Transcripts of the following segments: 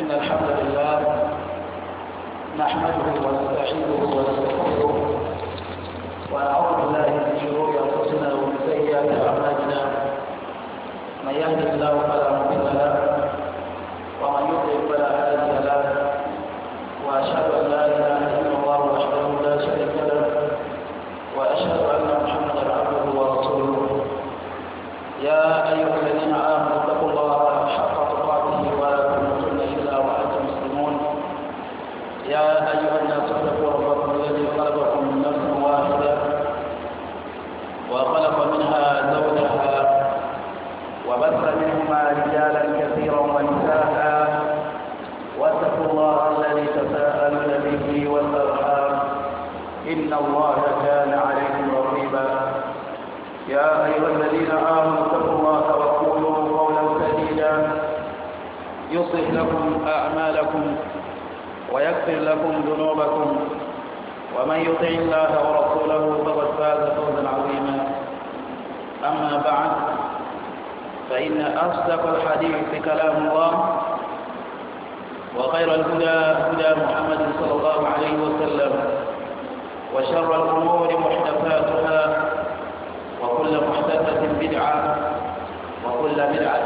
إن الحمد لله نحمده ونستعينه ونستغفره ونعوذ بالله من شرور أنفسنا ومن سيئات أعمالنا من يهد الله فلا مضل له يطع الله ورسوله فقد فاز فوزا عظيما أما بعد فإن أصدق الحديث كلام الله وخير الهدى هدى محمد صلى الله عليه وسلم وشر الأمور محدثاتها وكل محدثة بدعة وكل بدعة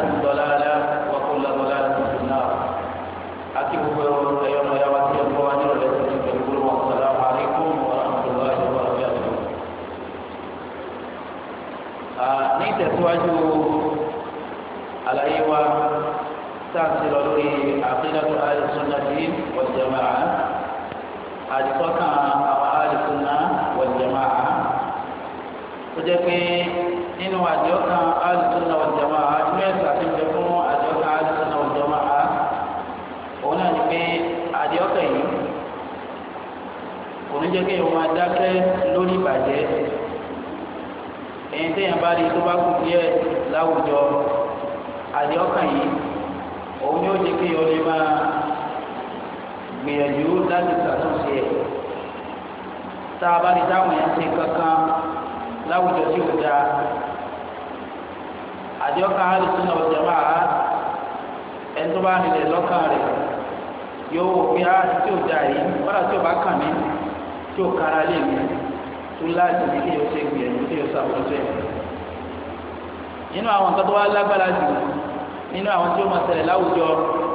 tí ó kára lé mi tó láti ní kí o ṣe gbìyànjú kí o ṣàkóso ẹ̀. nínú àwọn nǹkan tó wá lágbára jù nínú àwọn tí ó máa ṣẹlẹ̀ láwùjọ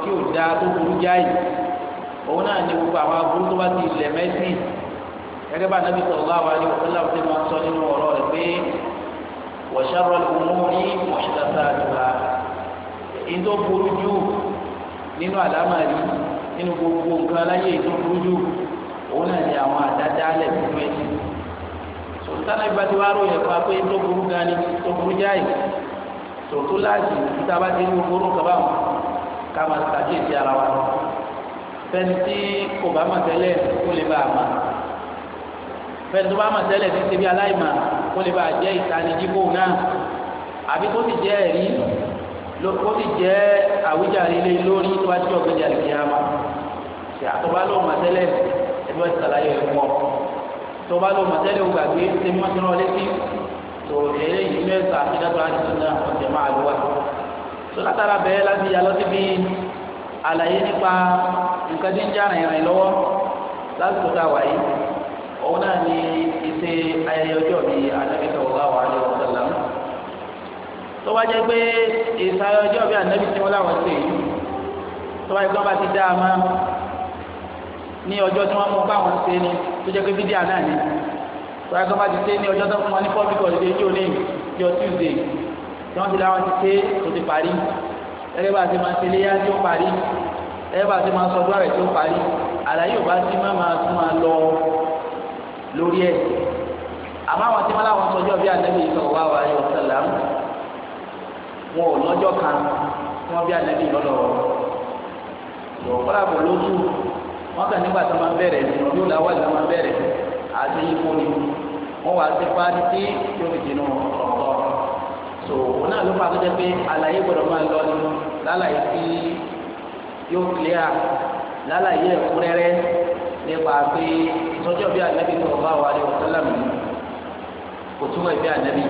tí ò dáa tó burú jáì òun náà ní gbogbo àwọn aburú tó bá ti lẹ̀ mẹ́sìn gẹ́gẹ́ bá nàbí sallallahu alaihi wa sallam ti máa sọ nínú ọ̀rọ̀ rẹ̀ pé wa sharral umuri muhdathatuha ìdó burú jù nínú àlámà yìí nínú gbogbo nǹkan aláyé ìdó burú jù náà ni àwọn àdádálẹ̀ nínú ẹ̀ sọ̀tàn ìbájú wa ròyìn fún wa pé tó burú gan ni tó burú jáì tòótó láti ìtaba tí ó gbóró kaba wọn ká máa ṣàkíyèsí ara wa fẹ́ni tí kò bá mọ̀ tẹ́lẹ̀ kó lè bá a mọ̀ fẹ́ni tó bá mọ̀ tẹ́lẹ̀ ní ṣe bí aláìmọ̀ kó lè bá a jẹ́ ìtanijíbò náà àbí kó sì jẹ́ ẹ̀rí kó sì jẹ́ àwíjàre lé lórí tó bá tí ọ̀gbẹ́jà lè kí a mọ̀ ṣe àtọ́bá ló mọ̀ tẹ́lẹ̀ yóò ṣàlàyé rẹ̀ pọ̀ tó bá lọ mọ̀tẹ́lẹ̀ wò gbàgbé ṣe mọ́ sínú ọlẹ́sí tó eléyìí mẹ́ta ìdájọ́ láti tún náà ọ̀jẹ̀ máa lọ wà. tó látara bẹ́ẹ̀ láti yà lọ síbi àlàyé nípa nǹkan tí ń já rìn rìn lọ́wọ́ lásìkò tá a wà yìí òun náà ni ìṣe ayẹyẹ ọjọ́ mi ànábì sallallahu alaihi wasallam tó bá jẹ́ pé ìṣe ayẹyẹ ọjọ́ mi ànábì tí wọ́n láwọn ṣe yìí tó bá ní ọjọ́ tí wọ́n mú báwọn ṣe ni tó jẹ́ pé fídíà náà ni wọ́n yàtọ̀ bá ti ṣe ní ọjọ́ tó fún wọn ní public holiday yóò ní yọ Tuesday tí wọ́n ti láwọn ti ṣe tó ti parí ẹgbẹ́ bá ti máa ṣe léyà tí ó parí ẹgbẹ́ bá ti máa sọ ọdún ààrẹ tí ó parí àlàyé ò bá ti máa máa tún máa lọ lórí ẹ̀ àmọ́ àwọn tí wọ́n láwọn sọjọ́ bí Ànábì sallallahu alaihi wasallam wọn ò lọ́jọ́ kan tí wọ́n bí Ànábì lọ́lọ́wọ́ wọ́n kàn nígbà tó máa bẹ̀rẹ̀ yóò láwọ́ ìlà máa bẹ̀rẹ̀ àti ikú ni wọ́n wá sí parí tí yóò fi dìnnú ọ̀rọ̀ so òun náà ló fà tó jẹ́ pé àlàyé gbọ́dọ̀ máa lọ ní lálàyé tí yóò kílíà lálàyé ẹ̀kúnrẹ́rẹ́ nípa pé ìtọ́jọ́ bí ànábì tó ọba wa lè wọ́sálà mi kò túmọ̀ ìbí ànábì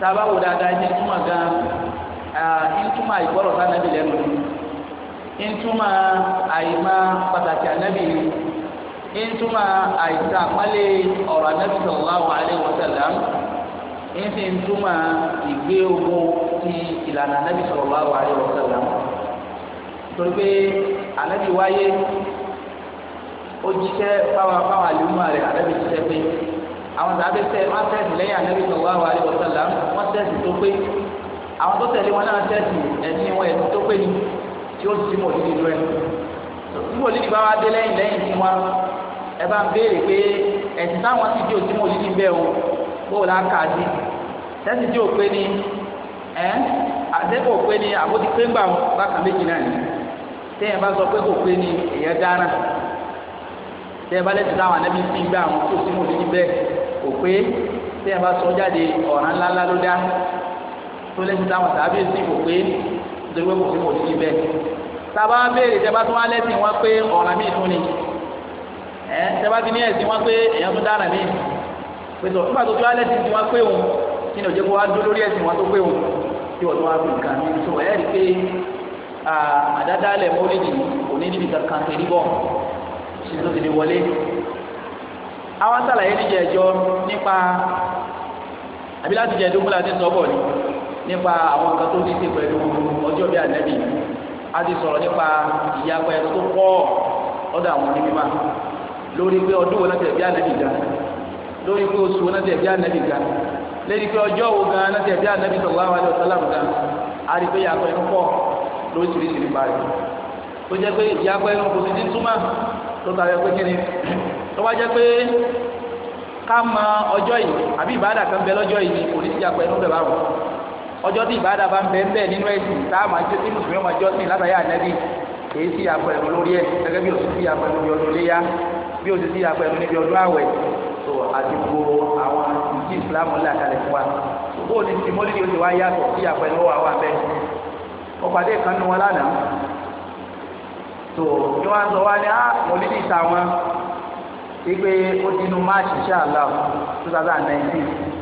tá a bá wò dáadáa ní túmọ̀ gan-an ní túmọ̀ ìgbọ́rọ̀ sànábì lẹ́nu ntuma àyìnbá pàtàkì ànábì ntuma àyìnbá àpálẹ ọ̀rọ̀ ànábì sallallahu alaihi wasallam nfi ntuma ìgbé owó ti ìlànà ànábì sallallahu alaihi wasallam torí pé ànábì wáyé ó jíṣẹ́ fáwọn fáwọn àlùmọ́ rẹ̀ ànábì jíṣẹ́ pé àwọn sábẹ́ sẹ́ wọ́n tẹ̀sí lẹ́yìn ànábì sallallahu alaihi wasallam wọ́n tẹ̀sí tó pé àwọn tó tẹ̀lé wọn náà tẹ̀sí ẹ̀sìn wọn ẹ̀sìn tó pé ni tí ó ti mọ̀lídìí lọ ẹ̀ tí mọ̀lídìí bá wá dé lẹ́yìn lẹ́yìn tí wá ẹ bá ń béèrè pé ẹ̀sìn táwọn ti di òtí mọ̀lídìí bẹ́ẹ̀ o bóò lá kà á sí tẹ́sí tí ò pé ní ẹ́ àtẹ́kọ̀ọ́ pé ní àbótí pé ń gbà bákan méjì náà ni tẹ́yìn bá sọ pé kò pé ní èèyàn dáná tẹ́yìn bá lẹ́sìn táwọn anábì ti gbà àwọn tó sí mọ̀lídìí bẹ́ẹ̀ kò pé tẹ́yìn bá sọ jáde ọ̀ràn ńláńlá ló dá tó lẹ́sìn táwọn tàbí sí kò pé nítorí pé mùsùlùmí ò ní ti bẹ́ẹ̀ tába béèrè tẹ́ bá tún wá lẹ́sìn wọn pé ọ̀ràn míì tún ni ẹ tẹ́ bá ti ní ẹ̀sìn wọn pé èèyàn tún dára míì pèsè nígbà tó tún wá lẹ́sìn tí wọ́n pé òun kí ni òjò kó wá dúró lórí ẹ̀sìn wọn tó pé òun tí wọ́n tún wá fi nǹkan mi tó ẹ̀ rí pé àdádálẹ̀ mọ́lẹ́dì kò ní níbi kankan tó ní bọ̀ ṣe tó ti lè wọlé. àwọn sàlàyé níjẹ̀ nípa àbí láti jẹ́ nípa àwọn nǹkan tó ní í ṣe pẹ̀lú ọjọ́ bí ànẹ́bì a ti sọ̀rọ̀ nípa ìyapa ẹ̀rọ tó pọ̀ ọ̀dọ̀ àwọn onímọ̀ lórí pé ọdún wo náà tẹ̀ bí ga lórí pé oṣù wo náà tẹ̀ bí ga lórí pé ọjọ́ wo a rí pé ìyapa ẹ̀rọ pọ̀ tó jẹ́ pé kò túmọ̀ tó ká mọ ọjọ́ yìí àbí kan bẹ lọ́jọ́ yìí kò ní sí ọjọ́ tí ìbáradà bá ń bẹ bẹ́ẹ̀ nínú ẹ̀sìn tá a máa jó tí mùsùlùmí ọmọ ẹjọ́ sìn látàrí ànẹ́bí èyí sì yà pẹ̀lú lórí ẹ̀ gẹ́gẹ́ bí òsì sí yà pẹ̀lú níbi ọdún léyà bí òsì sí yà pẹ̀lú níbi ọdún àwẹ̀ tó àti gbogbo àwọn ìdí ìsìlámù ńlá kalẹ̀ fún wa bó ní ti mọ́lídì ó ti wá yàtọ̀ sí yà pẹ̀lú wa wà bẹ́ẹ̀ ọ̀pàdé kan nu wọn lánàá tó ní wọn sọ wá ní á mọ́lídì ìta wọn wípé ó ti nu máàcì ṣáà láwù 2019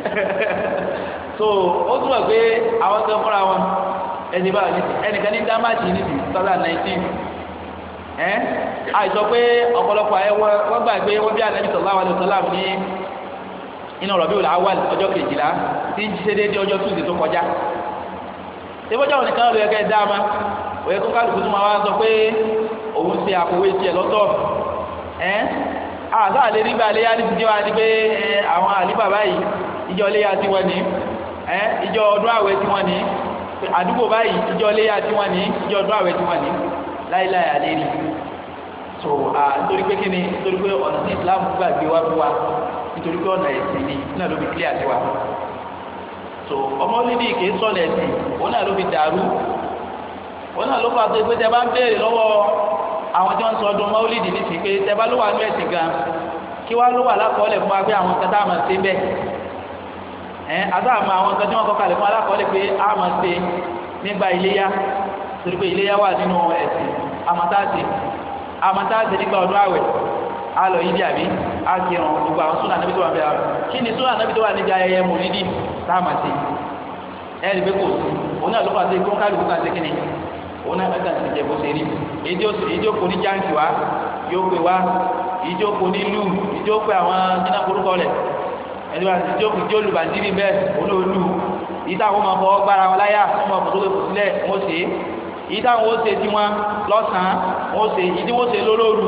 so ó túmọ̀ pé àwọn tó ń fúnra wọn ẹni bá ẹnìkan ní dámájì níbi tọ́lá nineteen ẹ́ àìsọ pé ọ̀pọ̀lọpọ̀ ayé wọ́n gbà pé wọ́n bí ànábì sallallahu ní inú ọjọ́ kejìlá tí ń ṣe déédéé ọjọ́ tuesday tó kọjá ìbọjá òní òye kó kálukú ìjọ iléyà tí wọ́n ní ẹ ìjọ ọdún àwẹ̀ tí wọ́n ní àdúgbò báyìí ìjọ iléyà tí wọ́n ní ìjọ ọdún àwẹ̀ tí wọ́n ní láíláí àlérí so nítorí pé kíni nítorí pé ọ̀nà tí Islam gbàgbé wá fún wa nítorí pé ọ̀nà ẹ̀sìn ni náà ló fi clear sí wa so ọmọ lídì kìí sọ̀lẹ̀ sí òun náà ló fi dàrú òun náà ló fà tó pé tẹ bá ń béèrè lọ́wọ́ àwọn tí wọ́n ń sọ ọdún mọ́lídì ní ti tẹ bá ló wà ní ẹ̀sìn gan kí wá ló wà lákọọ́lẹ̀ fún wa pé àwọn kẹta àmọ̀ sí bẹ́ẹ̀ ẹ adáàmà àwọn nǹkan tí wọ́n kọ́ kalẹ̀ fún pé a máa ṣe nígbà iléyà torí pé iléyà wà nínú ẹ̀sìn amọ̀táàsì amọ̀táàsì nígbà ọdún alọ yìí di àbí a ti ràn gbogbo níbi tó wà ń àwọn kí ni súnà níbi tó wà níbi ayẹyẹ nídìí tá a máa ẹ ẹ òun náà wa yóò pè ní lù àwọn ẹni bá ti jókòó tí olùbàdìrì bẹ́ẹ̀ olóòlù yìí táwọn máa fọwọ́ gbára wọn láyà wọn máa fòtó lòkù sílẹ̀ wọn ṣe é yìí táwọn ó ṣe tiwọn lọ́sàn-án wọn ṣe yìí tí wọ́n ṣe lólóòlù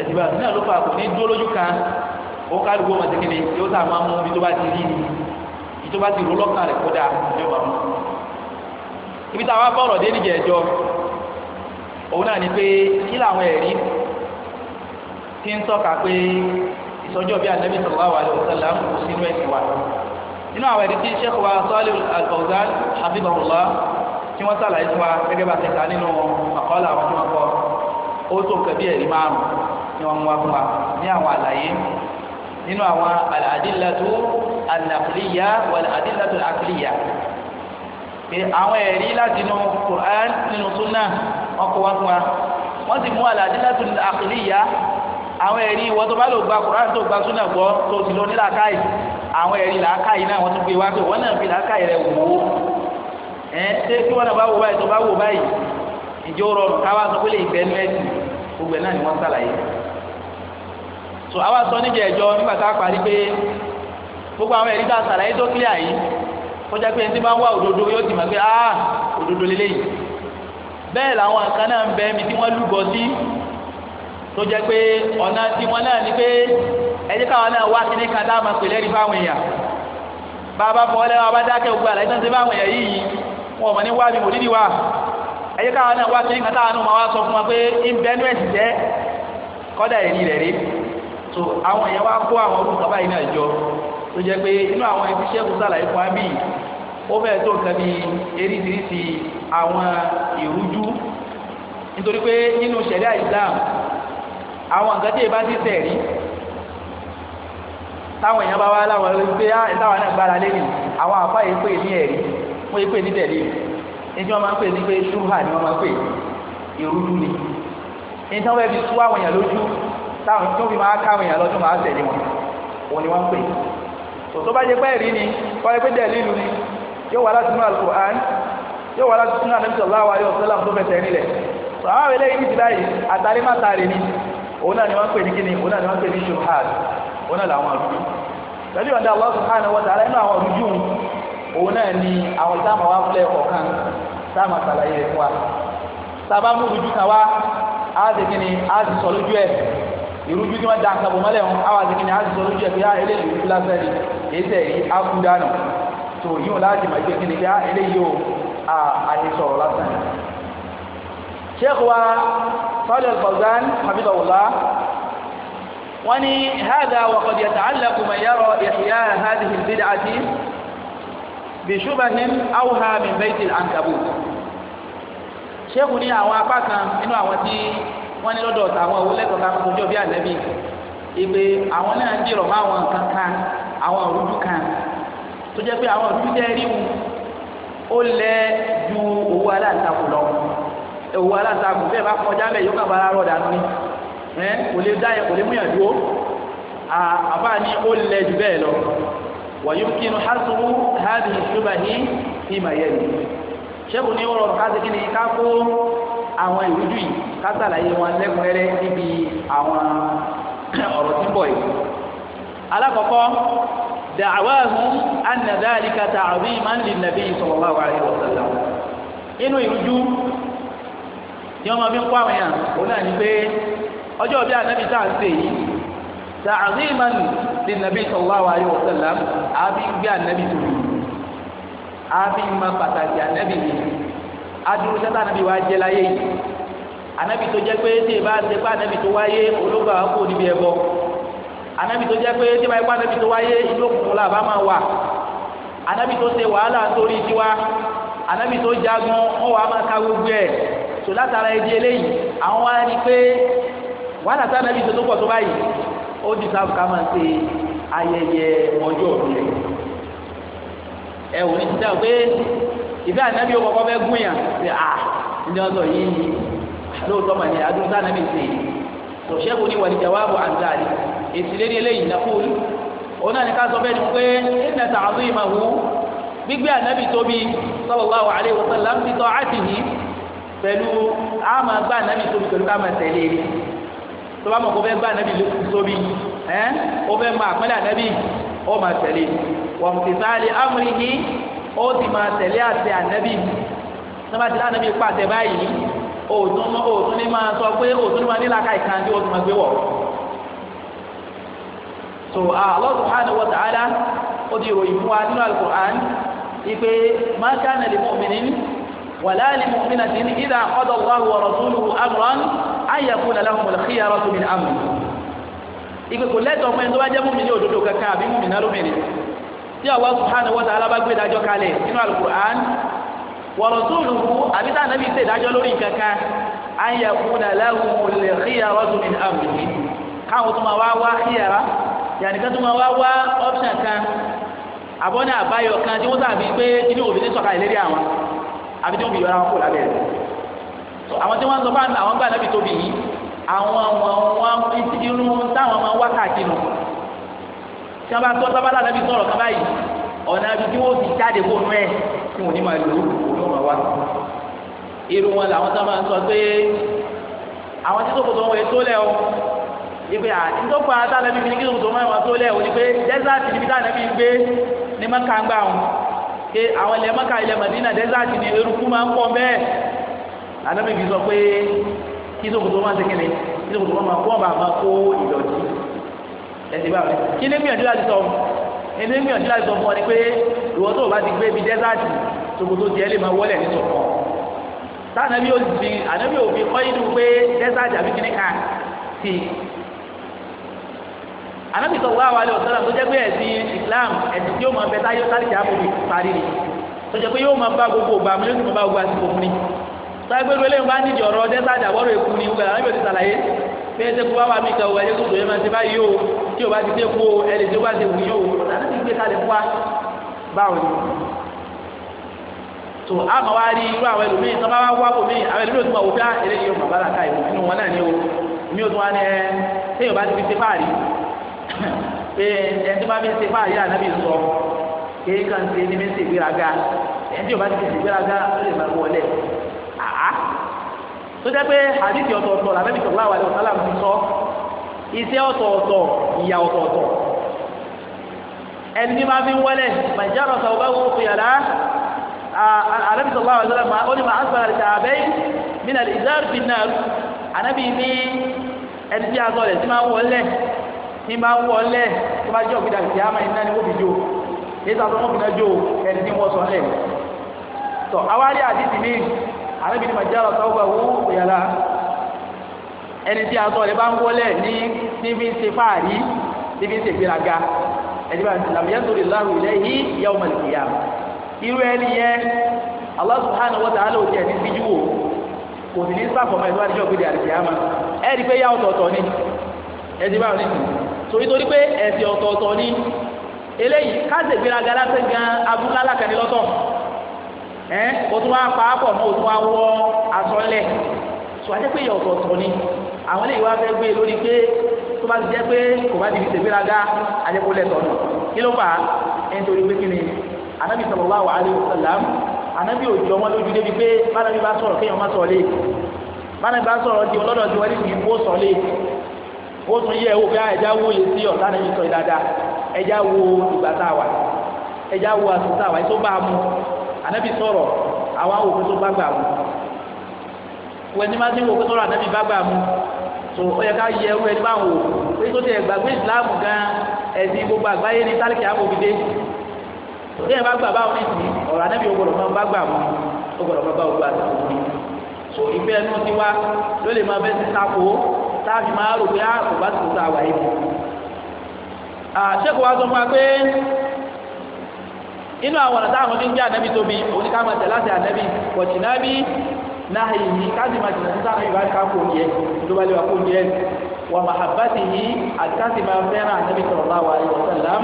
ẹ̀sìn bá náà ló fà kò ní dúró lójú kan ó kálukú wọn ti yóò tá a máa mú ibi tó bá ti rí ni ibi tó bá ti rò lọ́kàn rẹ̀ kódà yóò máa mú ibi táwọn abọ́rọ̀ dé níjẹ̀ ẹjọ́ òun náà ni pé kí làwọn ẹ̀rí ti ń tọ́ka pé sọjọ́ bí anabi sallallahu alaihi wasallam kò sínú ẹ̀sìn wa inú àwọn ẹ̀rí tí sheikh wa Salih al-Fawzan habibullah tí wọ́n sàlàyé fún wa gẹ́gẹ́ bá tẹ̀ka nínú àkọọ́lẹ̀ àwọn tí wọ́n kọ́ ó tó nǹkan bí ẹ̀rí márùn ni wọ́n mú wa fún wa ní àwọn àlàyé nínú àwọn al-adillatu an-naqliyya wal pé àwọn ẹ̀rí láti inú Qur'an nínú sunna wọn kọ́ wá fún wa wọ́n sì mú al-adillatu àwọn ẹ̀rí ìwọ tó bá lò gba Kùránì tó gba súnà gbọ́ tó ti lọ ní làákàyè àwọn ẹ̀rí làákàyè náà wọ́n tún gbé wá pé wọ́n náà fi làákàyè rẹ̀ wò ó ẹ̀ ṣé kí wọ́n náà bá wò báyìí tó bá wò báyìí ìjọ rọrùn káwá sọ pé lè gbẹ nú ẹ̀sìn gbogbo ẹ̀ náà ni wọ́n sàlàyé so àwa sọ níbi ẹ̀jọ nígbà tá a parí pé gbogbo àwọn ẹ̀rí tá a sàlàyé tó kílíà yìí kọjá pé ẹni tí wọ́n wá òdodo yóò ti mọ̀ pé ah òdodo lélẹ́yìn bẹ́ẹ̀ làwọn kan náà ń bẹ́ẹ̀ mi tí wọ́n lúgọ sí tó jẹ́ pé ọ̀nà tiwọn náà ni pé ẹjẹ́ káwọn náà wá sí ní kan dáhùn máa pèlẹ́rì fáwọn èèyàn bàbá fọwọ́ lẹ́wọ́ bá dákẹ́ gbogbo àlàyé tó ń ṣe fáwọn èèyàn yìí wọn ò mọ̀ ní wá mi mòdìdí wa ẹjẹ́ káwọn náà wá sí ní kan táwọn náà máa wá sọ fún wọn pé ìbẹ́nu ẹ̀sìn jẹ́ kọ́dà èrí rẹ̀ rí so àwọn èèyàn wá kó àwọn orúkọ báyìí náà jọ tó jẹ́ pé inú àwọn ibi nítorí pé nínú ṣẹ̀ríà Islam àwọn nǹkan tí èèbá ti tẹ̀ rí táwọn èèyàn bá wá láwọn lórí pé ah, á ìtawà náà gbára lé nìyí àwọn àfa yìí pè ní ẹ̀rí wọ́n yìí pè ní tẹ̀lé ẹni wọ́n máa ń pè ní pé ṣúhà ni wọ́n máa ń pè ìrújú ni ẹni tí wọ́n fẹ́ fi sú àwọn èèyàn lójú táwọn tí wọ́n fi máa ká àwọn èèyàn lọ́jọ́ máa tẹ̀lé wọn òun ni wọ́n ń pè tó tó bá jẹ pé ẹ̀rí ni wọ́n yẹ pé tẹ̀lé ìlú ni yóò wá láti sunnah al-Qur'an yóò wá láti sunnah Nabi sallallahu alaihi wasallam tó fẹsẹ̀ òun náà ni wọ́n pè ní kíni òun náà ni wọ́n pè ní ṣubhad òun náà làwọn àrùjú pẹ̀lú ìwọ̀n dá Allah subhanahu wa ta'ala inú àwọn àrùjú òun náà ni àwọn táàmù wa fúlẹ̀ ọ̀kan táàmù àtàlàyé rẹ̀ fún wa tàbá mú rújú kan wá á ti kíni á ti sọ lójú ẹ̀ ìrújú tí wọ́n da nǹkan bò mọ́lẹ̀ wọn á wà ti kíni á ti sọ lójú ẹ̀ pé á ah, eléyìí rújú lásán شيخ صالح الفوزان حفظه الله وني هذا وقد يتعلق من يرى إحياء هذه البدعة بشبه أوها من بيت العنكبوت شيخ ní àwọn apá kan nínú àwọn tí wọ́n ní lọ́dọ̀ tàwọn owó lẹ́tọ̀ọ́ ká fún ọjọ́ bí àlẹ́bí ìgbé àwọn náà ń dìrọ̀ mọ́ àwọn nǹkan kan àwọn òrùjú kan tó jẹ́ pé àwọn òrùjú jẹ́ ríwu ju owó aláǹtakùn ẹ̀wù aláǹtakùn bẹ́ẹ̀ bá kọjá bẹ́ẹ̀ yóò kàbára rọ̀ dànù ni ẹ kò lè dá kò lè múyàn dúró àbá ni ó lẹ jù bẹ́ẹ̀ lọ wàyú kinu hasubu hadi ṣubahi fi mà yẹ mi ṣẹ́kù ní ó rọrùn káṣí kíni ká kó àwọn ìrújú yìí ká sàlàyé wọn lẹ́kùnrẹ́rẹ́ níbi àwọn ọ̀rọ̀ tí ń bọ̀ yìí alákọ̀ọ́kọ́ dàwáhùn anàdáàlì kàtà àbí màlì nàbí sallallahu alaihi wasallam inú ìrújú ní ọmọ bí ń kó àwọn èèyàn òun náà ní pé ọjọ́ bí anabi tá à ń ṣe yìí ta'ziman lin nabi sallallahu alaihi wa sallam àbí gbé anabi tó àbí ma pàtàkì anabi yìí adúrú sẹ́tà anabi wa jẹ́ láyé yìí anabi tó jẹ́ pé tí ìbá ṣe pé anabi tó wáyé olóògbé àwọn kò níbi ẹ̀bọ anabi tó jẹ́ pé tí ìbá ṣe pé anabi tó wáyé ìlú òkùnkùn làbá máa wà anabi tó ṣe wàhálà torí tiwa anabi tó jagun ó wàá gbogbo ẹ̀ tó látara ẹbí eléyìí àwọn wá rí pé wàhálà tá nàbí tó pọ̀ tó báyìí ó di sáà ká máa ṣe ayẹyẹ ọjọ́ òbí rẹ̀ ní títà pé ìfẹ́ ànábì ó kọ́kọ́ fẹ́ gún yàn ṣe à ní ọ̀sọ̀ yìí lóòótọ́ mà ní adúlọ́ tá nàbí ṣe tó ṣẹ́gun ní wàlíjà wà bọ̀ èsì lé ní eléyìí òun náà ká sọ bẹ́ẹ̀ ni pé ẹ̀ńdà gbígbé ànábì tóbi pẹ̀lú àmà gbà nàbì tóbi pẹ̀lú ká tẹ̀lé e tó mọ̀ kó fẹ́ gbà nàbì tóbi ẹ́ ó fẹ́ máa pẹ́lẹ́ ó tẹ̀lé e. wọ́n ti sáré amúrí ní ó ti máa tẹ̀lé àti ànábì tó ti lá ànábì pàṣẹ báyìí òtún òtún ní máa sọ pé ní máa tí ó ti wọ̀ so ah, Allah subhanahu wa ó fún wàlá ni mọ̀mínà ti ní ìdá ọ̀dọ̀ wàhù ọ̀rọ̀ túlù amúrán ayẹ̀kú nàlá mọ̀lẹ́kí ara tó mi ní amú. ìgbè kò lẹ́tọ̀ fún ẹni tó bá jẹ́ múmi ní òdodo kankan àbí múmi náà lómìnir tí Allah subhanahu wa ta'ala bá gbé ìdájọ́ kalẹ̀ nínú alukur'an wọ̀rọ̀ túlù àbí tá ànábì ṣe ìdájọ́ lórí kankan ayẹ̀kú nàlá mọ̀lẹ́kí ara tó mi ní amú. káwọn tó máa wá wá kíyàrá yànníkan tó máa wá wá option kan àbọ̀nà àbáyọ kan tí wọ́n sàbí pé inú òbí ní sọ̀kalẹ̀ lérí àwọn àbí tí wọ́n fi yọ ara wọn kó lábẹ́ rẹ̀ so àwọn tí wọ́n sọ fún àwọn gbà lẹ́bi tóbi yìí àwọn àwọn irun táwọn máa ń wá káàkiri nù tí wọ́n bá tọ́ sábàlá lẹ́bi sọ̀rọ̀ kan báyìí ọ̀nà ibi tí wọ́n ti jáde kó nú ẹ̀ tí wọ́n ní máa lò ó máa wá irun wọn làwọn tó máa ń sọ pé àwọn tí sòkòtò wọn wọ̀ tó lẹ̀ o ìgbé àtìntọ́pọ̀ àtàlẹ́bí mi ní kí sòkòtò wọn wọ̀ tó lẹ̀ o ní pé dẹ́sẹ̀tì níbi táwọn ẹbí gbé ní mọ́kàngbà wọn pé àwọn ilẹ̀ mọ́kà ilẹ̀ mọ̀dínà dẹ́sẹ̀tì ni eruku máa ń pọ̀ bẹ́ẹ̀ anábìbí sọ pé kí sókòtò máa ṣe kíni kí sókòtò máa kó ọba máa kó ìdọ̀tí ẹ̀sìn bá mi kí ní gbìyànjú láti sọ ẹni gbìyànjú láti sọ fún ọ ni pé ìwọ tó o bá ti gbé ibi dẹ́sẹ̀tì sókòtò tiẹ̀ lè máa wọlé ní sọ̀kọ̀ tànàbí òbí ànàbí òbí kọ́ anábì sọ wá wàlẹ̀ ọ̀sán tó jẹ́ pé ẹ̀sìn islam ẹ̀sìn tí yóò máa bẹ táyé sáré àbòmí parí ni tó jẹ́ pé yóò máa bá gbogbo ògbà mi yóò sì máa bá gbogbo àsìkò mi sọ́gbẹ́ ló léyìn bá nídìí ọ̀rọ̀ dẹ́sà àdàbọ̀rọ̀ èkú ni wúgbà anábì ò ti sàlàyé pé ẹsẹ̀ kó wá wà mí kan wọ ẹ̀yẹ́ kó tó yẹ máa ṣe báyìí o tí o bá ti dé kó ẹni tí o bá ti wù yóò anábì tó a wá rí irú àwọn ẹlòmíì tó bá wá wá bòmíì àwọn ẹlòmíì tó máa wò bí ah, eléyìí yóò máa bá làkà ìwò nínú wọn náà ni o èmi ò tún wá ní ẹ téèyàn bá ti fi ṣe fáàrí pé ẹni tó bá fi ṣe fáàyè ànábì sọ kéèkàn ṣe ní bí ń ṣe ìgbéraga ẹni tí o bá ti ṣe ìgbéraga ó lè máa wọlé àá tó jẹ́ pé àdìsí ọ̀tọ̀ọ̀tọ̀ làbẹ́bí sọ̀rọ̀ àwọn àlẹ́ ọ̀sálàmù ti sọ iṣẹ́ ọ̀tọ̀ọ̀tọ̀ ìyà ọ̀tọ̀ọ̀tọ̀ ẹni tí máa fi ń wọlé màjárọ̀ sọ̀rọ̀ bá wọ́n fi yàrá àlẹ́bí sọ̀rọ̀ àwọn àlẹ́ ọ̀sálàmù ní máa ń wọlé tó bá jẹ́ òkúta ìdí àmà iná ni wọ́n fi jó èyí tó wọ́n fi náà jó ẹni tí wọ́n sọ lẹ̀ tọ́ awárí àdìsí mi àrẹ́bí ni màjá ọ̀sán ọgbà owó ìyàrá ẹni tí a sọ rẹ̀ bá ń wọlé ní níbi ṣe fáàrí níbi ṣe ìgbéraga ẹni bá làmúyẹ́ torí láàrú ilẹ̀ yìí ìyá ọmọ ìyá irú ẹni yẹ Allah subhanahu wa ẹ̀sìn báwọn ní torí torí pé ẹ̀sìn ọ̀tọ̀ọ̀tọ̀ ni eléyìí káṣẹ̀ gbéraga lásán gan abúlé alákàní lọ́tọ̀ ẹ̀ o tún wá paápọ̀ mọ́ o tún wá wọ asọ́lẹ̀ sọ wá jẹ́ pé ọ̀tọ̀ọ̀tọ̀ ni àwọn eléyìí wá fẹ́ gbé e lórí pé tó bá ti jẹ́ pé kò bá ti fi ṣègbéraga ajẹ́kọ̀ọ́lẹ̀ tọ̀nù kí ló fà á ẹ̀ nítorí pé kí ni anabi sallallahu alayhi wa sallam anabi ò jọ wọn lójú débi pé bánabi bá sọ̀rọ̀ kéèyàn má sọ̀lé bánabi bá sọ̀rọ̀ di ọlọ́dọ̀ di wọlé ìwé sọ̀lé ó tún yẹ owó bí ẹja wo ah, yìí sí ọ̀tá níbi sọ ìdáadáa ẹja wo ìgbà tá a wà ẹja wo àtúntò àwà tó bá a mú ànábì sọ̀rọ̀ àwa wò tó bá gbà mú wọ́n ẹni máa ń wò tó sọ̀rọ̀ ànábì bá gbà mú tó ó yẹ ká yẹ owó ẹni bá wò pé tó tẹ gbàgbé ìsìláàmù gan ẹ̀sìn gbogbo àgbáyé ní tálíkì àbòbídé tó tẹ bá gbà báwọn ní so ìfẹ́ inú ti wá ló lè máa bẹ́ẹ̀ ti takò táàbì máa rò pé ààbò ah, bá ti tó àwà yìí. àṣekò wa sọ fún wa pé inú àwọn ọ̀nà táwọn fi ń gbé ànábì tóbi òun ká máa tẹ̀ láti ànábì pọ̀tì nábì náà yìí káàdì máa jìnnà sísá ànábì bá ká kó oúnjẹ ló bá lè wà kó oúnjẹ wà màhàbátì yìí àti káàdì máa fẹ́ràn ànábì sallallahu alaihi wasallam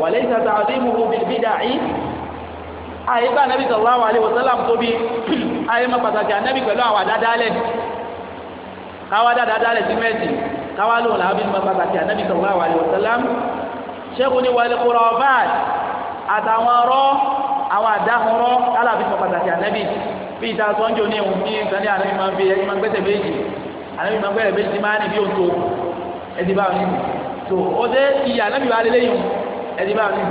wà lẹ́yìn tàbí àdéhùn àyíká anabi sallallahu alayhi wa sallam tóbi ayé ma pàtàkì anabi pẹ̀lú àwọn àdádálẹ̀ káwá dáadáa sí mẹ́sì káwá lòun làbí ma pàtàkì anabi sallallahu alayhi wa sallam sẹ́kùn ní wàlẹ̀ kúrọ̀báàd àtàwọn ọ̀rọ̀ àwọn àdáhùnrọ̀ alábí ma pàtàkì anabi bí ìta sọ́njọ́ ní ìhùn ní ìtàn ní anabi máa ń fi ẹni máa ń gbẹ́sẹ̀ méjì anabi máa ń gbẹ́sẹ̀ méjì máa ń ní bí ó tó ẹ̀dí báwọn ní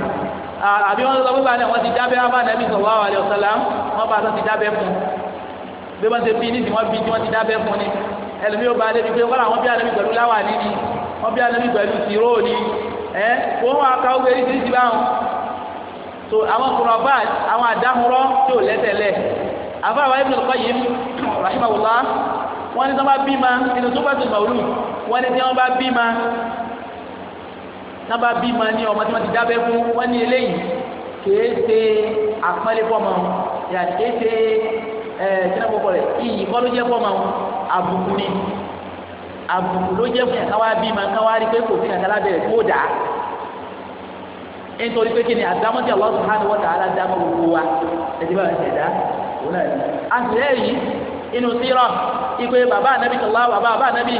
àbí wọ́n sọ pípa náà wọ́n ti dábẹ́ ábá nàbí sallallahu alaihi wasallam wọ́n bá tó ti dábẹ́ fún bí wọ́n ti bí ní ti wọ́n bí tí wọ́n ti dábẹ́ fún ni ẹlòmí ó ba débi pé wọ́n àwọn bí anábì pẹ̀lú láwà níbi wọ́n bí anábì pẹ̀lú tìró ni ẹ́ wọ́n wá ká ó gbérí títí báwọn so àwọn kùrọ̀bá àwọn àdáhùrọ́ tí ò lẹ́tẹ̀lẹ̀ àfáàwá Ibn al-Qayyim rahimahullah wọ́n ní tí wọ́n bá bí ma nínú tó bá ti màlúù wọ́n ní tí wọ́n bí ma tábà bí ma ní ọmọ tí ti fún ní eléyìí kèé yà kèé iyì ni àbùkù ló jẹ́ fún yà káwá bí ma káwá rí pé kò sí yàtá kó dà á nítorí pé kí ni àdámọ́tì Allah subhanahu wa ta'ala dámọ́ gbogbo wa ẹ̀dí bá dá náà ni. a yìí anabi sọlá anabi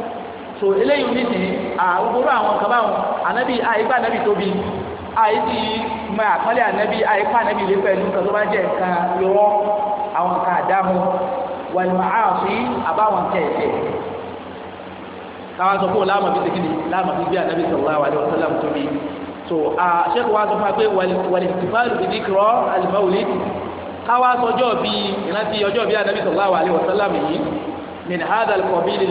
so eléyìí ní sìn àwòrán àwọn kan báwọn ànábì àyíká ànábì tóbi àyíkí mọ àpọ́nlé ànábì àyíká ànábì lé pẹ̀lú nǹkan tó bá jẹ́ nǹkan lọ́wọ́ àwọn kan àdáhùn wàlùmọ̀ àfi àbáwọn kẹ̀kẹ́ káwọn sọ fún láàmú bíi sèkìlì láàmú bíi bí ànábì sallallahu alaihi wasallam tóbi so àṣẹ́kù wa sọ fún wa pé wàlìtìfáàlù bíi dìkìrọ̀ àlùmọ́wòlì káwá sọjọ́ bíi ìrántí ọjọ́ bíi ànábì sallallahu alaihi wasallam yìí min hadha al-qabil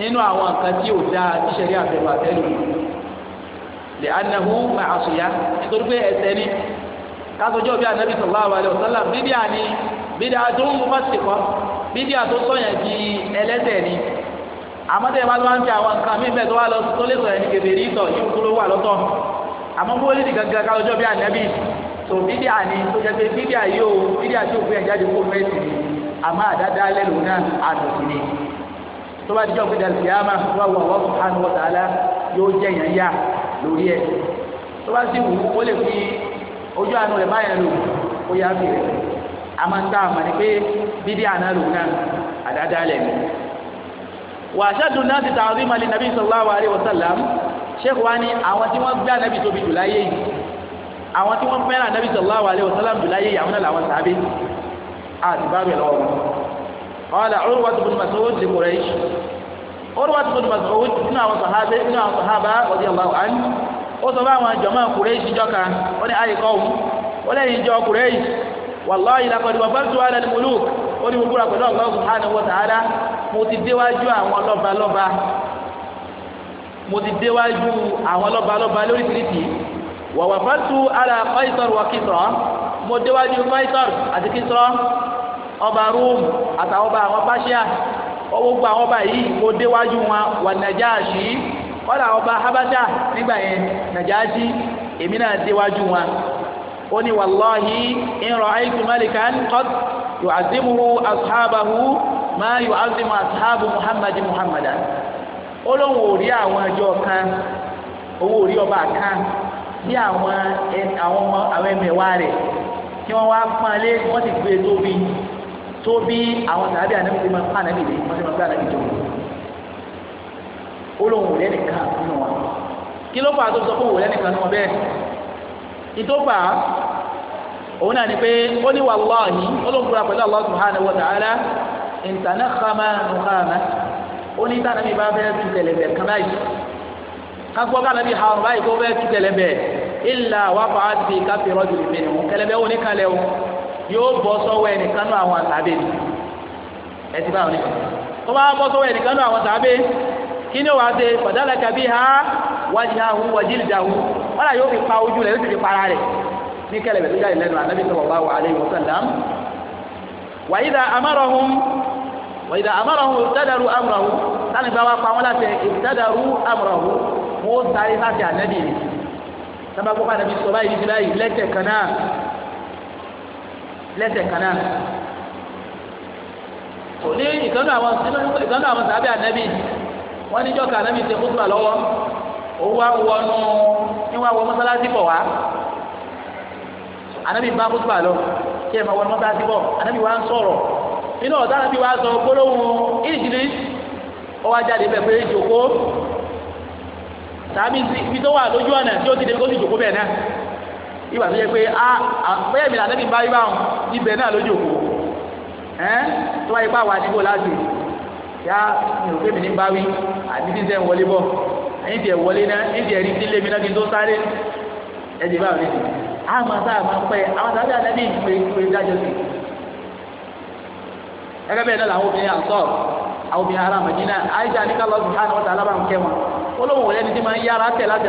nínú àwọn nǹkan tí ò dáa tí sẹ̀rí àbẹ̀wò àtẹ́lù lè anahu ma àṣùyá nítorí pé ẹsẹ̀ ni kásọjọ́ bí anabi sallallahu alayhi wa sallam bídíà ni bídíà tó ń mú fásitì kọ́ bídíà tó sọ̀yàn di ẹlẹ́sẹ̀ ni àmọ́tẹ́ ìbá tó máa ń fi àwọn nǹkan mí bẹ́ẹ̀ tó wá lọ tó lè sọ̀rọ̀ ẹni kèbèrè ìtọ̀ yóò kúrò wà lọ́tọ̀ àmọ́ bó lè nìkan gan kálọ́jọ́ bí ànábì tó bídíà ni tó jẹ́ pé bídíà yóò bídíà tó gbé ẹ̀jáde kó mẹ́sì ni àmọ́ àdáda lẹ́nu náà àdùn ni tó bá dijọ́ gbé dàlùkì àmà wà wà wà subhanahu wa ta'ala yóò jẹ́ yàn yá lórí ẹ̀ tó bá sì wù ó lè fi ojú àánú rẹ̀ báyẹn lò ó yá fi rẹ̀ àmọ́ ń tà àmọ́ ni pé bídí àná lò náà àdáadáa lẹ̀ mí. wà á ṣàdùn náà ti tàwọn bímọ nàbí sallallahu alaihi wa sallam sheikh wa ni àwọn tí wọ́n gbé ànábì tóbi jù láyé yìí àwọn tí wọ́n fẹ́ràn ànábì sallallahu alaihi wa sallam jù láyé yìí àwọn náà làwọn sàábé àtibábẹ̀ lọ́wọ́ qala Urwatu bin Mas'ud li Quraysh Urwatu bin Mas'ud nínú àwọn sàhábẹ́ nínú àwọn sàhábà radiyallahu anhu ó sọ fáwọn jọmọ́ Quraysh jọka ó ní àyíkọ́ òun ó lẹ́yìn jọ Quraysh wallahi laqad wabaltu ala al-muluk ó ní gbogbo àpẹẹrẹ Allah subhanahu wa ta'ala mo ti déwájú àwọn lọ́ba lọ́ba mo ti déwájú àwọn lọ́ba lọ́ba lóríṣiríṣi wàwàfàtú ala Qaisar wa Kisra mo déwájú Qaisar àti Kisra ọba Rome àtàwọn ọba àwọn Persia ọwọ́ gba àwọn ọba yìí kó déwájú wọn wà Nàjáàṣì kọ́dà ọba Habasha nígbà yẹn Nàjáàṣì èmi náà déwájú wọn ó ní wàlọ́hì ìrọ̀ àìkú malikan qad yu'azzimuhu ashabahu ma yu'azzimu ashabu Muhammadin Muhammadan ó lóun ò rí àwọn ẹjọ́ kan owó orí ọba kan bí àwọn àwọn ọmọ àwọn ẹmẹ̀wá rẹ̀ kí wọ́n wá pọ́n lé wọ́n sì gbé e tóbi tó bí àwọn tàbí ànábì tí máa ń pa ànábì lé wọ́n ti máa ń gbé ànábì jọ ó lóun wò lẹ́nìkan nínú wa kí ló fà á tó sọ fún wò lẹ́nìkan nínú wọn bẹ́ẹ̀ ìtòfà òun náà ni pé ó ní wàlláhi ó ló ń búra pẹ̀lú Allah subhanahu wa ta'ala ìtànàkàmà nùkàmà ó ní tànà mi bá fẹ́ tu tẹ̀lẹ̀bẹ̀ kan báyìí kagbọ́ ká nàbí hàn báyìí kó fẹ́ tu tẹ̀lẹ̀bẹ̀ ìlà wàá fà á ti káfíńrọ́jù mi nù kẹlẹ́bẹ̀ ó ní kalẹ̀ o yóò bọ́ sọ́wọ́ ẹnìkan náà àwọn àtàbẹ́ ni ẹ ti bá wọn nìkan tó bá bọ́ sọ́wọ́ ẹnìkan náà àwọn àtàbẹ́ kí ni wàá ṣe fàdálàkà bíi ha wajhahu wa jildahu wọn là yóò fi pa ojú rẹ̀ yóò fi fi para rẹ̀ ní kẹlẹ̀bẹ̀ tó jáde lẹ́nu ànábì sallallahu alayhi wa sallam wa idha amarahum wa idha amarahum ìtàdàrú amrahu sani bá wa pa wọn láti ìtàdàrú amrahu wọn sáré láti ànábì rẹ̀ sábà gbọ́ lẹ́sẹ̀ kan náà kò ní ìkànnì àwọn ìkànnì àwọn sábẹ́ ànábì wọ́n níjọ́ ká ànábì ṣe kótó àlọ́wọ́ òun wá wọnú ní wá wọ mọ́sálásí bọ̀ wá ànábì bá kótó àlọ́ kí ẹ máa wọnú mọ́sálásí bọ̀ ànábì wá ń sọ̀rọ̀ inú ọ̀dá ànábì wá sọ gbólóhùn ìdílé ọwọ́ ajáde bẹ̀ pé jòkó tàbí ibi tó wà lójú ọ̀nà tí ó ti dé kó sì jòkó bẹ̀ náà. ìgbà tó yẹ pé bẹ́ẹ̀ mi làdẹ́bí bá ibà ibẹ̀ náà lójú òkú ẹ́n tó wáyé pé àwọn àdìgbò láti yá mi ò pé mi ní báwí àti tí ń sẹ́ ń wọlé bọ̀ ẹ̀yìn tiẹ̀ wọlé náà ẹ̀yìn tiẹ̀ rí sílé mi náà kí n tó sáré ẹ̀dì bá mi àmọ́ sáà máa pẹ́ àwọn sábẹ́ àdẹ́bí ìpè ìpè dájọ́ sí ẹgbẹ́ bẹ́ẹ̀ náà làwọn obìnrin àtọ́ àwọn obìnrin ará ní olóhùn wọlé máa ń yára tẹ̀ láti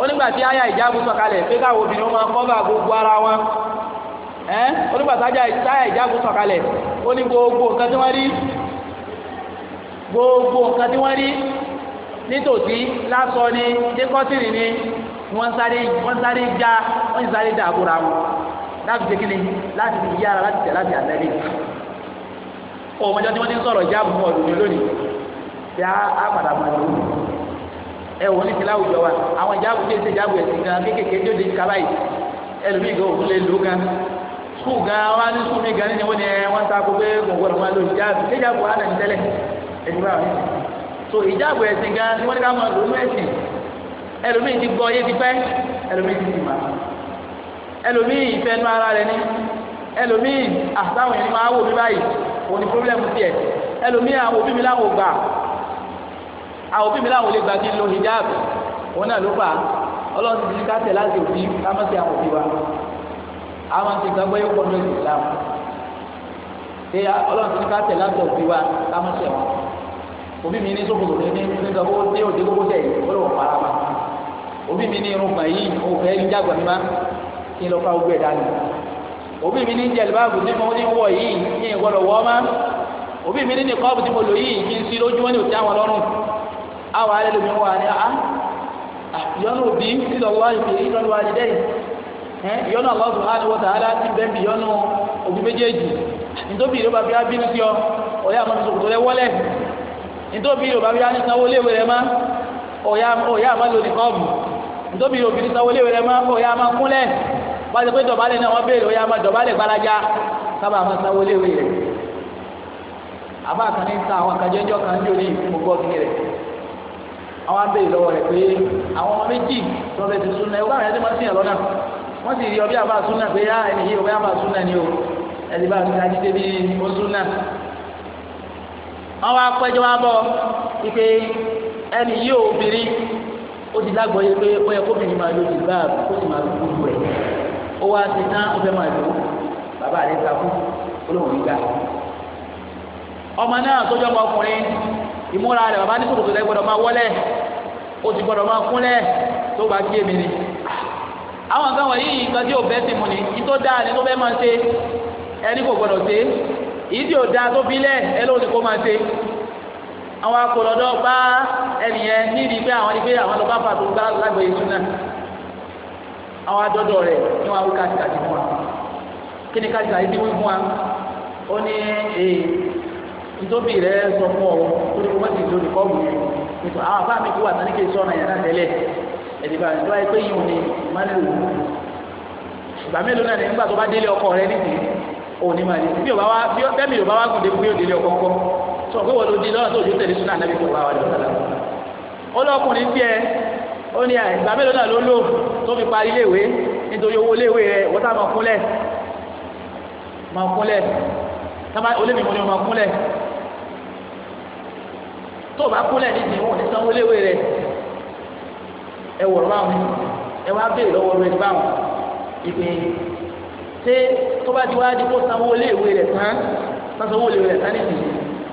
onígbà tí aya ìjáàbù sọ̀kalẹ̀ pé káwọn obìnrin máa kọ́ba gbogbo ara wọn ẹ́ onígbà tí aya ìjáàbù sọ̀kalẹ̀ ó ní gbogbo nǹkan tí wọ́n rí gbogbo nǹkan tí wọ́n rí nítòsí lásọ ni dékọ́tìrì ni wọ́n sáré wọ́n sáré já wọ́n sì sáré dàbòrà wọn láti ṣe kíni láti fi yára láti tẹ̀ láti àtẹ̀lé ọmọdé tí wọ́n ti ń sọ̀rọ̀ ìjáàbù fún ọdún lónìí bí a padà mọ̀ ọ́ ẹ wò ní tìlá òjò wa àwọn ìjáàbù tí èsì ìjáàbù ẹ̀sìn gan kéékèèké tí ó di kaba yìí ẹlòmíì gan òun lè lò gan sukuu gan wọn ní sukuu mi gan ní wọn ni wọn ta kó pé gbọ̀ngbọ̀n wọn lò ìjáàbù tí ìjáàbù wa nàní tẹ́lẹ̀ ẹ̀dùnmọ́ àwọn ẹ̀sìn so ìjáàbù ẹ̀sìn gan ni wọ́n ní ká máa lò ní ẹlòmíì ti gbọ́ yé ti pẹ́ ẹlòmíì ti ti mà ẹlòmíì ìfẹ́ nu ara rẹ ní ẹlòmíì àtàwọn ah, ènìyàn máa wò mí báyìí òun ni àwọn òbí mi láwọn ò lè gbà kí n lo hijab òun náà ló fà á ọlọ́run ti di ká tẹ̀ láti òbí ká má ti àwọn òbí wa àwọn ti gbàgbọ́ yóò pọ̀ lórí ìsìlámù ṣé ọlọ́run ti di ká tẹ̀ láti òbí wa ká má ti àwọn òbí mi ní sókòtò ní ní ní gbàgbọ́ ní òde gbogbo tẹ̀ yìí ó para ma òbí mi ní irungba yìí òun fẹ́ ní jágbà mi má kí n lọ fa ogun dání òbí mi ní jẹ̀lbáàbù tí mo ní ní nìkọ́ọ̀bù Awa, alẹ́ lómi wà ní àá ìyọ́nù òbí títọ̀ wá ìpè ìyọ́nù wa ní dẹ́yìn ìyọ́nù Allah subhanahu wa ta'ala ti bẹ́ẹ̀ bí ìyọ́nù òbí méjèèjì nítorí ìrọba bí o sanwó léwé sanwó léwé ma náà béèrè gbalaja sábà sanwó léwé kan ní kan àwọn abẹ́ ìlọ́wọ́ rẹ̀ pé àwọn ọmọ méjì tó fẹ́ ti súnà ẹ̀ wọ́n àwọn ẹ̀dẹ́ lọ́nà wọ́n sì rí ọbẹ̀ àbá súnà pé á ẹni yìí ọbẹ̀ àbá ni o ẹ̀dẹ́ bá ti dájú débi ó súnà. wọ́n wá pẹ́jọ́ ẹni yìí ó ti pé ó yẹ máa lo ìgbà sì máa lo gbogbo ẹ̀ ó wá ti tán ó fẹ́ máa lò ó bàbá rẹ̀ ó lóun ìmúra rẹ̀ bàbá ní kòtò rẹ̀ gbọ́dọ̀ máa wọlé ó ti gbọ́dọ̀ máa kúnlẹ̀ tó bá kí èmi ni. àwọn nǹkan wọ̀nyí nǹkan tí ò bẹ́ ti mú ni yìí tó dáa ni tó fẹ́ máa ṣe ẹni kò gbọ́dọ̀ ṣe yìí tí ò dáa tó fi lẹ̀ ẹ lóun ni kó máa ṣe. àwọn akọlọ́dọ́ bá ẹnìyẹn nídìí pé àwọn ni àwọn lọ bá gbá lágbèé súnà àwọn adọ́dọ̀ rẹ̀ ni wọ́n á nítòbí rẹ sọ fún ọ o ní kó má ti lórí kọ́ọ̀bù yìí nítorí àwọn àbá mi ti wà tán ní kí n sọ̀rọ̀ yẹn náà tẹ́lẹ̀ ẹ̀dìbà ìjọba ẹgbẹ́ yìí wọn ni máa ń lò wọ́n ìgbà mélòó náà ni nígbà tó bá délé ọkọ rẹ nìyí o ni máa di bí òbá wa bí bẹ́ẹ̀mi òbá wa gùn dé bí òdélé ọkọ kọ́ sọ pé wọ́n ló di lọ́nà tó ojú tẹ̀lé súnà nàbí kò bá wa lọ sálà ọlọ́kùnrin tiẹ̀ ó ní ìgbà mélòó náà ló lò tó fi parí léèwé nítorí owó léèwé rẹ wọ́n tá máa kúnlẹ̀ máa kúnlẹ̀ tábà olómi mo ní máa kúnlẹ̀ tó o bá kúnlẹ̀ nídìí wọn ò ní sanwó léwé rẹ ẹ wọ̀rọ̀ báwọn ẹ wá béèrè lọ́wọ́ rẹ báwọn ìpè ṣé tó bá ti wá di kó sanwó léwé rẹ tán sanwó léwé rẹ tán nídìí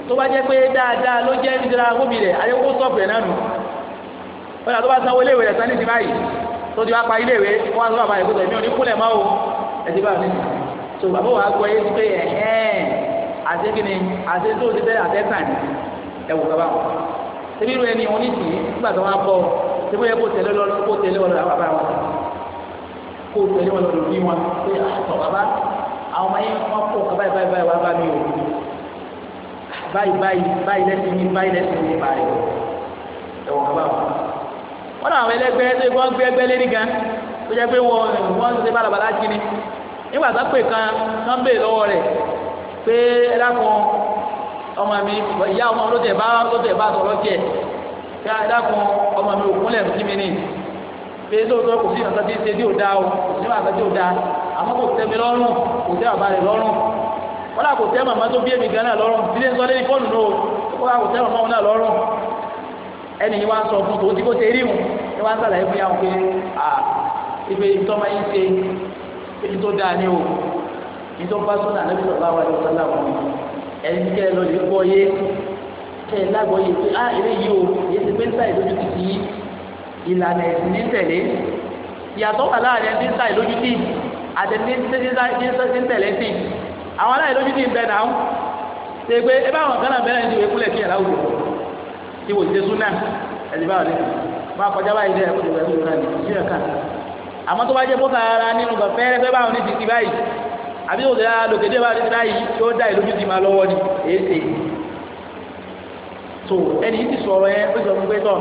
tó bá jẹ́ pé dáadáa ló jẹ́ nídìí ara gómìn rẹ ayé kó sọ̀pẹ̀ náà nù wọ́n yà tó bá sanwó léwé rẹ tán nídìí báyìí tó ti wá pa ilé ìwé wọ́n á sọ àbáyé kó tẹ̀mí òní kúnlẹ̀ máa wò ẹ̀dí báyìí tó bàbá wa gbọ́ yé ti pé ẹ̀hẹ́n àti kíni àti tó ti tẹ́ àtẹ́sàn ẹwù kaba wọn ebi irú ẹni wọn ní tì í nígbà tó wọn bọ ebi yẹ kó tẹlẹ lọ kó tẹlẹ wọn lọ àwọn bàbá wọn kó tẹlẹ wọn lọ lórí wọn pé àtọ bàbá àwọn ọmọ wọn kó kaba báyìí báyìí wọn bá mi o báyìí báyìí báyìí lẹsìn mi báyìí lẹsìn mi báyìí ẹwù kaba wọn. wọn náà àwọn ẹlẹgbẹ́ ẹgbẹ́ wọn gbé ẹgbẹ́ lérí gan tó jẹ pé wọn wọn ṣe balabala jí ni nígbà tó pè kan tó ń bè lọ́wọ́ rẹ̀ pé ẹ dákun ọmọ mi ìyá ọmọ ló tẹ̀ bá ló tẹ̀ bá sọ̀rọ̀ jẹ́ ká dákun ọmọ mi òkúnlẹ̀ sí mi ní pé lóòótọ́ kò sí ìrànlọ́tí ṣe tí ò dáa o kò sí ìrànlọ́tí tí ò dáa àmọ́ kò tẹ́ mi lọ́rùn kò tẹ́ bàbá rẹ̀ lọ́rùn wọ́n là kò tẹ́ màmá tó bí èmi gan náà lọ́rùn sílé ń sọ lẹ́yìn fóònù náà wọ́n kò tẹ́ màmá òun náà lọ́rùn ẹni yìí wá ń sọ fún tòun tí kò ṣe rí wọn ni wọ́n á sàlàyé fún yàrá pé à ibi ìtọ́ máa ń ṣe ibi tó dáa ni o ìtọ́ bá sọ́nà àlẹ́ bí sọ̀rọ̀ bá wà ní ọ̀sán láwọn ọmọ ẹni tí kẹlẹ lọ lè gbọ́ yé kẹlẹ lágbọ́ yé pé á ah, eré yìí o yé ti pé ń sáì lójú títí ìlànà ẹ̀sìn ní tẹ̀lé ìyàtọ̀ wà láàrin ẹni tí ń sáì lójú tì àtẹni tí ń tẹ̀lé tì àwọn aláì lójú tì ń bẹ náà ṣe pé ẹ bá wọn kan náà bẹ̀rẹ̀ ní ìwé kúlẹ̀ kí ẹ̀ láwùjọ tí wò ṣe súnà ẹ̀dí bá rẹ̀ bá kọjá báyìí dẹ́ ẹ̀kọ́ tó bẹ̀rẹ̀ lójú náà ní ìṣẹ́ kan àmọ́ tó bá jẹ́ bó àbí òde á lòkè dé bá dídá yìí tí ó dá ìlójú ti máa lọ́wọ́ ni èsè tó ẹni yìí ti sọ̀rọ̀ yẹn pé sọ fún pé tọ̀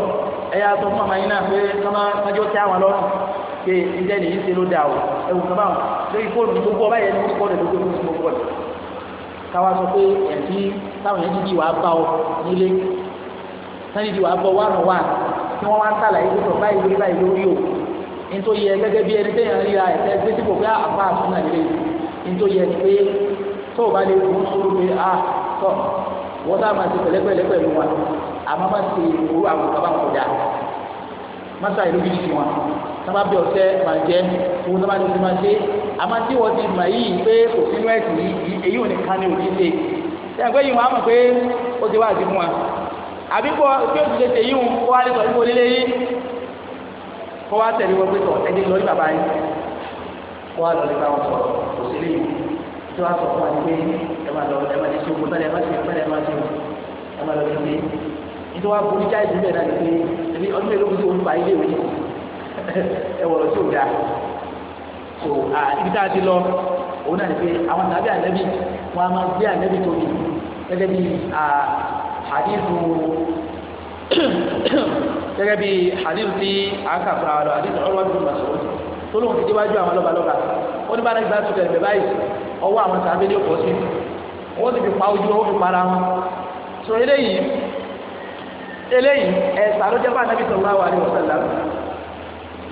ẹ yá sọ fún àmàyín náà pé kọ́má kọ́jọ́ tẹ́ àwọn lọ́rùn pé ǹjẹ́ nìyí ṣe ló dà o ẹ̀wù kan báwọn lórí fóònù tó gbọ́ báyẹn ní kọ́ ọ̀dẹ̀ lókè fún ìgbọ́ bọ́ọ̀lù káwá sọ pé ẹ̀ǹtí táwọn yẹn ti di wàá bá ọ nílé sani di wa bọ wa nù wa tí wọn wá ń tàlà yìí tó báyìí lórí báyìí lórí o nítorí yẹ gẹ́gẹ́ bí ẹni tẹyàn ríra ẹsẹ gbèsè kò gbé ah, àpá àtúnà lè nítorí yẹ pé tó o bá lè mú sùúrù pé a ah, tọ̀ wọ́n sábà máa ti pẹ̀lẹ́pẹ̀lẹ́ pẹ̀lú wa àmọ́ má ti wúrú àwọn kaba kò dáa má sa ìlú bíi wọn sábà bí ọ̀sẹ̀ máa jẹ́ owó sábà lóṣù máa ṣe àmọ́ tí wọ́n ti mọ̀ yìí pé òfin rẹ̀sì yìí èyí ò ní ká ní òní ṣe ṣe àgbẹ̀ yìí wọ́n á mọ̀ pé ó ti wá àti fún wa àbí kọ́ tí ó ti ṣe yìí wọn kó wá lè sọ nípa onílé yìí kó wá tẹ̀lé wọn pé tọ̀ ẹ wọ́n á lọ nípa wọn sọ̀rọ̀ kò sí lè tí wọ́n á sọ fún wa ní pé ẹ máa lọ ẹ máa lè ṣe ogun bẹ́ẹ̀ ẹ máa ṣe bẹ́ẹ̀ ẹ máa ṣe ẹ máa lọ lè ṣe nítorí wọ́n á borí jáì sílẹ̀ náà ni pé ẹbí ọdún mélòó kùsùn olùfà ilé ìwé ẹ wọ̀rọ̀ tí ò dáa so ibi tá a ti lọ òun náà ni pé àwọn tàbí ànẹ́bí wọn a máa gbé ànẹ́bí tóbi gẹ́gẹ́ bí hadithu gẹ́gẹ́ bí hadithu tí a kà fún ara tó lóun ti déwájú àwọn lọ́balọ́ba ó ní bára gbà sókè ẹ̀gbẹ́ báyìí ọwọ́ àwọn sàbẹ̀ ní òkò sí wọ́n ti fi pa ojú wọn fi para wọn sọ eléyìí eléyìí ẹ̀sà ló jẹ́ fún anabi sallallahu alaihi wasallam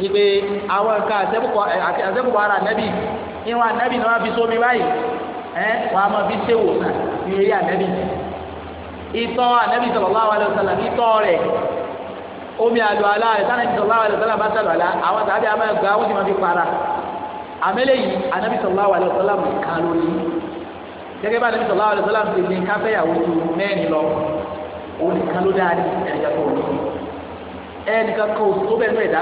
ìpè àwọn nǹkan àtẹ́kùkọ̀ ara anabi ìwọ̀n anabi náà fi sómi báyìí ẹ̀ wọ́n á máa fi ṣèwòsàn ìrírí anabi ìtọ́ anabi sallallahu alaihi wasallam ìtọ́ rẹ̀ omi àlọ́ àlá rẹ̀ sani sallallahu alaihi wasallam bá sàlọ́ àlá àwọn sàbí àmọ́ ẹ̀gbọ́n àwọn sì máa fi para àmẹ́lẹ̀ yìí anabi sallallahu alaihi wasallam kan lórí gẹ́gẹ́ bá anabi sallallahu alaihi wasallam ti ní káfẹ́yàwó ju mẹ́rin lọ òun nìkan ló dáa ní ẹ̀ẹ́dẹ́gbẹ́ tó wọlé ẹnìkan kan oṣù tó bẹ́ẹ̀ tó ẹ̀dá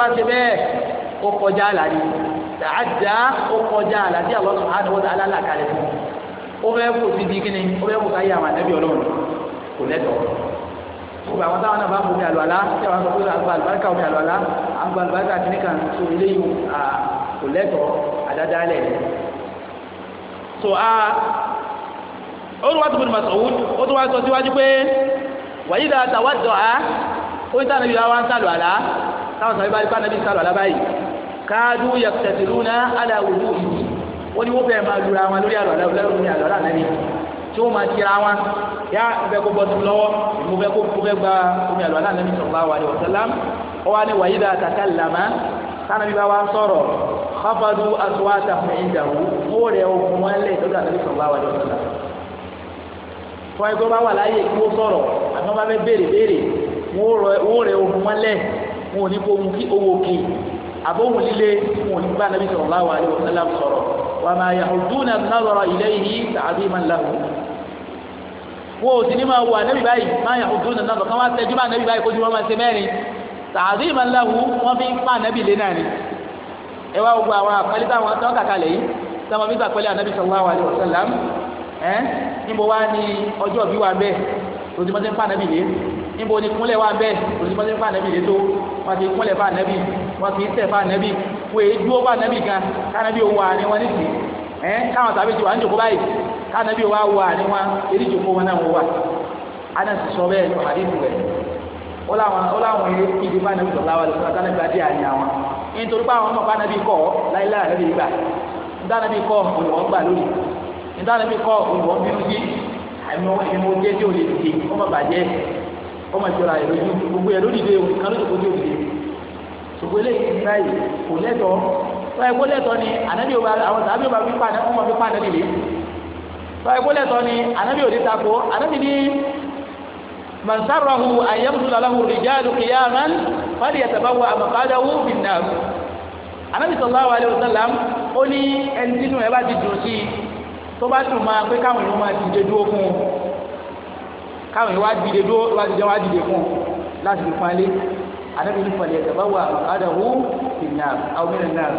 bá ṣe bẹ́ẹ̀ ó kọjá àlàyé dàájà ó kọjá àlàyé Allah subhanahu wa ta'ala alálàkalẹ̀ fún ó fẹ́ kó síbi kíni ó fẹ́ kó káyé àwọn ànábì gbogbo àwọn táwọn náà bá mú mi àlọ́ àlá tí àwọn sọ pé àgbà àlùbáríkà mi àlọ́ àlá àgbà àlùbáríkà kìíní kan so eléyìí kò lẹ́tọ̀ọ́ àdádálẹ̀ so a Urwatu bin Mas'ud ó tún wá sọ síwájú pé wàyí dáa tàwa dọ̀ á ó ní táwọn ibi wa ń sálọ̀ àlá táwọn sọ̀rọ̀ ìbáraẹni pàdánù sálọ̀ àlá báyìí káàdù yàtẹ̀tìlú náà aláwùjú yìí ó ní wọ́n fẹ́ẹ́ máa lura wọn lórí àlọ́ àlá lórí àlọ́ tí wọ́n máa jira wọn yá ìfẹ́ kó bọ́tù lọ́wọ́ mo fẹ́ kó mo fẹ́ gba omi àlọ́ aláǹdá mi sọ̀rọ̀ báwa ni wasalam ó wá ní wàyí dáa tàkà làmá sànà bí bá wa sọ̀rọ̀ khafadu aswata fún ìdàwó ó rẹ̀ ohun wọn lẹ̀ tó dàbí sọ̀rọ̀ báwa ni wasalam. fún ẹgbẹ́ bá wà láàyè kí wọ́n sọ̀rọ̀ àti wọ́n bá fẹ́ béèrè béèrè wọ́n rẹ̀ ohun wọn lẹ̀ wọn ò ní kó ohun kí owó kì àbóhùn líle wọn ò ní bá nàbí sọ̀rọ̀ báwa ni wasalam sọ̀rọ̀ wàmà yahuduna nadara ilayhi ta'ziman lahu wọn ò sì ní máa wọ ànábì báyìí máa yà ojú nàná lọ kán wá tẹjú máa ànábì báyìí kójú wọn máa ṣe mẹ́rin tààdí ìmọ̀láwù wọn fi ń pa ànábì lé náà ni ẹ wá gbogbo àwọn àpẹẹlẹ táwọn tó kàkálẹ̀ yìí táwọn fi sàpẹẹlẹ ànábì sallallahu alaihi wasallam ẹ níbo wá ní ọjọ́ bí wà bẹ́ẹ̀ lòdì mọ́tẹ́ ń pa ànábì lé níbo ni kúnlẹ̀ wà bẹ́ẹ̀ lòdì mọ́tẹ́ ń pa ànábì lé tó wọ́n ti kúnlẹ̀ fa ànábì wọ́n ti tẹ̀ fa ànábì wọ́n èé dúró fa ànábì gan kánábì owó àárín wọn nísìnyí ẹ káwọn tàbí ti wà ń jòkó báyìí wa wà ní wọn eré jòkó wọn náà wọ wà anasi sọ bẹ́ẹ̀ ní ọ̀hádìsì rẹ̀ ó láwọn ìdí bá nàbí sọ̀rọ̀ láwọn lọ́sọ̀rọ̀ tánàbí adé àyè àwọn nítorí pé àwọn ọmọ bá nàbí kọ́ láìláà nàbí gbà ìdánàbí kọ́ òyìnbó gbà lórí ìdánàbí kọ́ òyìnbó bínú sí àmì ojú lè dìde ọmọ bàjẹ́ ọmọ ìjọra gbogbo òkè kan lójú tọ́ ẹ̀kọ́ lẹ́tọ́ ni ànábì òbá àwọn sàbí òbá fipá ọmọ fipá ànábì lé tọ́ ẹ̀kọ́ lẹ́tọ́ ni ànábì òde tako ànábì ní mansarahu ayélujálahu rìjáàlù kìyàmán fàdí ẹ̀tàbáwá àmàkàdáwó bìnnà ànábì sallallahu alaihi wasallam ó ní ẹni tínú ẹ bá ti dùn sí i tó bá dùn máa pé káwọn èèyàn máa dìde dúró fún un káwọn èèyàn wá dìde dúró wá dìde fún un láti fi fún alé anabi ní falẹ̀ ẹ̀dàbá wà ádàwó ìnà àwòmínà náà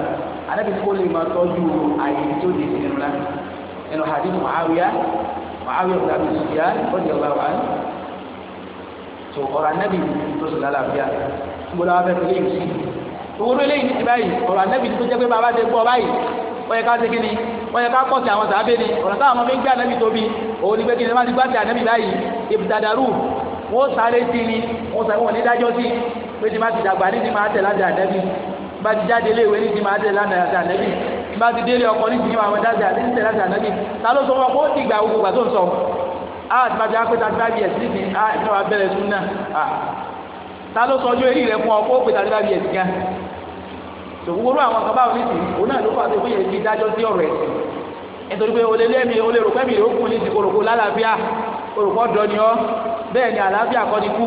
anabi kó lè máa tọ́jú àyè tó lè sí nínú náà ẹnu hadith muawiya muawiya bin abi sufiya ọdí ọba wa ni tó ọ̀rọ̀ anabi tó sì lálàáfíà gbọ́dọ̀ wà bẹ́ẹ̀ pẹ̀lú èyí owó eléyìí ti báyìí ọ̀rọ̀ anabi tó jẹ́ pé bàbá ti gbọ́ báyìí wọ́n yẹ ká ṣe kí ni wọ́n yẹ ká kọ́ sí àwọn sàábẹ́ ni ọ̀rọ̀ táwọn ọmọ mi ń gbé anabi tóbi òun ni pé kí ni wọ́n ti gbá sí anabi báyìí ibùdàdàrú wọ́n sáré sí ni wọ́n sáré wọn ní dájọ́ sí pé tí má ti dàgbà ní ti máa tẹ̀ láti ànẹ́bí bá ti jáde ilé ìwé ní ti máa tẹ̀ láti ànẹ́bí bá ti délé ọkọ ní ti ní àwọn dáadáa ní tẹ̀ láti ànẹ́bí ta ló sọ wọn kó ti gbà gbogbo gbàtó ń a ti máa ti wá pé thirty five years ní ti a ìfẹ́ wa bẹ̀rẹ̀ sún náà ta ló sọ ọjọ́ eré rẹ̀ fún ọ kó pé thirty five years gan tòwúrú àwọn kan báwo ní ti òun náà ló fà sí fúnyẹ̀ ti dájọ́ sí ọ̀rọ̀ ẹ̀sìn nítorí pé olè lẹ́mi olè rò pẹ́mi ní ti kòròkò lálàáfíà òròkọ́ dọ́ni ọ́ bẹ́ẹ̀ ni àlàáfíà kọ́ ni kú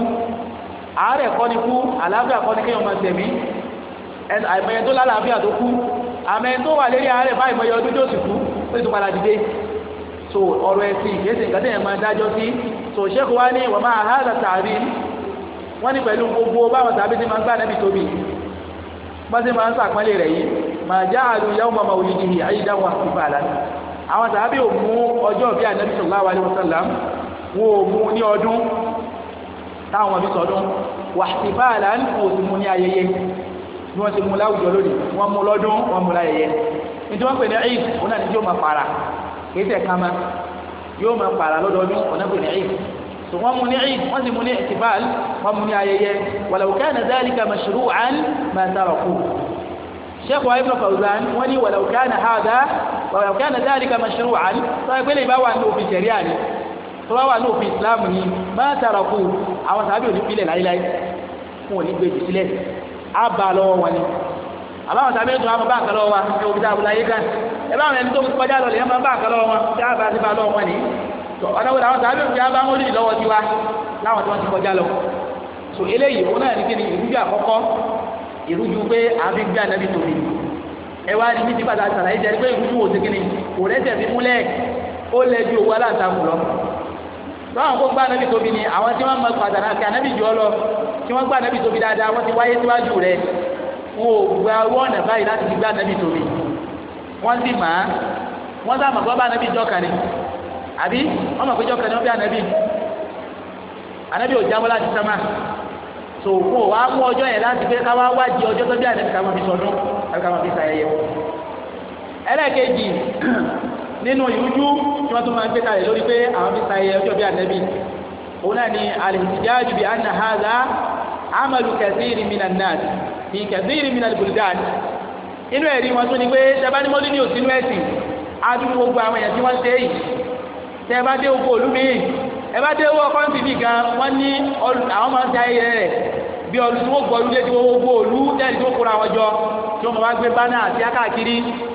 àárẹ̀ kọ́ ni kú àlàáfíà kọ́ ni kéèyàn máa tẹ̀mí àìmọye tó lálàáfíà tó kú àmọ́ tó wà lérí àárẹ̀ báyìí mọ iye ọdún tó sì kú ó sì tún padà dìde so ọ̀rọ̀ ẹ̀sìn ìgbésẹ̀ nǹkan tẹ̀yẹ̀ máa dájọ́ sí so ṣẹ́kù wá ní wàmà àhàlà tààrí wọ́n ní pẹ̀lú gbogbo báwọn tàbí ti máa ń gbà nẹ́bí tóbi bá ti máa ń sàpọ́nlé rẹ̀ yìí màá já àlù yàwó màmá òyìn ní ayé dáhùn àkùnfà àlàní àwọn tàbí ò mú ọjọ́ bí ànábì sallallahu alaihi wasallam wọn ò mú ní ọdún táwọn ọmọ mi sọdún wàhálà ní wọn ò sì mú ní ayẹyẹ bí wọ́n ti mú láwùjọ lónìí wọ́n mú lọ́dún wọ́n mú láyẹyẹ nítorí wọ́n pè ní eid òun náà ni yóò máa para kì í tẹ̀ ká ma yóò máa para lọ́dọọdún òun náà pè ní eid tó wọ́n mú ní eid wọ́n sì mú ní ìtìbáàl wọ́n mú ní ayẹyẹ walau kana dhalika mashru'an ma sheikh wa ibn fawzan wọ́n ní walau kana hadha walau kana sọ tó bá wà ní òfin islam ni máa tààrà kù àwọn sàbí ò ní filẹ̀ láíláí wọn ò ní gbèjì sílẹ̀ á bá a lọ́wọ́ wọn ni àbáwọn sàbí ètò àwọn bá àkà lọ́wọ́ wa ẹ òbí táàbù láyé kan ẹ bá àwọn ẹni tó kọjá lọ lè máa bá àkà lọ́wọ́ wọn tí á bá ti bá lọ́wọ́ wọn ni ọ̀nà wo làwọn sàbí òbí àbá wọn lè lọ́wọ́ tiwa láwọn tí wọ́n ti kọjá lọ so eléyìí òun náà ní kí sọ́wọ́n kó gbá anabi tóbi ni àwọn tí wọ́n mọ pàtàkì àti anabi jọ lọ tí wọ́n gbá anabi tóbi dáadáa wọ́n ti wáyé síwájú rẹ̀ wọn ò gba owó ọ̀nà báyìí láti fi gbá anabi tóbi wọ́n ti mà á wọ́n sá mọ̀ pé ọba anabi jọ kàní àbí wọ́n mọ̀ pé jọ kàní wọ́n bí anabi anabi ò jábọ́ láti sámà so kó wàá mú ọjọ́ yẹn láti gbé ká wá wájú ọjọ́ tó bí anabi kà máa fi sọdún àbí kà máa fi sàyẹyẹ ẹlẹ́ẹ̀kejì nínú ìrújú tí wọ́n tún máa ń gbé kalẹ̀ lórí pé àwọn fi sayẹ ọjọ́ bí ànábì òun náà ni alìsíjáàjù bí anna haza amalu kẹsìrì minanad, nas ní kẹsìrì minal buldan inú ẹ̀rí wọn tún ni pé sẹ́bání mọ́lí ní òsínú ẹ̀sìn adúgbò gbogbo àwọn èèyàn tí wọ́n ṣe yìí sẹ́bá dé oko òlú mi ẹ bá dé owó ọkọ ń bìbí gan wọ́n ní àwọn máa ń ṣe ayẹyẹ bí ọlù tí wọ́n gbọ́ ọlú létí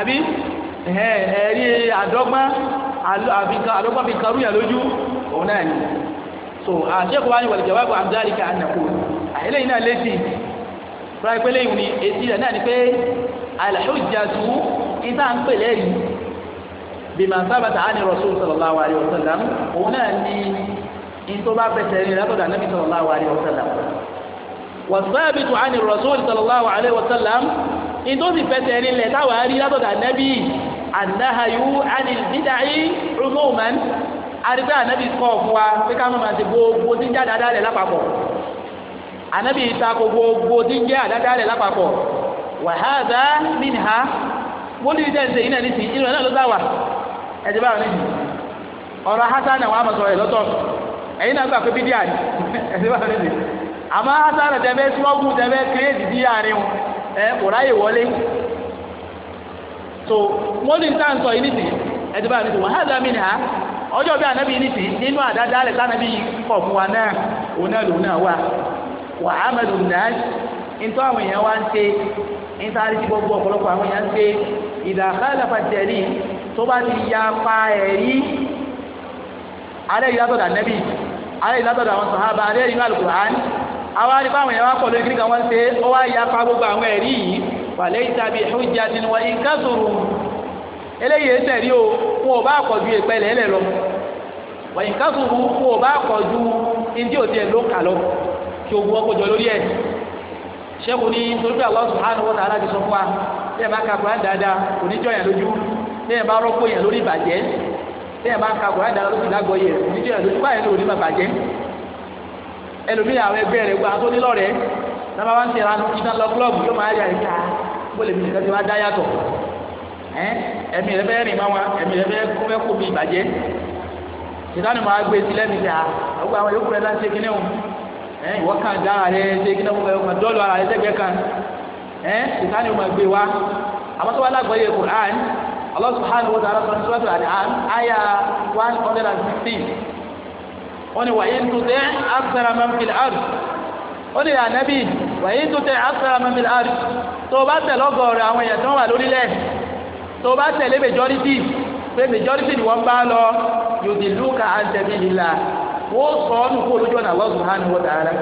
àbí ẹ̀rí àdọ́gbọ́n àdọ́gbọ́n fi karú yàn lójú òun náà ni so àṣẹ́kù wá ní wàlìjẹ́ wá bọ̀ àbúdárí ká ànàkó àìlẹ́yìn náà létí rárá pé lẹ́yìn ni èsì rẹ̀ náà ni pé al-hujjatu ìta ń pè lẹ́rìí bima sabata ani rasul sallallahu alayhi wa sallam òun náà ni ìtọ́ba fẹsẹ̀ rìn látọ̀dọ̀ anábì nítorí fẹsẹ̀ nílẹ̀ táwa rí látọ̀dọ̀ ànábì ànáhàyú ànìbídàáyí rúmọ́ọ̀mán àrígbé ànábì kọ́ fún wa pé ká máa ti gbogbo tí ń jẹ́ àdáda rẹ̀ lápapọ̀ gbogbo tí ń jẹ́ àdáda rẹ̀ lápapọ̀ wàhálà mìnìhà wọ́n ní ìdẹ́sẹ̀ yìí náà nísìnyí ìlú náà ló dá wà ẹ̀jẹ̀ báwọn níbi ọ̀rọ̀ hasan àwọn amọ̀sọ̀ rẹ̀ lọ́tọ̀ náà gbà pé bídíà ni ẹ̀jẹ̀ báwọn àmọ́ hasan ẹ kò ráyè wọlé so wọ́n ní nǹkan sọ yìí nìsín ẹ̀dí bá hàzà mí nìyà ọjọ́ bí anabi nìsín nínú àdáda alẹ́ sànàbí kọ̀ wa náà òun náà wà wà á náà àwa rí báwọn èèyàn wá pọ̀ lórí wọ́n ṣe ya pa gbogbo àwọn ẹ̀rí yìí wa ìkásòrò eléyìí ẹsẹ̀ o wọn ò bá kọjú ìpẹlẹ̀ ẹlẹ̀ lọ wọ́n ìkásòrò wọn ò bá kọjú ndí ẹ̀ ló kà lọ kí ogun ọkọjọ lórí ẹ̀ sẹ́kù ní torí pé Allah subhanahu wa ta'ala ti sọ fún wa ẹlòmíì àwọn ẹgbẹ́ rẹ̀ gba tó nílọ rẹ̀ nàbà wá ń tẹ̀ra ní iná lọ klọ́ọ̀bù yóò máa yà ìyá bó lè mi nìkan ti wá dá yàtọ̀ ẹ̀mí rẹ̀ fẹ́ rìn máa wá ẹ̀mí rẹ̀ fẹ́ kó fẹ́ kó mi ìbàjẹ́ ìdáni máa gbé sílẹ̀ mi ta àwọn àwọn yòókù rẹ̀ láti ṣe kíní o ìwọ kan dá ara rẹ̀ ṣe kíní o kan dọ́ọ̀lù ara rẹ̀ ṣẹ́gbẹ́ kan ìdáni máa gbé wa àmọ́ tó wá lágbọ́yé Qur'an Allah subhanahu wa ta'ala sọ́nù sọ́nù àdìhàn áyà one hundred and fifteen. wọ́n ní wàyí tó tẹ́ akthara man fil ard ó ní ànábì wàyí tó tẹ́ akthara man fil ard lori àwọn to ba wà majority majority ni wọ́n lọ an sọ ọ́ kó lójú ọ̀nà Allah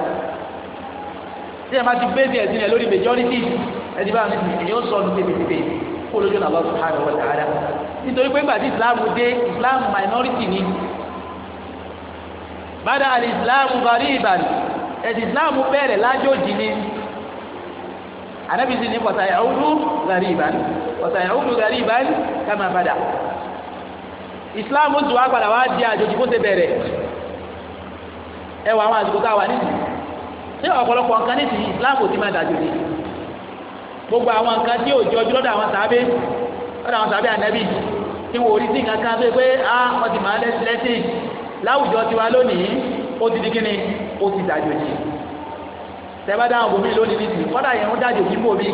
tí a ti bẹ́ẹ̀ díẹ̀ lórí majority ẹni bá sọ kó lójú ọ̀nà nítorí pé gbàdí Islam bada alìsílámù bari ìbàdí ẹ̀sìn ìsìlámù bẹ̀rẹ̀ lájòjì ni anabi sì ní pọ̀tà ìhùdú gàrí ìbàdí pọ̀tà ìhùdú gàrí ìbàdí kàmá bada ìsìlámù tù wá padà wá di àjòjì kó ti bẹ̀rẹ̀ ẹ wọ àwọn àdìgbò tá a wà nídìí ṣé ọ̀pọ̀lọpọ̀ nǹkan nídìí ìsìlámù ti máa dàjòjì gbogbo àwọn nǹkan tí ò jọjú lọ́dọ̀ àwọn sàábé lọ́dọ̀ àwọn sàábé ànábì tí wò ó rí sí nǹkan kan pé pé ah wọ́n ti máa lẹ́sìn láwùjọ tiwa lónìí ó ti di kíni ó ti dàjòjì tẹ́bá dáhùn bòmí lónìí nìsín kọ́dà yẹn ń dàjòjì ń bòmí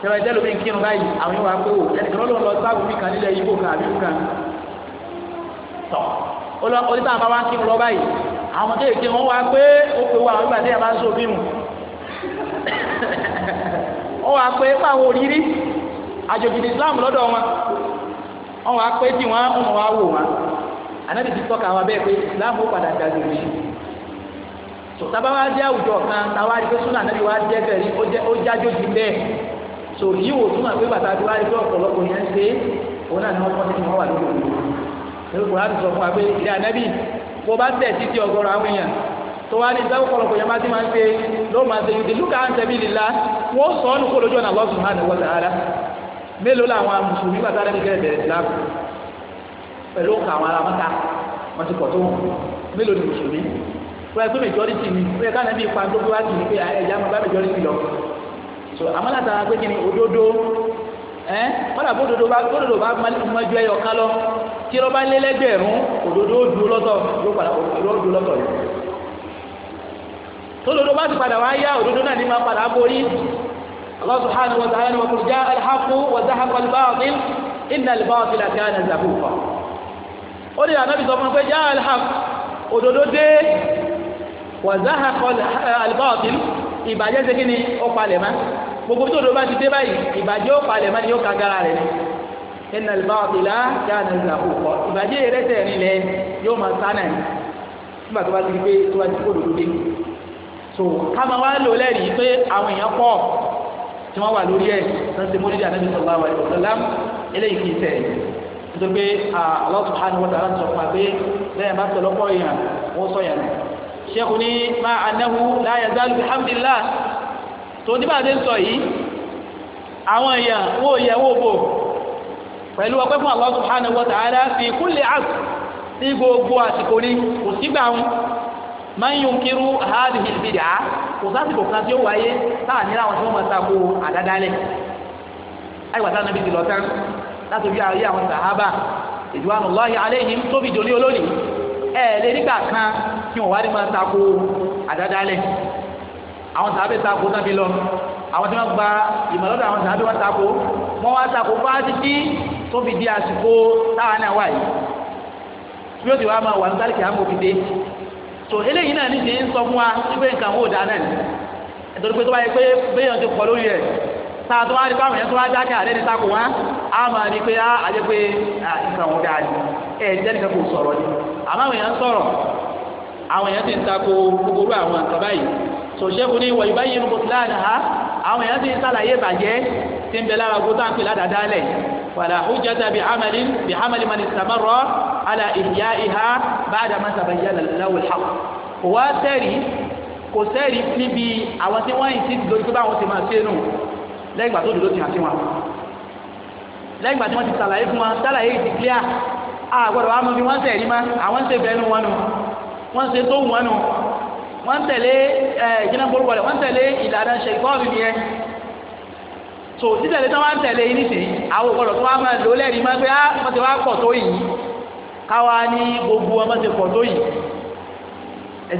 tẹ́bá ìtẹ́lu mi kírun báyìí àwọn yóò pé o ló lọ sáà bòmí kan nílẹ̀ ibo kan àbí tọ̀ wa ń kírun lọ báyìí àwọn kéèké wọn wá pé ó pe àwọn ìgbà ń wá pé òrírí àjòjì Islam lọ́dọ̀ wọn wọn wá pé tí wọn ń wá wò wọn. anabi ti tọ́ka wa bẹ́ẹ̀ pé ìsìláàmù padà dàgbé mi so tábà wá jẹ́ àwùjọ kan táwa rí pé súnà anabi wá jẹ́ bẹ̀rẹ̀ ó jájó ju bẹ́ẹ̀ so yìí wò túmọ̀ pé bàtà tó wá rí pé ọ̀pọ̀lọpọ̀ yẹn ń ṣe òun náà ni wọ́n kọ́ sí wọn wà lóko òdo lórí kò láti sọ fún wa pé ilé anabi bó bá tẹ̀ títí ọgọ́rọ̀ àwọn èèyàn tó wá ní ìdáwó kọlọ̀kọ̀ yẹn máa ti máa ń ṣe ló máa ṣe yìí lùkà ń tẹ̀bi ìlà wọ́n sọ ọ́ nù kó lójú ọ̀nà Allah subhanahu wa ta'ala mélòó làwọn mùsùlùmí bàtà kẹ́rẹ̀ bẹ̀rẹ̀ ìsìláàmù pẹ̀lú òǹkà àwọn aramọ́ta wọn ti pọ̀ tó wọn mélòó ni mùsùlùmí wọ́n yẹ pé majority ni wọ́n yẹ ká nàbí ipa tó wá sí ni pé ẹ̀yà máa bá majority lọ so àmọ́ látara pé kí ni òdodo ẹ́ wọ́n dà bó òdodo bá òdodo bá mọ́jú ẹyọ ká lọ tí lọ́ba lé lẹ́gbẹ̀rún òdodo ó dúró lọ́tọ̀ ló padà ó dúró lọ́tọ̀ yìí tólódó bá ti padà wá yá òdodo náà ní máa padà borí Allah subhanahu wa ta'ala ni wa qul ja'a al-haqqu wa zahaqa al-batil inna al-batila kana zahuqa ó lè ànábì sọ fún un pé já alhaq òdodo dé wàzáhà albatil ìbàjẹ́ ṣe kí ni ó palẹ̀ mọ́ gbogbo tó dodo bá ti dé báyìí ìbàjẹ́ ó palẹ̀ mọ́ ni yóò kagara rẹ̀ ni ẹnna albatila já nàìjíríà kò kọ́ ìbàjẹ́ rẹ̀ tẹ̀ nílẹ̀ yóò máa sánà ní nígbà tó bá ti di pé tó bá tẹ̀ nítorí pé Allah subhanahu wa ta'ala sọ fún wa pé lẹ́yìn bá tẹ̀lé ọkọ yìí hàn wọ́n sọ yẹn. sẹ́kù ní máa anáhu la yazalu bihamdillah tó ní bàtẹ́ sọ yìí àwọn èèyàn wò yẹ wò bò pẹ̀lú ọpẹ́ fún Allah subhanahu wa ta'ala fi kulli asr ní gbogbo àsìkò ní kò sígbà wọn máa ń yunkiru hadhihi al-bid'ah kò sásìkò kan tí ó wáyé táà nílà àwọn tí wọ́n máa ta ko àdádálẹ̀ àyíwá táwọn náà bí ti lọ tán látòjú ayé àwọn sàhábà ridwanullahi alayhim tóbi jòlí olónìí ẹ lè nígbà kan kí wọn wá ní máa tako àdádálẹ̀ àwọn sàábẹ tako nábì lọ àwọn tí wọn gba ìmọ̀lọ́dọ̀ àwọn sàábẹ wọn tako wọn wá tako fáájì tí tó fi di àsìkò táwa náà wà yìí bí ó ti wá máa wà ní sálìkì àmọ́ òfìdé tó eléyìí náà ní ti ń sọ fún wa wípé nǹkan wò dáa náà nítorí pé tó bá yẹ pé béèyàn ti pọ̀ lórí rẹ̀ tá a tó wá rí báwọn yẹn tó wá dákẹ́ àlẹ́ ní takò wọn á máa rí pé á jẹ́ pé nǹkan wọn dáa ni ẹ̀ jẹ́ nìkan kò sọ̀rọ̀ ni àmọ́ àwọn èèyàn sọ̀rọ̀ àwọn èèyàn ti ń takò gbogbo àwọn nǹkan báyìí sòṣèkù ní wọ̀nyí báyìí ní bòtí láàdá àwọn èèyàn ti ń sàlàyé ìbàjẹ́ ti ń bẹ lára ogun tá ń pè ládàá lẹ̀ wàlà hujjata bi amali bi amali mani samarọ ala ìyá ìhá báàdà máa sàbẹ̀yà lẹ́wọ̀ ìhà kò wá sẹ́rì kò sẹ́rì níbi àwọn tí wọ́n yìí ti dojú báwọn ti máa ṣe nù lẹ́yìn ìgbà tó dòdò ti hàn sí wọn lẹ́yìn ìgbà tí wọ́n ti sàlàyé fún wọn sàlàyé ti clear àgbọ̀dọ̀ wa mọ bí wọ́n tẹ̀ ní ma àwọn ń tẹ̀fẹ́ nu wọn nu wọ́n ṣe tó wọn nu wọ́n tẹ̀lé ẹ̀ jìnnà gbórúkọ rẹ̀ wọ́n tẹ̀lé ìlànà ṣe ìkọ́ọ̀bì yẹn so títẹ̀lé tí wọ́n tẹ̀lé yìí nìsín àwọn ọ̀gbọ̀dọ̀ tó wá máa lò lẹ́rìí máa gbé á wọ́n ti wá pọ̀ tó yìí káwa ní gbogbo ọmọ ti pọ̀ tó yìí ẹ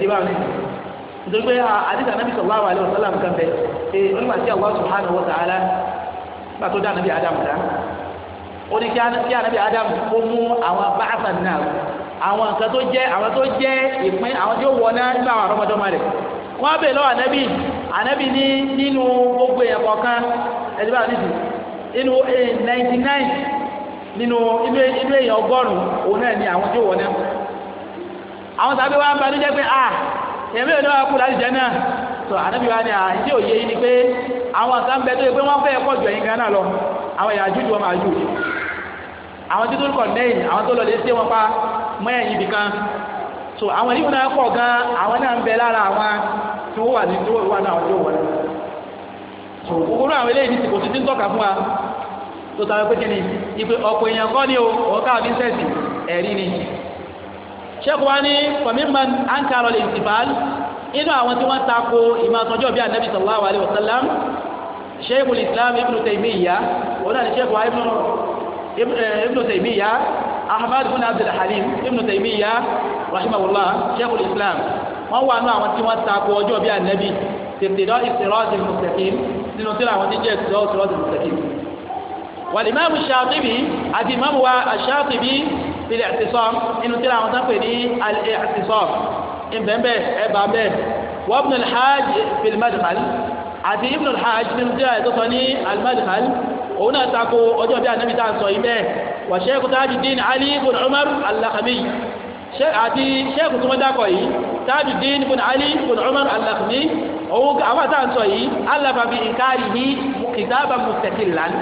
nítorí pé ah, àdìsá nàbì sallallahu alaihi wasallam ee Allah subhanahu wa ta'ala nígbà tó dá nàbì ádámù dá ó ní kí ànàbì ádámù kó mú àwọn báàfà na àwọn nǹkan tó jẹ́ àwọn tó jẹ́ ìpín àwọn tí ó wọ náà nínú àwọn àrọ́mọdọ́mọ rẹ̀ wọ́n bè lọ́wọ́ ànàbì ànàbì ní nínú gbogbo eh, ninety nine nínú inú òun ni tí èmi ò ní wàá kú láti jẹ náà tó ànábì wa ni àti òye yìí ni pé àwọn gaa bẹ tó yẹ pé wọ́n fẹ́ pọ̀ jù lọ àwọn ìyá àjújù ọmọ àjù àwọn tó kọ̀ lẹ́yìn àwọn tó wọn pa mọ́ ẹ̀yìn so àwọn yìí náà pọ̀ gan àwọn náà ń bẹ lára àwọn tí wọ́n wà ní wà náà àwọn eléyìí ti kò ti ń tọ́ka fún wa tó ni ìpè ọ̀pọ̀ èèyàn kọ́ ni o ni sheikh wa ni fàmíman ankara lè tìbàl inú àwọn tí wọ́n tako ìmọ̀tọ́jọ́ bí anabi sallallahu alayhi wa sallam sheikh islam ibn taymiya wọn náà ni sheikh wa ibn eh, taymiya ahmad bin abdul halim ibn taymiya rahimahullah sheikh islam wọn wà nù àwọn tí wọ́n tako ọjọ́ bí anabi tètèdọ́ ìsirọ́ọ̀tì mùsàkìm nínú tí àwọn tí jẹ́ ìsirọ́ọ̀tì mùsàkìm sílẹ̀ àtisọ́m inú tíra àwọn sáfẹ́ ní alẹ́ àtisọ́m ìbẹ̀mbẹ̀ ẹ̀bà bẹ́ẹ̀ wọ́n ibn al-hajj fil madkhal àti ibn al-hajj nínú tíra ìtọ́sọ ní al-madkhal òun náà tako ọjọ́ bí anabi tá à ń sọ yìí bẹ́ẹ̀ wà sheikh tajuddin ali ibn umar al-lakhmi àti sheikh tó wọ́n dákọ̀ yìí tajuddin ibn ali ibn umar al òun àwọn tá à sọ yìí alafa bi nkari ní kìtàbà mustaqillan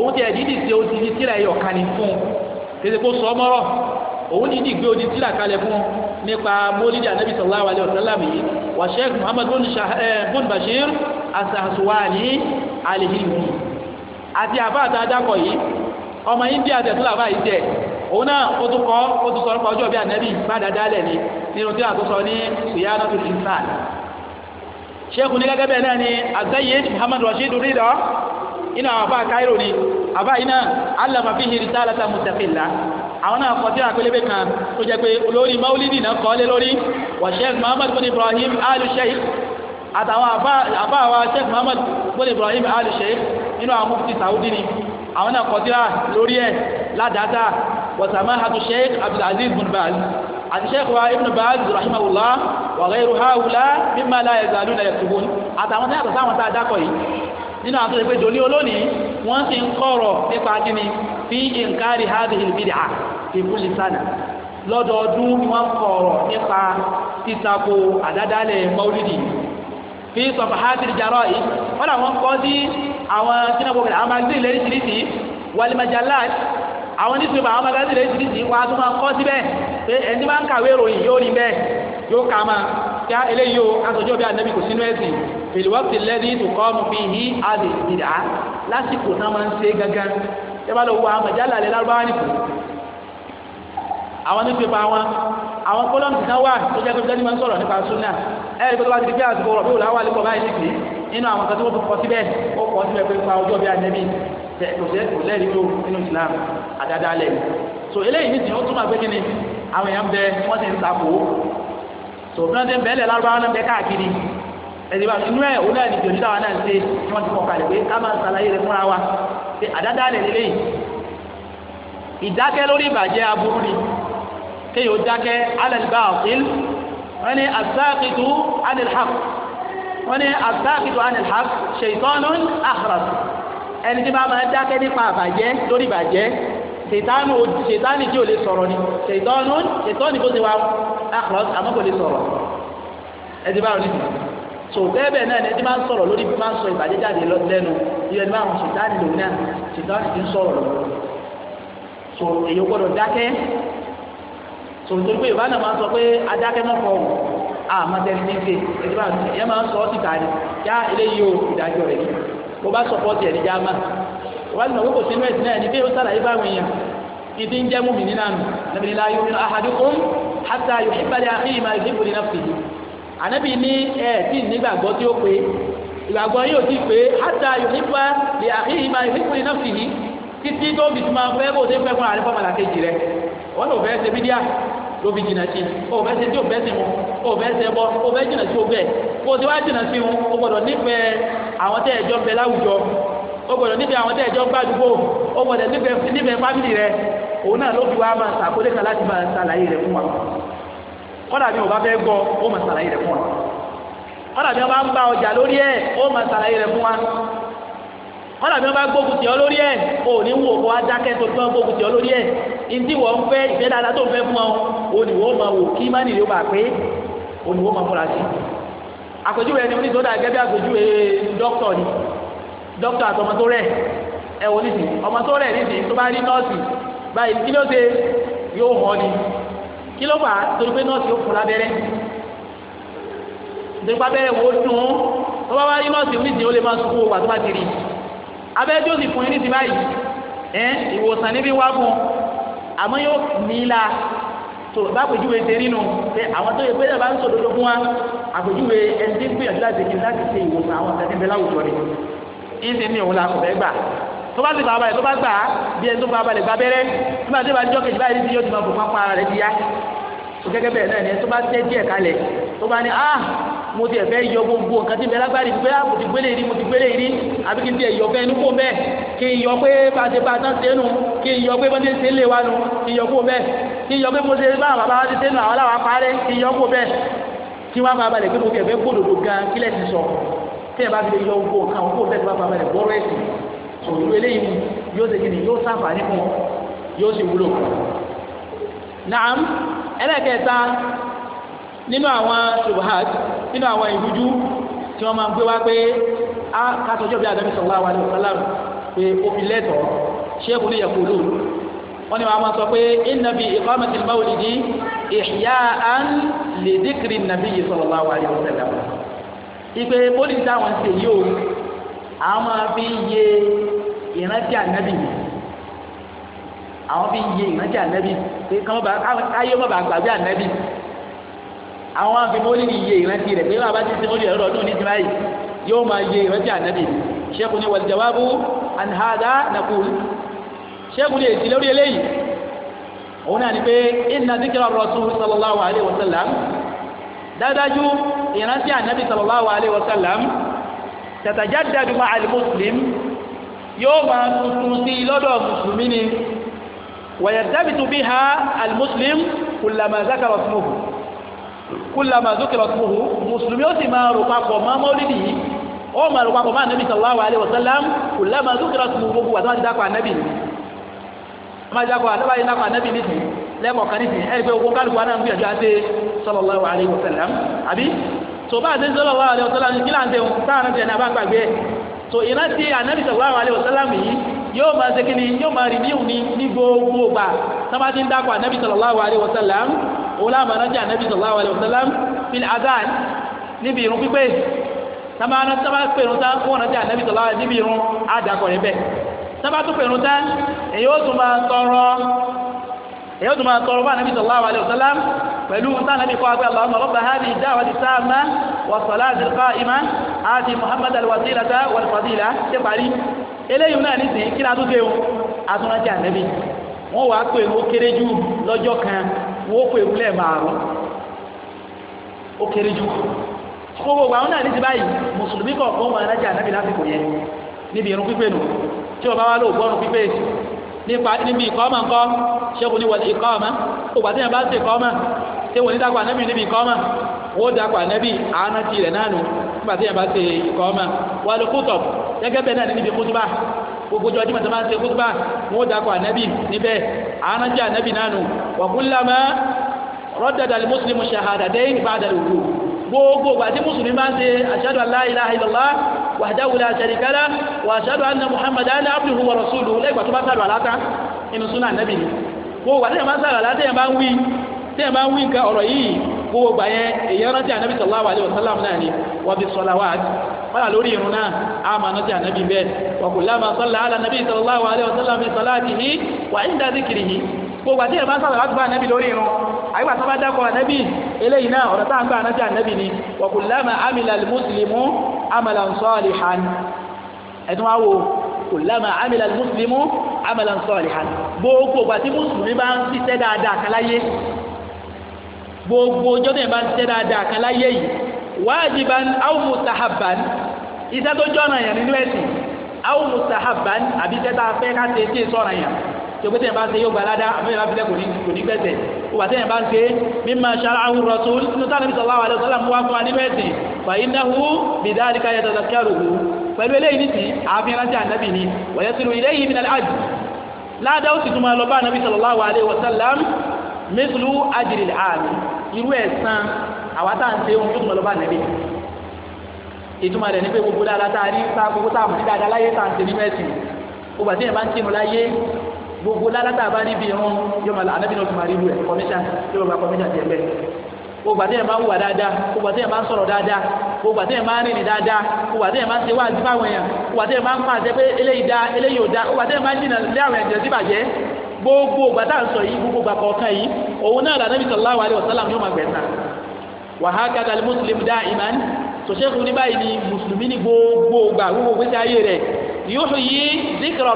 òun ti kéde kó sọ ọmọrọ òun ní ìdígbé odi tíra kalẹ̀ fún nípa mólídìí anabi sallallahu alayhi wa sallam yìí wà sheikh muhammad bin eh, bashir asahasuwani alihimi àti àbá àtàdàkọ yìí ọmọ india tẹ̀sílẹ̀ àbá yìí jẹ́ òun náà ó tún kọ́ ó tún sọ nípa ọjọ́ bí anabi bá dáadáa lẹ̀ ni nínú tíra tó sọ ní suyana tó ti ń sàn sheikh ní gẹ́gẹ́ bẹ́ẹ̀ náà ni azayid muhammad rashid ridọ inú àwọn àbá cairo ni àbá yìí náà alama fi hiri tá alata mustaqilla àwọn náà kọ́ síra pélébé kan tó jẹ́ pé olórí maulidi náà kọ́ lé lórí wa sheikh muhammad bin ibrahim alu sheikh àtàwọn àbá wa sheikh muhammad bin ibrahim alu sheikh nínú àwọn mufti saudi ni àwọn náà kọ́ síra lórí ẹ̀ ládàáta wa samahatu sheikh abdulaziz bin baz àti sheikh wa ibn baz rahimahullah wa ghayru haula mimma la yazaluna yaktubun àtàwọn náà kọ́ sáwọn tá a dákọ̀ yìí nínú àwọn tó ṣe pé dòní olónìí wọ́n sì ń kọ̀rọ̀ nípa kíni fi inkari hadhihi al-bid'ah fi kulli sana lọ́dọọdún ni wọ́n kọ̀rọ̀ nípa títako àdádálẹ̀ maulidi fi safahatil jaraid wọ́n làwọn kọ́ sí àwọn sinagogo àwọn magazine lẹ́rìsìrìsì wal majallat wọ́n kọ́ síbẹ̀ pé ẹni máa ń kàwé lásìkò náà máa ń ṣe gangan yẹ́n bá lọ wọ àwọn ìjálá alẹ́ lárúbáwá nìkú àwọn nípa wọn àwọn kọ́lọ́mù kan wà tó jẹ́ pé bí wọ́n sọ̀rọ̀ nípa súnà ẹ̀ ẹ́ bá ti di bí àsìkò rọ̀ bí òun láwà lẹ́kọ̀ọ́ báyìí nìkú nínú àwọn kan tó wọ́n kọ síbẹ̀ ó kọ síbẹ̀ pé pa ọjọ́ bí anẹ́bí kò lẹ́rìí ló nínú Islam àdáadáa lẹ̀ so eléyìí ní tiwọn túmọ̀ pé kíni àwọn èèyàn bẹ wọ́n ti ń sàkó so bí wọ́n ti ń bẹ́ẹ̀lẹ̀ lárúbáwá náà bẹ ẹ̀sìn bá inú ẹ̀ òun náà ní jòjú táwa náà ń ṣe tí wọ́n ti kọ́ kalẹ̀ pé ká máa ṣàlàyé rẹ̀ fúnra wa ṣe àdáda rẹ̀ lélẹ̀ yìí ìdákẹ́ lórí ìbàjẹ́ aburú ni kéèyàn ó dákẹ́ alẹ́lẹ́bá ọ̀kìl wọ́n ní asáàkìtù anilhaq wọ́n ní asáàkìtù anilhaq ṣèitọ́nùn àhàràtù ẹni tí bá máa dákẹ́ nípa àbàjẹ́ lórí ìbàjẹ́ ṣèitánù ṣèitánì tí ò lè sọ̀rọ̀ ni ṣèitọ́nùn ṣèitọ́nì tó ti wá àhàràtù àmọ́ kò lè sọ̀rọ̀ ẹ ti bá wọn níbi so bẹ́ẹ̀ bẹ́ẹ̀ náà ẹni máa ń sọ̀rọ̀ lórí bí máa ń sọ ìbàjẹ́ jáde lẹ́nu ìyẹn máa ń sùtáàdì lòun náà sùtáàdì ti ń sọ̀rọ̀ lọ so èyí ò gbọ́dọ̀ dákẹ́ so nítorí pé yorùbá náà máa ń sọ pé adákẹ́ mọ́ kọ́ àmọ́ tẹ́lẹ̀ ní ṣe ẹni máa ń sọ ìyẹn máa ń sọ ọ́ síta ni yá eléyìí o ìdájọ́ rẹ̀ ni bá sọpọ́ọ̀tì ẹ̀rí jáàmà mo bá sọ̀rọ̀ náà ni bí ó ànábì ní ẹ tí nígbàgbọ́ tí ó pé ìgbàgbọ́ yóò ti pé ata yòókùpá lè àhíhì máa ìfipò iná fìhí títí tó fi máa fẹ́ bó ṣe fẹ́ fún àrífọ́ màlàkejì rẹ wọn lò fẹ́ ṣe bídíà ló fi jìnnà sí o fẹ́ ṣe tí o fẹ́ ṣe mu o fẹ́ ṣe bọ́ o fẹ́ jìnnà sí o bẹ́ẹ̀ kó o ti wá jìnnà sí wọn o gbọ́dọ̀ nífẹ̀ẹ́ àwọn tẹ́ ẹ̀jọ́ bẹ láwùjọ o gbọ́dọ̀ nífẹ̀ẹ́ àwọn tẹ́ ẹ̀jọ́ gbàdúgbò o gbọ́dọ̀ nífẹ̀ẹ́ fámìlì rẹ òun náà ló fi wá máa ṣàkólé kan láti máa ṣàlàyé rẹ fún wa kọ́dà bí o bá fẹ́ gbọ́ ó máa ṣàlàyé rẹ̀ fún wa kọ́dà bí wọ́n bá ń gba ọjà lórí ẹ̀ ó máa ṣàlàyé rẹ̀ fún wa kọ́dà bí wọ́n bá gbógun tì ọ́ lórí ẹ̀ ò ní wò kó wá dákẹ́ tó gbọ́ gbógun tì ọ́ lórí ẹ̀ ìdí wọ́n fẹ́ ìfẹ́ dáadáa tó fẹ́ fún ọ òníwó máa wò kí má nìyó bá pé òníwó máa múra sí àpèjúwe ẹni oní sódà gẹ́gẹ́ bí àpèjúwe dókítà ni dókítà àtọmọ tó rẹ̀ ẹ̀ wò kí ló fà á torí pé nọ́ọ̀sì ó fún lábẹ́rẹ́ nítorí pé abẹ́rẹ́ wo dùn ún tó bá wá rí nọ́ọ̀sì oníṣìí ó lè máa sunkún wà tó bá ti rí abẹ́rẹ́ tí ó sì fún yín ní ti báyìí ẹ̀ ìwòsàn níbi wá fún un àmọ́ yóò nílá tó bá àpèjúwe ṣe nínú pé àwọn tó yẹ pé ẹ bá ń sòdodo fún wa àpèjúwe ẹni tí ń gbìyànjú láti ṣe ìwòsàn àwọn tẹ̀síńbẹ́ láwùjọ rẹ̀ ń tó bá sì gbà balẹ̀ tó bá gbà á bí ẹni tó gbà balẹ̀ gbà bẹ́rẹ́ nígbà tó bá jọ́ kejì báyìí ti yóò ti máa bò pápá rẹ̀ di yá tó gẹ́gẹ́ bẹ́ẹ̀ náà ni tó bá tẹ́ díẹ̀ kalẹ̀ tó bá a ah, mo ti ẹ̀fẹ́ yọ gbogbo nǹkan tí mẹ́lá gbárí pé ah, mo ti gbélé rí mo ti gbélé rí àbí kí n ti ẹ̀yọ fẹ́ inú kó bẹ́ẹ̀ kí n yọ pé bá a ti bá a tán ṣe nù kí n yọ pé bá a ti ṣe lé wa nù kí n yọ kó bẹ́ẹ̀ kí n yọ pé mo ṣe bá bàbá wa ti ṣe nù àwọn làwọn parẹ́ kí n yọ kó bẹ́ẹ̀ kí wọ́n bá balẹ̀ pé mo ti ẹ̀fẹ́ gbòdòdò gan kílẹ̀ ti sọ kí ẹ̀ bá fi yọ gbogbo nǹkan kó bẹ́ẹ̀ ti bá balẹ̀ gbọ́rọ̀ ẹ̀sìn sòwòrò eléyìí yóò ṣe kíni yóò ṣàǹfààní fún wọn yóò sì wúlò. naam ẹlẹ́kẹ̀ẹ́ta nínú àwọn subahad nínú àwọn ìrújú tí wọ́n máa ń gbé wá pé a kàtọ́jọ́ bí adamu sallallahu alaihi wasallam pé omi lẹ́tọ̀ọ́ ṣéèkù ní yẹ̀kú lò wọ́n ní wàá máa sọ pé inna bi iqamati al-mawlidi ihya'an li dhikri an-nabiyyi sallallahu alaihi wasallam ìpè pólítà wọn ṣe yìí o àwọn máa fi yé ìrántí ànábì àwọn fi yé ìrántí ànábì pé káyé mọba àgbàgbé ànábì àwọn afimọ́lì ni yé ìrántí rẹ̀ pé bàbá ti sinmọ́lì ẹ̀rọ ọdún nídìí báyìí yóò máa yé ìrántí ànábì ṣẹ́kù ni wal jawabu an hadha naqul ṣẹ́kù ni èsì lórí eléyìí òun náà ni pé inna dhikra rasul sallallahu alayhi wa sallam dáadájú ìrántí ànábì sallallahu alayhi wa sallam tatajadadu ma'al muslim yóò máa tuntun sí lọ́dọ̀ mùsùlùmí ni wàyàdábìtú bí ha alimuslim kùlàmà zákàrọ̀ sumuhu kùlàmà zákàrọ̀ sumuhu mùsùlùmí ó sì máa rò papọ̀ mọ́ mọ́lídì yìí ó máa rò papọ̀ mọ́ anabi sallallahu alayhi wa sallam kùlàmà zákàrọ̀ sumuhu gbogbo àti wọn ti dákọ̀ anabi ni wọn ti dákọ̀ àti wọn ti dákọ̀ anabi nìsín lẹ́kọ̀ọ́ kan nìsín ẹ̀rí pé ogun kálukú anáà ń gbìyànjú àti sallallahu alayhi so ìrántí anabi sallallahu alayhi wa sallam yìí yóò máa ṣe kíni yóò máa rí níhùn ní ní gbogbo gbà sábà ti ń dákọ̀ anabi sallallahu alayhi wa sallam òun láàmú rántí anabi sallallahu alayhi wa sallam fil adhan níbi irun pípé sábà sábà pèrún tán fún rántí anabi sallallahu alayhi wa sallam níbi irun èyàn tó máa tọrọ bá nàbí sallallahu alaihi wasallam pẹ̀lú sànàbí kọ́ àgbẹ̀ Allahumma rabba hadhihi da'wati tamma wa salati qa'ima àti Muhammad al-wasilata wal fadila ṣe parí eléyìí náà ní sìn kí ni a tún dé o àtúnrántí ànábì wọ́n wàá pè ó kéré jù lọ́jọ́ kan wọ́n pè ó gbogbo àwọn náà ní ti báyìí mùsùlùmí kọ̀ọ̀kan wọn alájà ànábì lásìkò yẹn níbi irun pípé nù tí ọba wa lóògbọ́n pípé nípa níbi ìkọ́mọ̀ ńkọ́ ṣẹ́kù ní wọlé ìkọ́mọ̀ ògbà tí yẹn bá ṣe ìkọ́mọ̀ tí wọ́n ní dàpọ̀ ànábì níbi ìkọ́mọ̀ wọ́n dàpọ̀ ànábì àánà ti rẹ̀ náà nù nígbà tí yẹn bá ṣe ìkọ́mọ̀ wọ́n lè kútọ̀ gẹ́gẹ́ bẹ́ẹ̀ náà níbi kútúbà gbogbo ọjọ́ jímọ̀ tó máa ń gbogbo ìgbà tí mùsùlùmí bá ń ṣe ashhadu an la ilaha illallah wahdahu la sharika lah wa ashhadu anna muhammadan abduhu wa rasuluhu lẹ́gbà tó bá sàrò àlátá inú súnà nẹ́bì ni gbogbo ìgbà tẹ́yàn bá sàrò àlátá tẹ́yàn bá ń wí tẹ́yàn bá ń wí nǹkan ọ̀rọ̀ yìí gbogbo ìgbà yẹn èyí rántí ànábì sallallahu gbogbo àti ìyẹn bá sábà láti bá ànábì lórí irun àyíká sábà dákọ̀ ànábì eléyìí náà ọ̀rọ̀ tá à ń gbà ànábì ànábì ni wa kullama amila mùsùlùmù amalan salihan ẹ̀tún wá wo kullama amila mùsùlùmù amalan salihan gbogbo àti mùsùlùmí bá ń ṣiṣẹ́ dáadáa kan láyé gbogbo ọjọ́ tẹ̀ bá ń ṣiṣẹ́ tòkè tẹ̀yìn bá ń ṣe yóò gba aládá àmì ìlàfílẹ̀ kò ní kò ní gbẹ̀sẹ̀ òwà tẹ̀yìn bá ń ṣe mímọ ṣáláhùn rọ̀tún nínú tánàbí sọ̀lá wà lọ́sọ́lá mú wá fún wa ní mẹ́sìn fàyín náà hù bìdá àdìkà yẹ tọ̀tọ̀ kí àròhù pẹ̀lú eléyìí ní sìn ààfin rántí ànábì ni wọ̀yẹ́ sínú ilé yìí minal àjù ládá ó sì tún máa lọ bá ànábì sọ̀lá wà lé wọ́sálàm mẹ́sùlù àjìrì àmì irú ẹ̀san àwa tá à ń ṣe ohun tó tún máa lọ bá ànábì ìtumọ̀ rẹ̀ ní pé gbogbo dáadáa tá a rí tá gbogbo tá a mọ̀ sí dáadáa láyé tá à ń ṣe ní mẹ́sìn ògbà tí yẹn bá ń kírun láyé gbogbo ládàtà bá níbi irun yóò máa ànábì náà tó máa rí ìlú ẹ̀ kọmíṣà yóò máa kọmíṣà tiẹ̀ bẹ́ẹ̀ gbogbo àtẹ̀yẹ̀ máa ń wà dáadáa gbogbo àtẹ̀yẹ̀ máa ń sọ̀rọ̀ dáadáa gbogbo àtẹ̀yẹ̀ máa ń rìn dáadáa gbogbo àtẹ̀yẹ̀ máa ń ṣe wá àti fáwọn èèyàn gbogbo àtẹ̀yẹ̀ máa ń pàṣẹ pé eléyìí da eléyìí ò da gbogbo àtẹ̀yẹ̀ máa ń dìnà lé àwọn ẹ̀jẹ̀ síbàjẹ́ gbogbo gbàtà ń sọ yìí gbogbo gbàkọ̀ kan yìí òun náà l'Ànábì sallallahu alaihi wasallam yóò máa gbẹ̀sà wàhákàtà muslim dá ìmán sọ̀ṣẹ́kù ní báyìí ni mùsùlùmí ní gbogbo gbà gbogbo gbèsè ayé rẹ̀ yóò yí zikra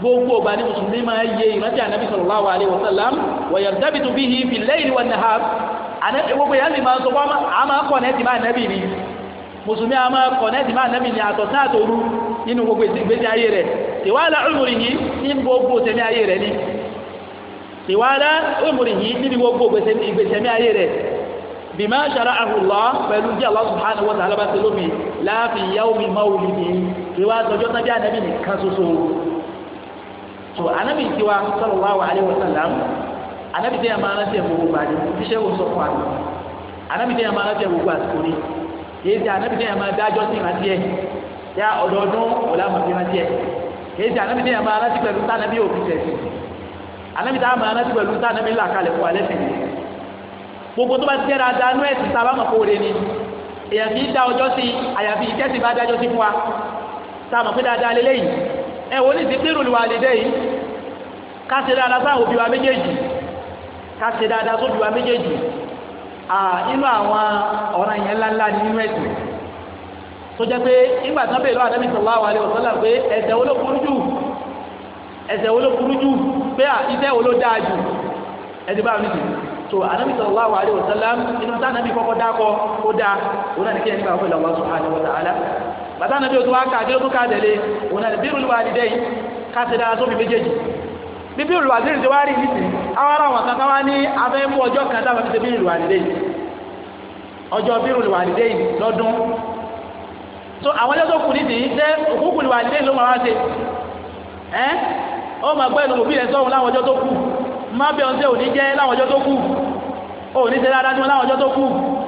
gbogbo ọba ní mùsùlùmí máa yẹ ìrántí ànábì sallallahu alaihi wasallam wa yartabitu bihi fil layli wan nahar ànábì gbogbo yẹn lè máa sọ fún a máa kọ̀nẹ́tì máa ànábì ni mùsùlùmí a máa kọ̀nẹ́tì máa ànábì ni àtọ̀tán àtòru nínú gbogbo ìgbésí ayé rẹ̀ tìwálà ọmọrì yìí ní gbogbo tẹ̀mí ayé rẹ̀ ni tìwálà ọmọrì yìí níbi gbogbo ìgbésẹ̀mí ayé rẹ̀ bima shara'ahu Allah pẹ̀lú jẹ́ Allah subhanahu wa ta'ala bá ti lómi la fi yawmi mawlidihi tìwálà ọjọ́ tábí ànábì nìkan ṣoṣo so anabi tiwa sallallahu alayhi wa sallam anabi tẹ ẹ máa rántí ẹ gbogbo gbàdé iṣẹ wo sọ fún àná anabi tẹ ẹ máa rántí ẹ gbogbo àsìkò ni èyí tí anabi tẹ ẹ máa dájọ sí ìrántí ẹ yá ọdọọdún ọlá mọ sí ìrántí ẹ èyí tí anabi tẹ ẹ máa rántí pẹ̀lú tànàbí òfin tẹsí anabi tẹ ẹ máa rántí pẹ̀lú tànàbí làkàlẹ fún alẹ sẹyìn gbogbo tó bá ti tẹ́ra da nú ẹ̀sìn tá a bá ni èyàn fi dá ọjọ́ sí àyàfi ìkẹ́sì bá dájọ́ sí fún wa tá a mọ̀ pé dáadáa ẹ wò ní zikiru lè wà lédè yìí ká ṣe dáadáa sáwọn òbí wa méjèèjì ká ṣe dáadáa sóbí wa méjèèjì inú àwọn ọ̀ràn yẹn ńláńlá ni nínú ẹ̀sìn tó jẹ́ pé nígbà tán bèèrè lọ́wọ́ àdámì sallallahu alaihi wasallam pé ẹ̀ṣẹ̀ wo ló burú jù ẹ̀ṣẹ̀ wo ló burú jù pé iṣẹ́ wo ló dáa jù ẹ̀sẹ̀ bá mi jù tó àdámì sallallahu alaihi wasallam inú tá àdámì kọ́kọ́ dákọ́ ó dáa òun náà ní kí ẹni bá wọlé Allah subhanahu wa ta'ala bàtà nàbí o tó wá ká kílókù ká tẹ̀lé òun náà bírù lù wàlídẹ́ yìí ká ṣe dára sómi méjèèjì bí bírù lù wàlídẹ́ ti wá rí nìsí àwọn ará wọn ní afẹ́ ọjọ́ kan táwọn fi ṣe bírù lù wàlídẹ́ yìí ọjọ́ bírù lù wàlídẹ́ yìí lọ́dún so àwọn ọjọ́ tó kù nìsí jẹ́ òkúkù lù wàlídẹ́ ló máa ṣe ẹ́ ó máa gbọ́ ìlú òbí rẹ̀ sọ́hun láwọn ọjọ́ tó kù má bẹ́ẹ̀ ọ̀sẹ̀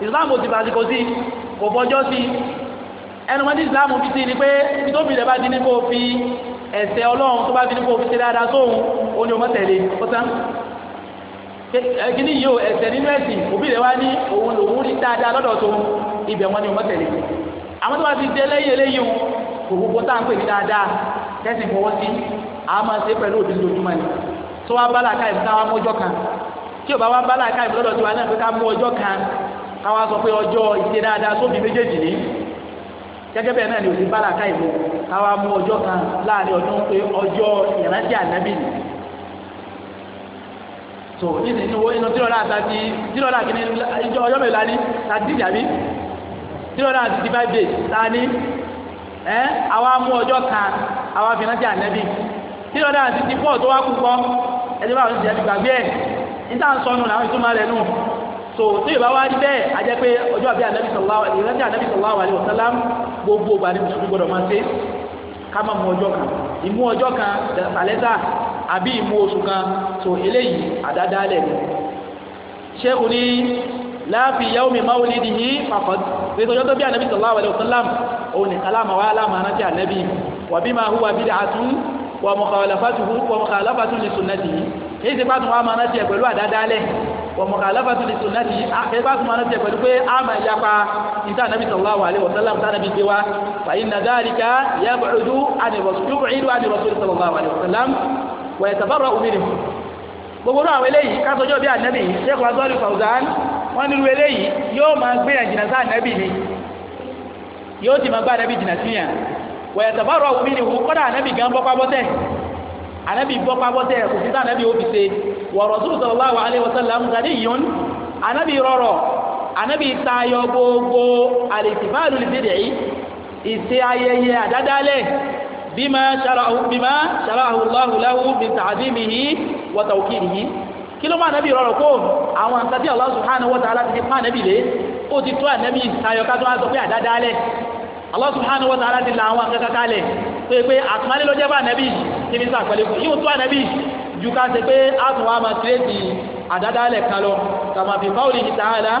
ìsìláàmù ti fàṣíkò sí kò fọjọ́ sí ẹnu wọn ní ìsìláàmù fi sí ni pé títóbi rẹ̀ bá di ní kó fi ẹ̀sẹ̀ ọlọ́run tó bá di ní kó fi ṣe dáadáa sóhun ó ní o mọ́tẹ̀lé ó tán ẹgini yìí o ẹ̀ṣẹ̀ nínú ẹ̀sìn òbí rẹ̀ wá ní òun lòun rí dáadáa lọ́dọ̀ tó ibẹ̀ wọn ni wọn tẹ́lẹ̀ àwọn tó bá ti dé lẹ́yìn eléyìí o kò gbogbo tá à ń pè ní dáadáa tẹsí fọwọ́ sí a máa ṣe pẹ̀lú òbí lójúmọ́ ni tó wá bá làákà ìfúnná wa mú ọjọ́ kan tí ò bá wá bá làákà ìfúnná lọ́dọ̀ tó wá náà pé ká mú ọjọ́ kan káwá sọ pé ọjọ́ ìṣe dáadáa sóbì méjèèjì ní gẹ́gẹ́ bẹ́ẹ̀ náà ni òsì bá làkà ìlú káwá mú ọjọ́ kan láàrin ọdún pé ọjọ́ ìrántí ànábì ni so nínú inú inú tírọ̀lá àti tírọ̀lá kìíní ìjọ ọjọ́ mélòó ni láti dìjàbí tírọ̀lá àti ti five days ta ni ẹ àwa mú ọjọ́ kan àwa fi rántí ànábì tírọ̀lá àti ti four tó wá kú kọ́ ẹ ti bá àwọn ìṣẹ̀lẹ̀ gbàgbé ẹ̀ níta ń sọnù làwọn ìtumọ̀ rẹ̀ nù so tí ìbá wá rí bẹ́ẹ̀ a jẹ́ pé ọjọ́ àbí anabi sallallahu ìrántí anabi sallallahu alayhi wa sallam gbogbo ìgbà ní mùsùlùmí gbọdọ̀ máa ṣe ká má mú ọjọ́ kan ìmú ọjọ́ kan sàlẹ́sà àbí ìmú oṣù kan so eléyìí àdádálẹ̀ ni ṣéèkù ní láàfi yawmi mawlidihi faqad pẹ̀lú ọjọ́ tó bí anabi sallallahu alayhi wa sallam òun ní kalama wa alama rántí anabi wa bima huwa bid'atun wa mukhalafatuhu wa mukhalafatu wọ̀mọ̀ kàlàfà tó lè sùn láti àkẹ́ bá súnmọ́ lọ́sẹ̀ pẹ̀lú pé a máa yapa níta nàbí sallallahu alaihi wa sallam tá nàbí gbé wa fàyín na dáríkà yẹ bọ̀dú ànìrọ̀sùlù ànìrọ̀sùlù sallallahu alaihi wa sallam wọ̀yẹ̀ tàbárọ̀ òmìnir gbogbo náà àwọn eléyìí ká sọjọ́ bí ànábì sheikh wazori fauzan wọ́n nílùú eléyìí yóò máa gbé yàn jìnnà sáà ànábì ni yóò sì máa gbá ànábì jìnnà sí wa rasul sallallahu alayhi wa sallam ghaniyun anabi rọrọ anabi tayọ gbogbo alìsìmáàlù lìbìdìí ìṣe ayẹyẹ àdádálẹ̀ bímá shara'ahu bímá shara'ahu Allahu lahu bi ta'zimihi wa tawqirihi kí ló máa nẹ́bí rọrọ̀ kó àwọn nǹkan tí Allah subhanahu wa ta'ala ti fi máa nẹ́bí lé ó ti tó ànẹ́bí tayọ ká tó wá sọ ju ká ṣe pé àtún wa máa kírètì àdádálẹ̀ kan lọ kàmá fi fáwọlì ní tààlà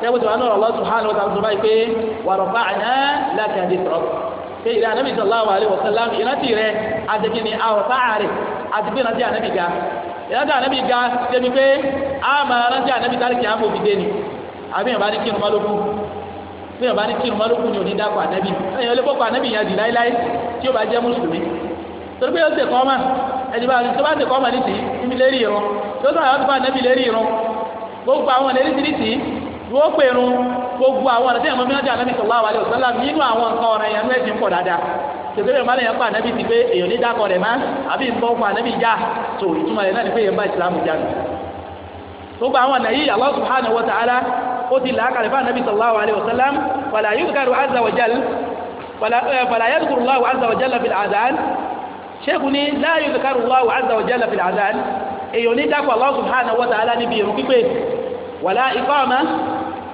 tẹ́wọ́ tí wàá nọ̀rọ̀ Allah subhanahu wa ta'ala báyìí pé wa rafa'na laka dhikrak pé ìrẹ́ ànábì sallallahu alaihi wa sallam ìrántí rẹ̀ àti kí ni àwọ̀fá àti pé ìrántí ànábì ga ìrántí ànábì ga débi pé a máa rántí ànábì tálíkì àmọ́ òbí déni àbí ìyàbá ní ní kírun mọ́lókù torí pé yóò ṣe kọ́ mà ẹ̀dì bá tó bá ṣe kọ́ mà ní tì í lérí irun yóò tó àwọn tó bá nẹ́bí lérí irun gbogbo àwọn ẹ̀dì ti ní tì í wọ́n pè irun gbogbo àwọn ẹ̀dì ẹ̀mọ́ mìíràn jẹ́ ànábì sọ̀lá wa lẹ́wọ̀ sọ́lá nínú àwọn nǹkan ọ̀rọ̀ ẹ̀yàn mẹ́jì ń pọ̀ dáadáa tètè bẹ́ẹ̀ máa lẹ́yìn pa ànábì ti pé èèyàn ní dákọ̀ rẹ̀ má àbí ń bọ́ fún ànábì já tó ìtumọ̀ rẹ̀ náà ni pé èèyàn bá ìsìlámù já nù. gbogbo àwọn ọ̀nà yìí Allah subhanahu wa ta'ala ó ti làákàlẹ̀ fún ànábì sallallahu alayhi wa sallam wàlàyé kàrò azza wa jalla wàlàyé kàrò azza wa jalla fil adhan sheikh ni la yudhkaru Allahu azza wa jalla fil adhan èyàn ní dákọ̀ Allah subhanahu wa ta'ala níbi ìrun pípé wàlá iqama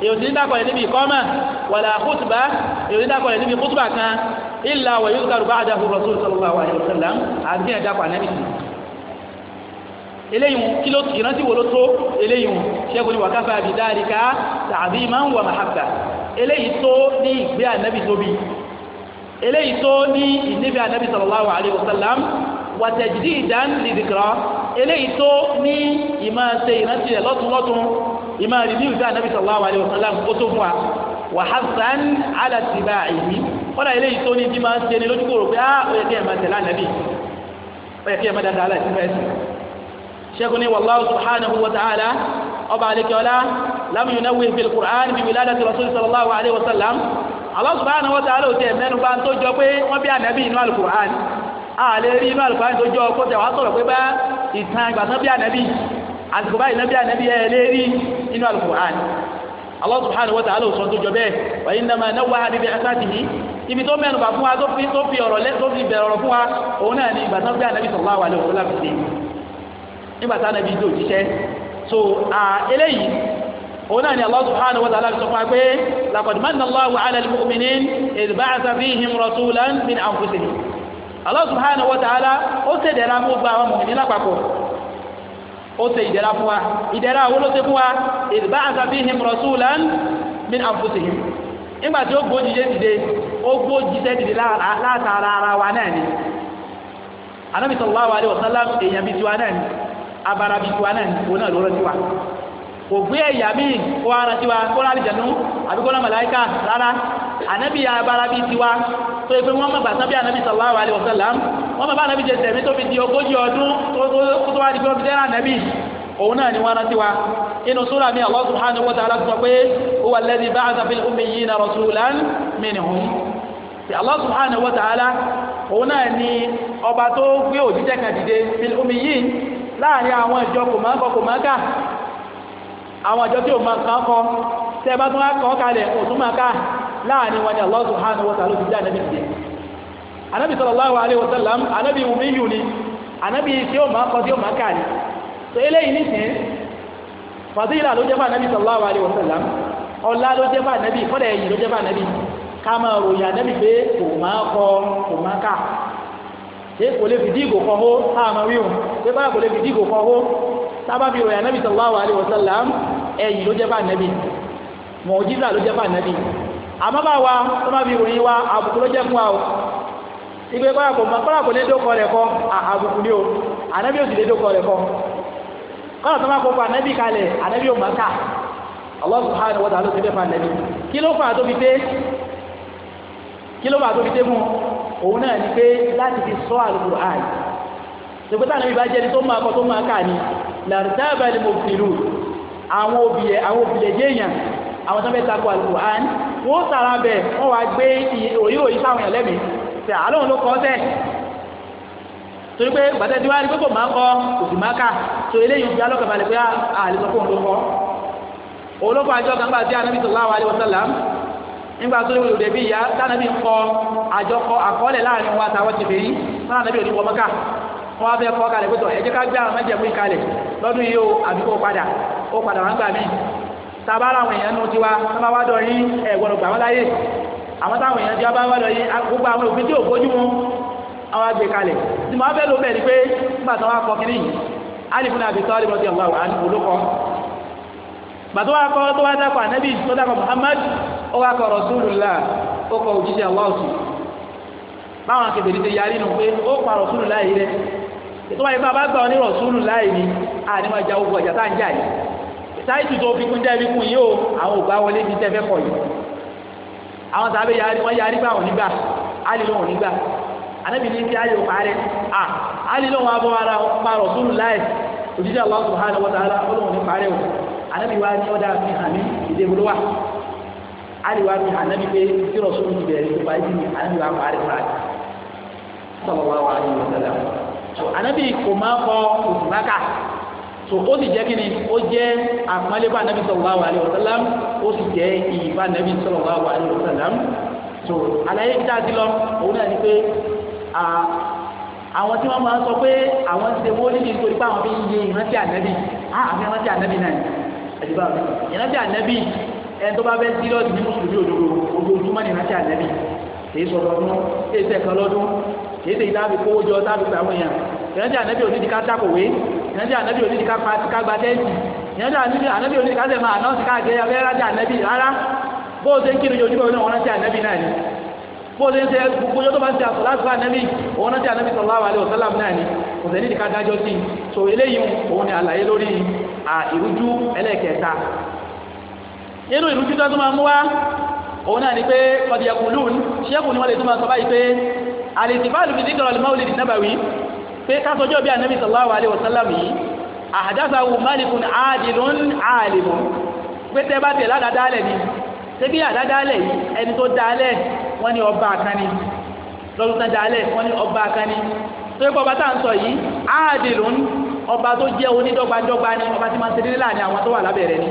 èyàn ní dákọ̀ rẹ̀ níbi iqama wàlá khutba èyàn ní dákọ̀ rẹ̀ níbi khutba kan illa wa yudhkaru ba'dahu rasul sallallahu alayhi wa sallam àbí ẹ̀ dákọ̀ ànábì sí eléyìí kí ló ìrántí wo ló tó eléyìí ṣẹ́gun ni wàkàfà ta'ziman wa mahabba eléyìí tó ní ìgbé ànábì tóbi eléyìí tó ní ìnífẹ̀ anabi sallallahu alayhi wa sallam wa tajdidan li dhikra eléyìí tó ní ìmọ̀ ṣe ìrántí rẹ̀ lọ́túnlọ́tún ìmọ̀ rìbí ìfẹ́ anabi sallallahu alayhi wa sallam kó tó fún wa wa hasan ala tibaihi kọ́dà eléyìí tó ní bí máa ń ṣe ni lójú kòrò pé á ó yẹ kí ẹ̀ máa tẹ̀lé ànábì ó yẹ Allah subhanahu wa ta'ala òtí ẹ̀ mẹ́nu bá ń tó jọ pé wọ́n bí ànábì inú alukur'an a lè rí inú alukur'an tó jọ kó tẹ̀ wá sọ̀rọ̀ pé bá ìtàn ìgbà tán bí ànábì àsìkò báyìí náà bí ànábì ẹ̀ lè rí inú alukur'an Allah subhanahu wa ta'ala òsàn tó jọ bẹ́ẹ̀ wa innama nawwaha bi bi'athatihi ibi tó mẹ́nu bà fún wa tó fi ọ̀rọ̀ lẹ́ tó fi òun náà ni Allah subhanahu wa ta'ala sọ fún wa pé laqad manna Allahu 'ala al-mu'minin idh ba'atha fihim rasulan min anfusihim Allah subhanahu wa ta'ala ó ṣe dẹ̀ra mú gba àwọn mùmìnì lápapọ̀ ó ṣe ìdẹ̀ra fún wa ìdẹ̀ra wo ló ṣe fún wa idh ba'atha fihim rasulan min anfusihim nígbà tí ó gbójú jẹ́ dìde ó gbójú jẹ́ dìde látara ara wa náà ni Ànábì sallallahu alaihi wasallam èèyàn bíi tiwa náà ni abara bíi tiwa náà ni òun náà ló rọ́ tiwa kò gbé ẹ̀yà míì kó ara tiwa kó láti jẹ̀nu àbí kó lọ́mọ̀láyíká rárá ànábì abala bíi tiwa tó yẹ pé wọ́n mọ̀ gbàtà bí ànábì sallallahu alaihi wasallam wọ́n mọ̀ bá ànábì jẹ tẹ̀mí tó fi di ogójì ọdún tó tó wá di pé ó ànábì òun náà ni wọ́n rántí wa inú súra mi Allah subhanahu wa ta'ala sọ pé huwa alladhi ba'atha fil ummiyyina rasulan minhum ti Allah subhanahu wa ta'ala òun náà ni ọba tó gbé òjíṣẹ́ kan dìde fil ummiyyin láàrin àwọn ìjọ kòmọ́kọ kòmọ́kà àwọn àjọ tí ò máa kàn kọ tẹ́ bá tún wá kọ́ kalẹ̀ òtún máa ká láàrin wọn ni Allah subhanahu wa ta'ala ti dá ànábì jẹ ànábì sallallahu alaihi wasallam ànábì wùmí yù ni ànábì tí ó máa kọ tí jẹ́ bá ànábì sallallahu alaihi ṣe kò lè fi dígò kọ́ hó ha ma wí hùn ṣe bá kò lè fi dígò kọ́ hó sábà fi ròyìn anábì sallallahu alaihi wasallam ẹ̀yìn ló jẹ́ bá anábì mọ̀jísà ló jẹ́ bá anábì àmọ́ bá wa tó má ròyìn wa àbùkù ló jẹ́ fún wa o ìgbé kọ́làkò mọ̀ kọ́làkò lé dókọ̀ rẹ̀ kọ́ àbùkù ni o anábì ò sì lé dókọ̀ rẹ̀ kọ́ kọ́là tó má kó fa anábì kalẹ̀ anábì Allah subhanahu wa ta'ala ló ti dé fa anábì kí ló fà tó fi dé kí òun náà ni pé láti fi sọ Al-Qur'an ṣùgbọ́n táwọn ibi bá jẹ́ni tó máa kọ́ tó máa kà ní làrúdáàbà ni mo fi lù àwọn òbílẹ̀ àwọn òbílẹ̀ jẹ́yàn àwọn tó fẹ́ takò Al-Qur'an wọ́n sára bẹ̀ wọ́n wá gbé òyí òyí sáwọn èèyàn lẹ́mìí tẹ̀ àlóhùn ló kọ́ sẹ́ torí pé gbàtẹ́ tí wàá rí pé kò máa kọ́ kò sì máa kà tó eléyìí fi alọ́kàbalẹ̀ pé ah, àlè sọ ló kọ́ nígbà tó lè wọlé òde bí ìyá táwọn ẹbí ń kọ àjọkọ àkọọ́lẹ̀ láàrin wa táwọn ti fèyí táwọn ẹbí òní wọ mọ́kà wọn wá fẹ́ kọ́ kalẹ̀ pé tọ̀ ẹ jẹ́ ká gbé àwọn mẹ́jẹ̀mú ìkalẹ̀ lọ́dún yìí o àbí kó padà ó padà wá ń gbà mí tábà làwọn èèyàn nu tiwa tábà wá dọ̀ yín ẹ̀gbọ́n ògbà wọn láyè àwọn táwọn èèyàn tiwa bá wá dọ̀ yín gbogbo àwọn òfin tí ò bójú mu àwọn àgbè kalẹ̀ tí mo fẹ́ lo bẹ́ẹ̀ ni pé nígbà tí wọ́n á kọ kiri yìí alifu na abi tọ́lẹ̀ bọ́sẹ̀ wà wà olókọ́ gbàtọ́ wa kọ́ tó wá dákọ̀ ànábì tó Muhammad ó wá kọ Rasulullah ó báwọn ti yarí nù pé ó pa yìí wáyé bá bá ọ ní Rasulullah yìí ni àdìmọ̀ ìjà ogun ọ̀jà tá ń jà yìí tó fi kún o àwọn ò wọlé ní tẹ́fẹ́ kọ̀ yìí àwọn sábẹ́ yarí wọ́n yarí gbà wọ́n nígbà alì lóhùn nígbà anábì ní kí ayò parẹ́ à abọ́ ara pa o anábì wá aliwa mi anabi pe tí rọ̀sùn ti bẹ̀rẹ̀ tó báyìí ni anabi wa parí parí sallallahu alaihi wa sallam so anabi kò máa kọ òsùnmáka so ó sì jẹ́ kíni ó jẹ́ àpọ́nlẹ́bà anabi sallallahu alaihi wa sallam ó sì jẹ́ ìyìnbá anabi sallallahu alaihi wa sallam so àlàyé bí dáa ti lọ òun náà ni pé àwọn tí wọ́n máa ń sọ pé àwọn ti ṣe wọ́ọ́lì nítorí pé àwọn fi ń yẹ ìrántí ànábì ah, àmì ìrántí ànábì náà ìrántí ànábì ẹni tó bá fẹ́ sílọ́ọ̀sì ní mùsùlùmí òdodo ojoojúmọ́ ní ìrántí àlẹ́bí kìí sọ̀rọ̀ ọdún kìí sẹ̀ kan lọ́dún kìí sẹ̀ ìdáàbí kówó jọ táàbí pẹ̀ àwọn èèyàn ìrántí àlẹ́bí òní ti ká dákòwé ìrántí àlẹ́bí òní ti ká gba tẹ́ǹtì ìrántí àlẹ́bí òní ti ká sẹ̀ máa náà ti káàkiri abẹ́ rántí àlẹ́bí rárá bó o ṣe ń kí lójoojúmọ́ náà wọ́n rántí àlẹ́bí náà ni bó o ṣe ń ṣe gbogbo yóò tó bá ń ṣe àtọ̀ láti fún ànẹ́bí òun rántí ànẹ́bí sallallahu alaihi wasallam náà ni kò sẹ́ni ti ká dájọ́ sí i so eléyìí òun ni àlàyé lórí ìrújú ẹlẹ́ẹ̀kẹta nínú ìlú títọ́ tó máa mú wá òun náà ni pé kọ̀dìyàkùlùn ṣẹ́kù ni wọ́n lè tó máa sọ báyìí pé àlèsìbáàlù fi díkọ̀rọ̀ lè máwùlì nàbàwí pé kásọjọ́ bí anábì sallallahu alaihi wasallam yìí àdásáwù málikùn àádìlún àlìmùn pé tẹ́ bá ni ṣé bí àdádálẹ̀ yìí ẹni tó dálẹ̀ wọ́n ní ọba àkánni lọ́dún tán ni ọba tí máa ń ṣe déédéé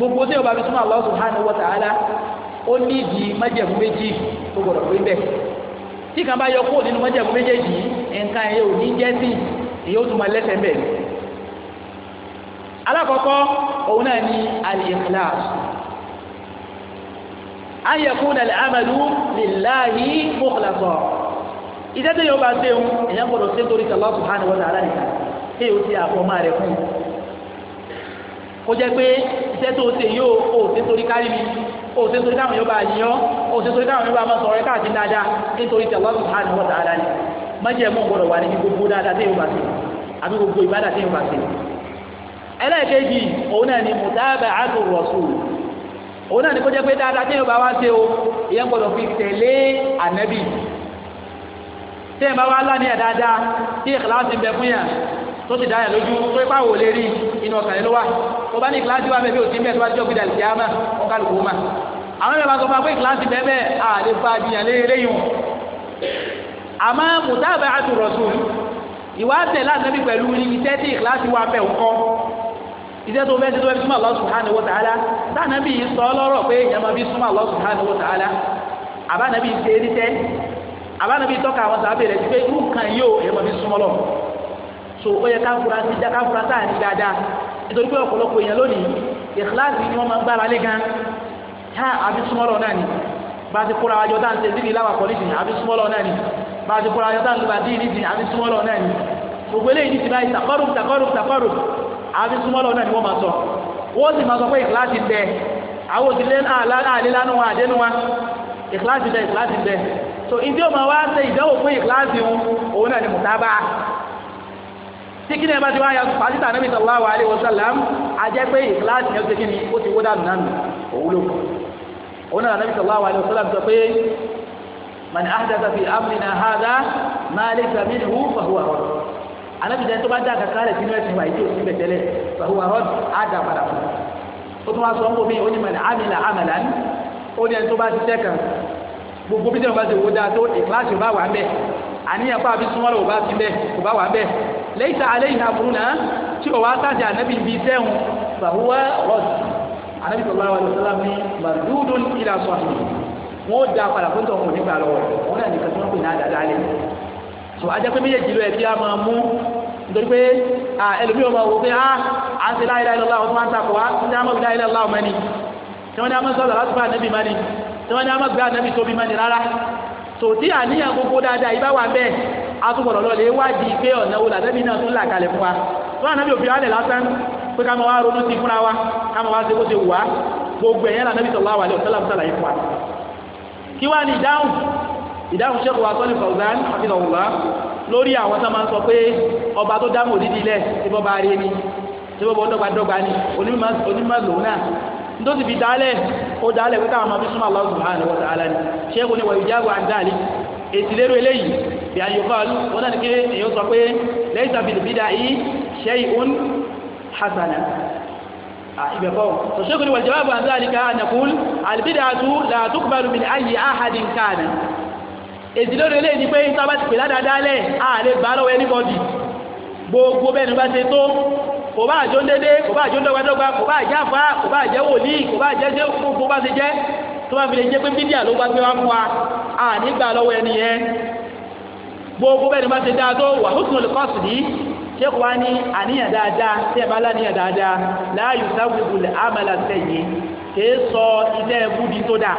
gbogbo tí o bá fi súnmọ́ Allah subhanahu wa ta'ala ó ní ìdí májẹ̀mú méjì tó gbọdọ̀ pé bẹ́ẹ̀ tí kan bá yọ kúrò nínú májẹ̀mú méjèèjì nǹkan yẹn ò ní jẹ́ sí èyí ó tún máa lẹ́sẹ̀ mbẹ̀ alákọ̀ọ́kọ́ òun náà ni al-ikhlas an yakuna al-amalu lillahi yóò bá ṣe ń èyàn gbọdọ̀ ṣe torí Allah subhanahu wa ta'ala nìkan kó jẹ́ pé iṣẹ́ tó ṣe yóò ó ṣe torí kárí mi ó ṣe torí káwọn yóò bá tori ọ́ ó ṣe torí káwọn yóò bá sọ̀rọ̀ ẹ káàkiri dáadáa nítorí tí Allah subhanahu ni gbọ́dọ̀ wà gbogbo dáadáa tí yóò bá gbogbo ìbádà tí yóò bá ṣe. ẹlẹ́ẹ̀kejì òun náà ni mutaba'atu rasul òun náà ni kó jẹ́ pé dáadáa tí yóò bá wá ṣe o tó sì dáyà lójú tó ipá wò lè rí inú ọkàn rẹ ló wà tó bá ní kíláàsì wà bẹ́ẹ̀ bí òsín bẹ́ẹ̀ tó bá jọ́ gbé dàlí kíámà wọn ká lùkù mà àwọn ẹ̀rọ àgbà pé kíláàsì bẹ́ẹ̀ bẹ́ẹ̀ àlè fa àjìyàn lé léyìn àmọ́ mùtáàbà àti rọ̀sùn ìwà tẹ̀ láti pẹ̀lú iṣẹ́ tí kíláàsì wà bẹ́ẹ̀ ń kọ́ iṣẹ́ tó fẹ́ẹ́ tó fẹ́ẹ́ súnmọ́ Allah subhanahu wa ta'ala so ó yẹ ká fura sí ká fura sáà ní dáadáa nítorí pé ọ̀pọ̀lọpọ̀ èèyàn lónìí ìkíláàsì ni wọ́n máa ń gbára lé gan ha àbí súnmọ́rọ̀ náà ni bá a ti kóra àjọ táà ń tẹ̀sí ní láwàkọ́ nísìnyí àbí súnmọ́rọ̀ náà ni bá a ti kóra àjọ táà ń lu bàdí nísìnyí àbí súnmọ́rọ̀ náà ni gbogbo eléyìí ti báyìí takọ́rù takọ́rù takọ́rù àbí súnmọ́rọ̀ náà ni wọ́n máa sọ wọ́n sì máa sọ pé ìkíláàsì tẹ àwọn òsìlẹ̀ àlélánú wa àdénú wa ìkíláàsì tí kí ni ẹ bá ti wá ya pàṣítà Ànábì sallallahu alaihi wasallam a jẹ́ pé ìkíláàsì yẹn ti kí ni ó ti wó dànù nánu òwúlò òun náà Ànábì sallallahu alaihi wasallam sọ pé man ahdatha fi amrina hadha ma laysa minhu fahuwa rad Ànábì jẹ́ tó bá dá kàkà rẹ̀ sínú ẹ̀sìn wáyé tí ò sí bẹ̀ fahuwa rad á dà padà fún un ó tún wá sọ ń bò amalan ó ní ẹni ti tẹ́ kan gbogbo bí sẹ́wọ̀n bá ti wo dáa tó ìkíláàsì bá wà bẹ́ẹ̀ àníyàn fún àbí súnmọ́ lọ́wọ́ bá ti bẹ́ẹ̀ kò bá wà bẹ́ẹ̀ lẹ́yìn tá alẹ́ yìí àbúrú náà tí òwò àtàtì ànábì bíi sẹ́wọ̀n fàwọ́ rọ́ọ̀sì ànábì sallallahu alaihi wasallam ní màdúdún ìlà sọ̀tì wọn ó da padà fún tọ̀hún nígbà lọ́wọ́ wọn náà nìkan tí wọ́n pè ní àdàdà alẹ́ so ajá pé méjèèjì ló yẹ a máa mú nítorí pé ẹlòmíì ọmọ wò pé a ah, ń ṣe la ilaha illallah ọmọ tí wọ́n ní a máa gbé ànábì tóbi mọ́ni rárá tòtí àníyàn gbogbo dáadáa yìí bá wà bẹ́ẹ̀ a tún gbọ́dọ̀ lọ lè wádìí pé ọ̀nà wo làdẹ́bí náà tún là kalẹ̀ fún wa wọ́n ànábì òbí alẹ̀ lásán pé ká máa wá ronú sí fúnra wa ká máa wá sí bó ṣe wù wá gbogbo ẹ̀yẹ́ làdẹ́bí sọ̀rọ̀ wà lẹ́ kí wá ní ìdáhùn ìdáhùn ṣẹ́kù wa tọ́lẹ̀ fọ̀zán àfihànwòlá lórí àwọn tó máa ń sọ pé ọba tó dámò dídí ilẹ̀ tí bọ́ bá rí ni tí bọ́ bọ́ dọ́gbadọ́gba ni onímọ̀ lòun náà tó sì fi dálẹ̀ ó dálẹ̀ pé káwọn ọmọbí súnmọ́ Allah subhanahu wa ta'ala ni ṣẹ́gun ni wọ̀nyí jágò àǹdáàlì èsì lérò eléyìí bí ayọ̀kọ́lù wọn náà ní kí èyàn sọ pé lẹ́yìn tàbí ìdìbídà yìí ṣe ìhún hasana ìbẹ̀kọ́ tó ṣẹ́gun ni wọ̀nyí jágò àǹdáàlì ká nàkúl àlìbídà tú làtúkùbàlù min kò bá àjọ dédé kò bá àjọ dọ́gbadọ́gba kò bá àjẹ́ àfa kò bá àjẹ́ wòlíì kò bá àjẹ́ jẹ́ gbogbo bá ti jẹ́ tó bá fi lè jẹ́ pé mídíà ló bá gbé wá fún wa à nígbà lọ́wọ́ ẹni yẹn gbogbo bẹ́ẹ̀ ni bá ti dáa tó wà ó tún lè kọ́ sí sheikh wa ni àníyàn dáadáa tí ẹ bá láníyàn dáadáa láàyò sáwùú lè àmàlà sẹ́yìn kèé sọ iṣẹ́ ẹbú di tó dáa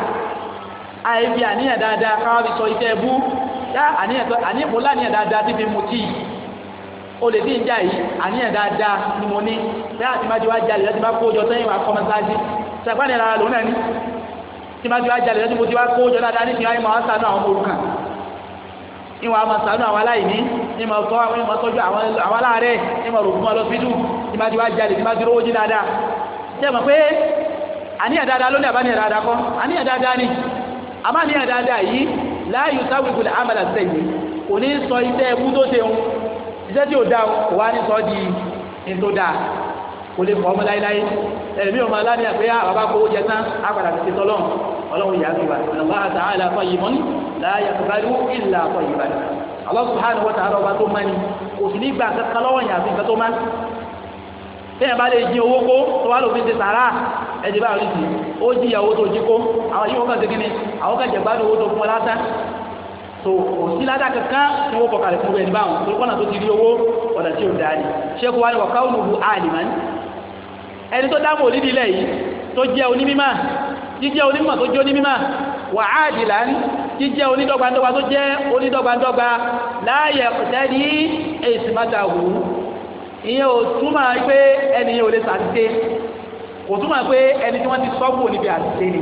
àìfi àníyàn dáadáa káwá fi sọ iṣẹ́ ẹbú olè tí ń jà yìí àníyàn dáadáa ni mo ní lẹ́yìn àti májú wá jalè láti bá kójọ sẹ́yìn wá kọ́ mọ́sáájì sàgbọ́n ìlara lòun náà ní tí májú wá jalè láti mo ti wá kójọ dáadáa ní ìwà ìmọ̀ ọ̀sánú àwọn olùkàn ìwà àmọ̀ sànú àwọn aláìní ìmọ̀ sọ àwọn ìmọ̀ sọ́jú àwọn aláàárẹ̀ ìmọ̀ rògbòmọ̀ ọlọ́sídù tí májú wá jalè tí májú rówó ni àbáníyàn dáadáa yìí iṣẹ́ tí ò dáa kò wá ní sọ di ní tó dáa kò lè kọ́ ọmọ láéláé ẹ̀mí ọmọ aláàbí àpé ah, àbábá kó jẹ tán á padà fi ṣe tọ́lọ́run ọlọ́run yà á fi wà lọ́wọ́ àtà àlà fọ yìí mọ́ni láàyè tó bá rí ìlà fọ yìí bá rí Allah subhanahu wa ta'ala ọba tó má ni kò sì ní gbà kankan lọ́wọ́ yàn àfi nǹkan má téèyàn bá lè jí owó kó tó wá lòfin ti sàrà ẹ̀jẹ̀ bá rí sí ó jí ìyàwó tó jí kó àwọn yìí wọ́n kàn so òsì ládà kankan tí wọ́n kọkàlẹ̀ fún ẹni báwọn tó kọ́nà tó ti rí owó ọ̀nà tí ó dáa ni ṣékù wá ní wọ̀ká olùhù àlìmán ẹni tó dáàbò lídìí ilẹ̀ yìí tó jẹ́ onímímà jíjẹ́ onímọ̀ tó jẹ́ onímímà wà á dìlà ní jíjẹ́ onídọ́gbandọ́gba tó jẹ́ onídọ́gbandọ́gba láàyè ọ̀tẹ́ni èsì máta wù ú ìyẹn ò túmọ̀ pé ẹni yẹn ò lè sàtìtẹ́ kò túmọ̀ pé ẹni tí wọ́n ti sọ́gbò níbi àtìtẹ́ ni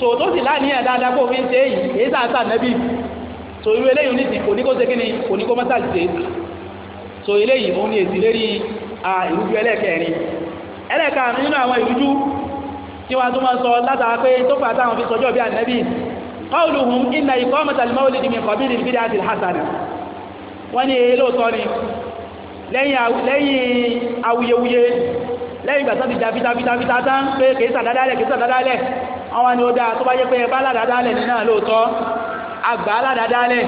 so tó sì láàníyàn dáadáa kó fi ń ṣe èyí èyí sàǹsà nẹ́bí so irú eléyìí ní ti kò ní kó tí wọ́n tó máa sọ látara pé tó fà táwọn fi sọjọ́ bí ànẹ́bí qawluhum inna iqamata al-mawlidi min qabili al-bid'ati al-hasana wọ́n ní èyí lóòótọ́ ni lẹ́yìn awuyewuye lẹ́yìn gbàtọ́ ti tán pé kèésà dádálẹ̀ àwọn ni ó dáa tó bá yẹ pé ẹbá aládàádálẹ̀ nínú àlóòtọ́ àgbà aládàádálẹ̀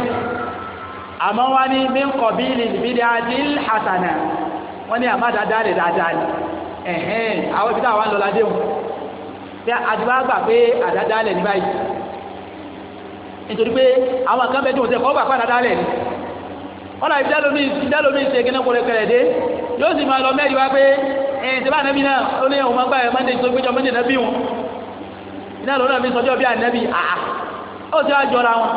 àmọ́ wá ní mínkọ̀ bí ìlìbìdì adil hasana wọ́n ní àmà dáadáa dáadáa ni ẹ̀hẹ́n àwọn ibi táwọn lọ ládé wọn bí adúlá gbà pé àdáadáa ní báyìí nítorí pé àwọn kan bẹ́ẹ̀ tí wọ́n ti kọ́ gbà pé àdáadáa ni wọ́n náà ìdálómi ìdálómi ṣe kí ní kúrẹ́kẹ̀rẹ́ dé yóò sì máa lọ mẹ́rin wá pé ẹ̀yìn tí bá náà ó ní ọmọ gbà ẹ̀ mọ́ndé tó gbéjọ mọ́ndé náà bí wọn iná lọ́nà mi sọjọ́ bí ànẹ́bí àá ó ti wá jọra wọn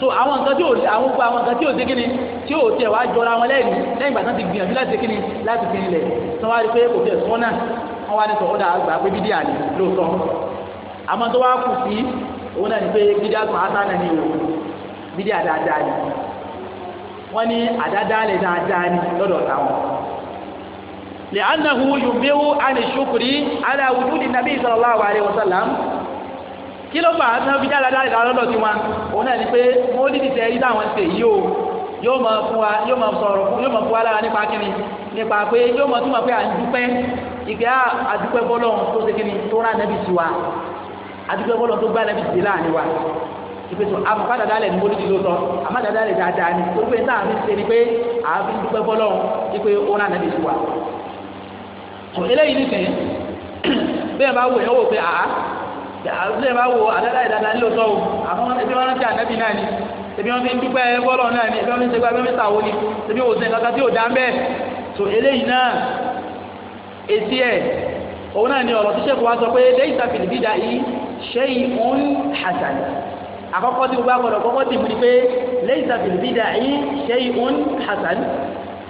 so àwọn nǹkan tí ò àwọn gbogbo àwọn nǹkan tí ò ṣe kíni tí ò tiẹ̀ wá jọra wọn lẹ́yìn lẹ́yìn ìgbà tán ti gbìyànjú láti ṣe kíni láti fi ilẹ̀ tí wọ́n wá rí pé kò tẹ̀ sọ́nà wọ́n wá ní sọ ọ́dà àgbà pé bídí àlè lóòótọ́ àmọ́ tó wá kù sí òun náà ní pé bídí àtún àtànà ni o bídí àdáadáa ni wọ́n ní àdáadáa lè dáadáa ni lọ́dọ̀ táwọn. لأنه ينبه عن الشكر على وجود النبي صلى الله عليه وسلم kí ló fà á tí wọn fi jáde láti lọ sí wọn òun náà ni pé mólídìí tẹ ẹyí táwọn ṣe yìí o yóò máa fún wa yóò máa sọ̀rọ̀ fún yóò máa fún wa lára nípa kíni nípa pé yóò máa túmọ̀ pé à ń dúpẹ́ ìgbẹ́ àdúpẹ́ bọ́lọ̀ tó ṣe kíni tó rán nẹ́bí sí wa àdúpẹ́ bọ́lọ̀ tó gbá nẹ́bí sí láàrin wa ìpèsè àbùkà dàdálẹ̀ ní mólídìí ló sọ àmọ́ dàdálẹ̀ dáadáa ni torí pé táà fi ṣe ni pé àá fi dúpẹ́ bọ́lọ̀ tó eléyìí nìkẹ́ bẹ́ẹ̀ bá wò yẹn wò pé àá bẹ́ẹ̀ bá wò àdáda ìdáda ńlò tó o àwọn ẹbí wọn rántí ànábì náà ni ẹbí wọn fi ń dúpẹ́ bọ́lọ̀ náà ni ẹbí wọn fi ń ṣe gbàgbé mẹ́ta wo ni ẹbí wọn ò sẹ́yìn kankan tí ò dá ń bẹ́ẹ̀ tó eléyìí náà etí ẹ̀ òun náà ni ọ̀rọ̀ tó ṣẹ́kù wá sọ pé lẹ́yìn tàbí ìbídà yìí ṣé ìhun hasan àkọ́kọ́ tí gbogbo agbọ̀dọ̀ kọ́kọ́ dì mú ni pé lẹ́yìn tàbí ìbídà yìí ṣé ìhun hasan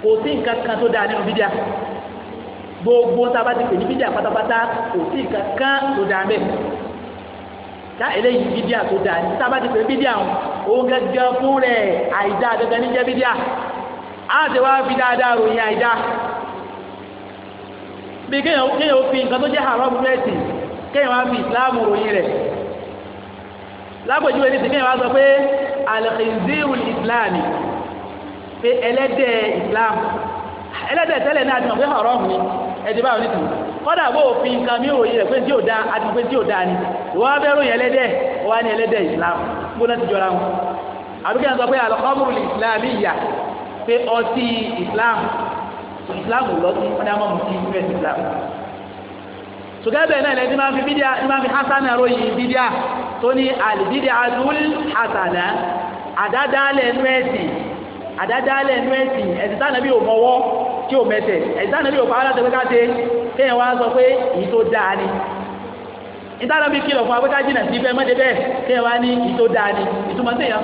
kò sí nǹkan kan tó dáa nínú bídà gbogbo tába ti pè ní bídíà pátápátá kò sí kankan tó dáa mẹ́ ká eléyìí bídíà tó dáa ní tába ti pè ní bídíà òun gẹ́gẹ́ fún rẹ̀ àìdá gẹ́gẹ́ ní jẹ́ bídíà á ti wá fi dáadáa ròyìn àìdá bí kéèyàn kéèyàn fi nǹkan tó jẹ́ haram mẹ́sì kéèyàn wá fi ìsìláàmù ròyìn rẹ̀ lápòjúwe ní ti kéèyàn wá sọ pé alìkìnzíru ìsìláàmì pé ẹlẹ́dẹ̀ ìsìláàmù ẹlẹ́dẹ̀ tẹ́lẹ̀ náà ti pé haram ni ẹ̀dẹ̀ báwọn nìtù kọ́dà bó òfin nǹkan mi ròyìn rẹ̀ pé tí ò da àti pé tí ò da ni ìwọ́n abẹ́ ròyìn ẹlẹ́dẹ̀ wọ́n á ní ẹlẹ́dẹ̀ islam gbóná ti jọra wọn àbíkẹ́ ń sọ pé alqamru islamiyya pé ọtí islam islam lọ́tí wọ́n ní a máa mú sí us islam sùgẹ́bẹ̀ náà lẹ́ni máa fi bídíà ní máa fi hasana ròyìn bídíà tó ní àlìbídíà dúl hasana àdádálẹ̀ nú ẹ̀sìn àdádálẹ̀ inú ẹ̀sìn ẹ̀sìn tánàbí ò mọwọ́ tí ò mẹsẹ̀ ẹ̀sìn tánàbí ò fara láti pẹ́ká ṣe kéèyàn wá sọ pé èyí tó dáa ni ìtànàbí kìlọ̀ fún apẹ́ká jìnà sí fẹ́ mọ́dé bẹ́ẹ̀ kéèyàn wá ní èyí dáa ni ìtumọ̀ sí èèyàn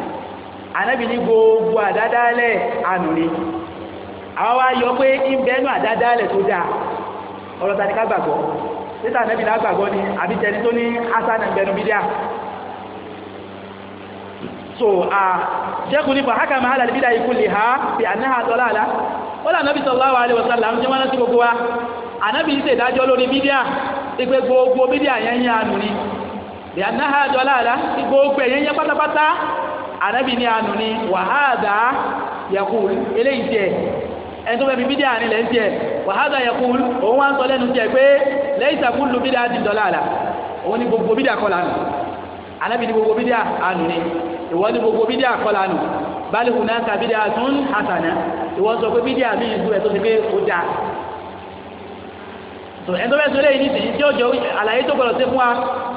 anábì ní gbogbo àdádálẹ̀ ànú ni àwọn wá yọ pé ìbẹ́nu àdádálẹ̀ tó dáa ọ̀rọ̀ tani ká gbàgbọ́ títà anábì náà gbàgbọ́ ni àbí tẹni tó ní asana ìbẹ́nu bídíà so a ṣẹ́kù ní fàhákà máa hàlà bídà ikú lè ha bí àníhà tọ́lá àlá ó là nábì sallallahu alaihi wasallam jẹ́ wọ́n sí gbogbo wa anábì ń ṣèdájọ́ lórí bídíà ìpè gbogbo bídíà yẹn yẹn ànú ni anabi ní anu ni wàhádà yakul eléyìí tiẹ̀ ẹni tó fẹ́ fi bídíà ni lẹ́yìn tiẹ̀ wàhádà yakul òun wá ń sọ lẹ́nu tiẹ̀ pé lẹ́yìn sàkúlù bídíà ti dọ̀là àlà òun ni gbogbo bídíà kọ́ lànà anabi ni gbogbo bídíà anu ni ìwọ ni gbogbo bídíà kọ́ lànà bali hunaka bidia tun hasana ìwọ sọ pé bidia mi ju ẹ tó ti pé o da tó ẹ tó bẹ sọ lẹ́yìn nísìnyí tí ó jọ àlàyé tó gbọ́dọ̀ sí fún wa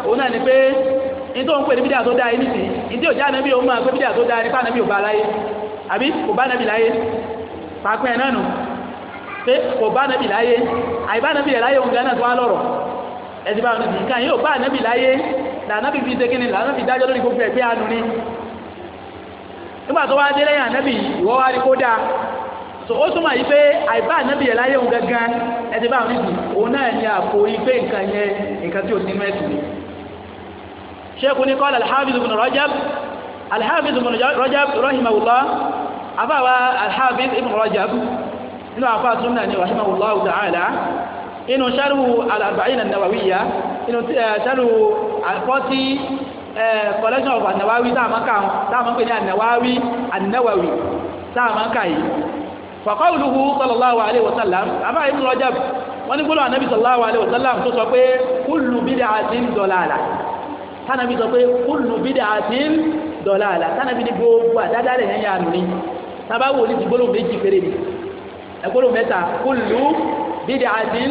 òun náà ni pé ní tó ń pè ní bídíà tó dáa yìí nìsín ní tí ò já nàbí òun máa pé bídíà tó dáa nípa nàbí ò bá láyé àbí kò bá nàbí láyé pàápín ẹ̀ náà nù pé kò bá nàbí láyé àìbá nàbí rẹ̀ láyé òun gan náà tó wá lọ́rọ̀ ẹ̀sì bá nàbí nǹkan yóò bá nàbí láyé lànàbí fi ṣe kíni lànàbí dájọ́ lórí gbogbo ẹ̀gbẹ́ anu ni nígbà tó wá dé lẹ́yìn ànábì ìwọ wá rí kó dáa so ó túmọ̀ yìí pé àìbá ànábì yẹn láyé òun gangan ẹ̀sì bá nàbí òun náà ní àpò ìgbé nǹkan yẹn nǹkan tí ò sínú ẹ̀sìn sheikh ni qala alhafiz ibn rajab alhafiz ibn rajab rahimahullah afáwa alhafiz ibn rajab nínú afá súnmọ́ ní rahimahullah ta'ala inú sharhu al-arba'in an inú eh, sharhu al-forty eh, tánàbí sọ pé kúlù bídà àti dọ̀là àlà tánàbí ní gbogbo àdádálẹ̀ yẹn yà nù ni tábà wò ní ti gbólóhùn méjì péré ni gbólóhùn mẹ́ta kúlù bídà àti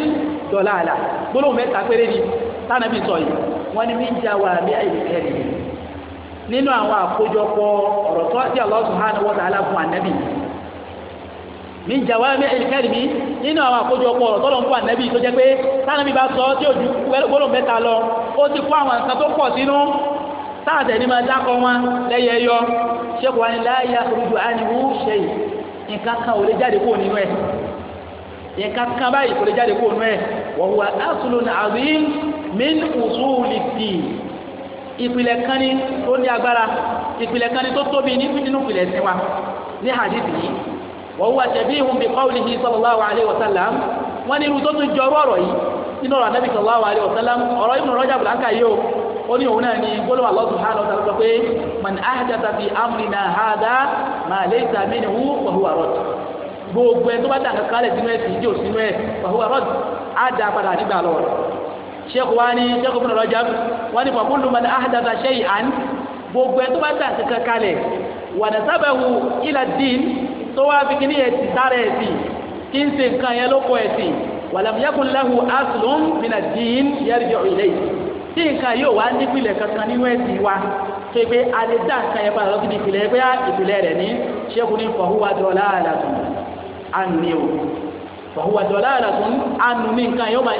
dọ̀là àlà gbólóhùn mẹ́ta péré ni tánàbí sọ yìí wọ́n ní níjà wà bí àyíkẹ́ nínú àwọn àkójọpọ̀ ọ̀rọ̀ tó ti Allah subhanahu wa ta'ala fún yìí ní jàwámi ẹ̀lìkẹ́rìmí nínú àwọn àkójọpọ̀ ọ̀rọ̀ tọ́lọ̀ ń fún ànẹ́bí tó jẹ́ pé tánàbí bá sọ tí òjú gbọ́dọ̀ mẹ́ta lọ ó ti kó àwọn nǹkan tó pọ̀ sínú táàtẹ̀ ní máa dákọ̀ wọn lẹ́yẹ yọ ṣékù wa ni láyà ojú àníwú ṣe yìí nǹkan kan ò lè jáde kó nínú ẹ̀ nǹkan kan báyìí o lè jáde kó nínú ẹ̀ wọ́n wà aslun azim min usulid-din ìpìlẹ̀ kan ní tó ní agbára ìpìlẹ̀ kan ní tó tóbi nínú ìpìlẹ̀ tiwa ní hadith yìí wa huwa shabihun bi qawlihi sallallahu alayhi wa sallam wọ́n ní irú tó tún jọ ọ̀rọ̀ yìí nínú ọ̀rọ̀ anábì sallallahu alayhi wa sallam ọ̀rọ̀ Ibn Rajab bùlánkà yìí o ó ní òun náà ní gbólóhùn Allah subhanahu wa ta'ala pé man ahdatha fi amrina hadha ma laysa minhu wa huwa radd gbogbo ẹ tó bá dàn kankan lẹ sínú ẹ sì yóò sínú ẹ wa huwa radd padà nígbà lọ sheikh wani sheikh Ibn Rajab wani wa kullu man ahdatha shay'an gbogbo ẹ tó bá dàn kankan kalẹ̀ wa nasabahu ila ad-din tó wá fi kíní ẹ̀sìn sára ẹ̀sìn kí n ṣe nǹkan yẹn lóko ẹ̀sìn walam yakun lahu aslun min ad-din yarji'u ilayhi tí nǹkan yóò wá nípìnlẹ̀ kankan nínú ẹ̀sìn wa tó pé a lè dá nǹkan yẹn padà lọ́sí ìpìlẹ̀ pé ah, ìpìlẹ̀ rẹ̀ ní ṣẹ́kù ní fahuwa dalalatun ànú o fahuwa dalalatun ànú ní nǹkan yóò máa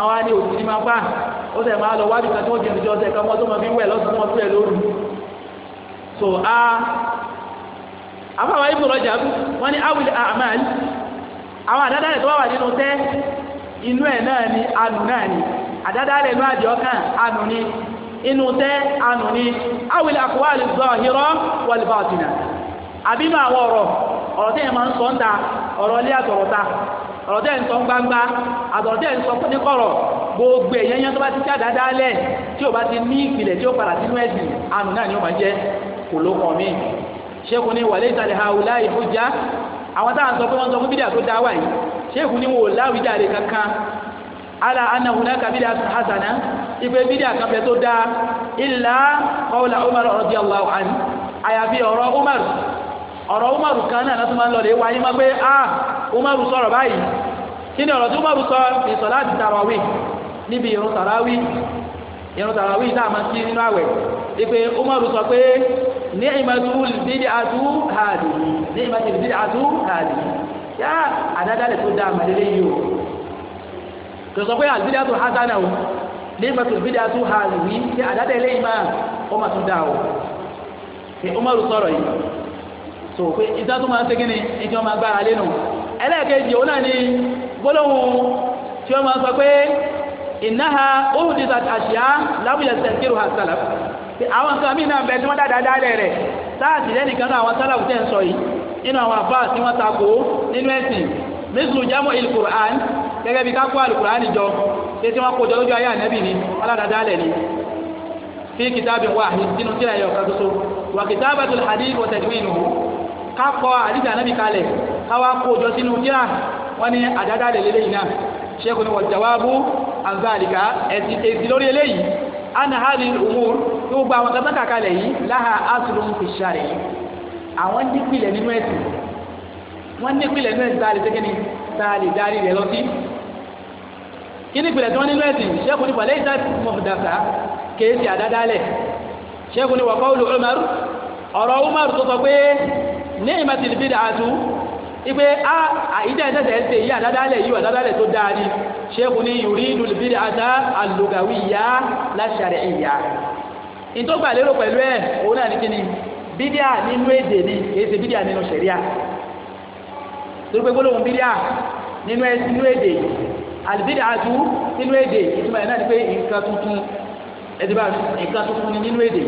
àwọn àni òtún ní máa bá ó sẹ̀ máa lọ wájú kan tí wọ́n jẹ́ ìjọ ọ̀sẹ̀ tó máa fi wẹ̀ lọ́sùn wọn fúlẹ̀ lóru so a afáwa ibùdó ọjà wọn ni awil amal àwọn àdádálẹ̀ tó wà nínú tẹ́ inú ẹ̀ náà ni anù náà ni àdádálẹ̀ inú àdìọ́ kan anù ni inú tẹ́ anù ni awil aqwal zahira wal batina àbínú àwọn ọ̀rọ̀ ọ̀rọ̀ tẹ́yẹ̀ máa ń sọ ń ta ọ̀rọ̀ ilé àtọ̀rọ̀ta ọ̀rọ̀ tẹ́ ń sọ gbangba àtọ̀rọ̀ tẹ́ ń sọ ní kọ̀rọ̀ gbogbo ẹ̀yẹ́ yẹn tó bá ti ká dáadáa lẹ̀ tí o bá ti ní ìpìlẹ̀ tí ó padà sínú ẹ̀sìn àánú náà ni ó máa jẹ́ kò ló kàn mí. ṣéèkù ni wàlẹ́ ìsàlẹ̀ ha òlá ìfújá àwọn táwọn sọ pé wọ́n sọ fún bídà tó dá wà yìí ṣéèkù ni wọ́n láwùjáde kankan ala anahuna kabida hasana ipe bídà kan bẹ tó dáa ilà kọ́wọ́lá umar radiyallahu anhu àyàfi ọ̀rọ̀ umar ọ̀rọ̀ umar kan náà lọ́tún máa ń lọ umaru sọ̀rọ̀ báyìí kí ni ọ̀rọ̀ tí umaru sọ ní sọ̀lá àti tàràwí níbi irun tàràwí irun tàràwí tá a máa ti nínú àwẹ̀ ipe umaru sọ pé ní ìmọ̀tú bídí àtú hàdì ní ìmọ̀tú bídí àtú hàdì yá àdádálẹ̀ tó dáa màdélé yìí o kò sọ pé àlùbídí àtú hasana o ní ìmọ̀tú bídí àtú hàdì yìí yá àdádálẹ̀ yìí ó máa tún dáa o umaru sọ̀rọ̀ yìí so pé ìdá tó máa ń segin ni ìjọ máa gbára lé ẹlẹ́ẹ̀kejì òun náà ni gbólóhùn tí wọ́n máa sọ pé ìnáha ohun ti àṣìá lábùjá sẹ́kìrù ha sálà àwọn nǹkan mí náà bẹ tí wọ́n dáadáa dáadáa rẹ̀ sáàtì lẹ́nìkan náà àwọn sálàfù tẹ̀ ń sọ yìí nínú àwọn àbá tí wọ́n takò nínú ẹ̀sìn mísù jámù ìlùkùrán gẹ́gẹ́ bí kákó àlùkùrán jọ tí tí wọ́n kó jọ lójú káwá kó jọ sínú kíá wọ́n ní àdáda lè lélẹ́yìn náà ṣẹ́kùn ní wọ́n jawabu anzalika ẹ̀sìn èsì lórí eléyìí ana hali umur tó gba àwọn kan sáka kalẹ̀ yìí láha asulun fi àwọn nípìlẹ̀ nínú ẹ̀sìn wọ́n nípìlẹ̀ nínú ẹ̀sìn tá a rẹ̀ lọ sí ní wàlẹ́ ìta mọ̀fìdàfà àtú ipe a ah, àyídá ẹ̀dẹ́sẹ̀ ń ṣe yí àdádálẹ̀ yíwà àdádálẹ̀ tó dáa ni ṣéèkù ní ìrí lùlùbírí àdá àlùgàwí ìyá láṣàrẹ̀ ìyá ìtọ́gbà lérò pẹ̀lú ẹ̀ òun náà ní ni bídíà nínú èdè ni kìí ṣe bídíà nínú ṣẹ̀ríà torí pé gbólóhùn bídíà nínú èdè àlùbídíà tú nínú èdè ìtumọ̀ ẹ̀ náà ni pé nǹkan tuntun ẹ̀dínbà nǹkan tuntun ni nínú èdè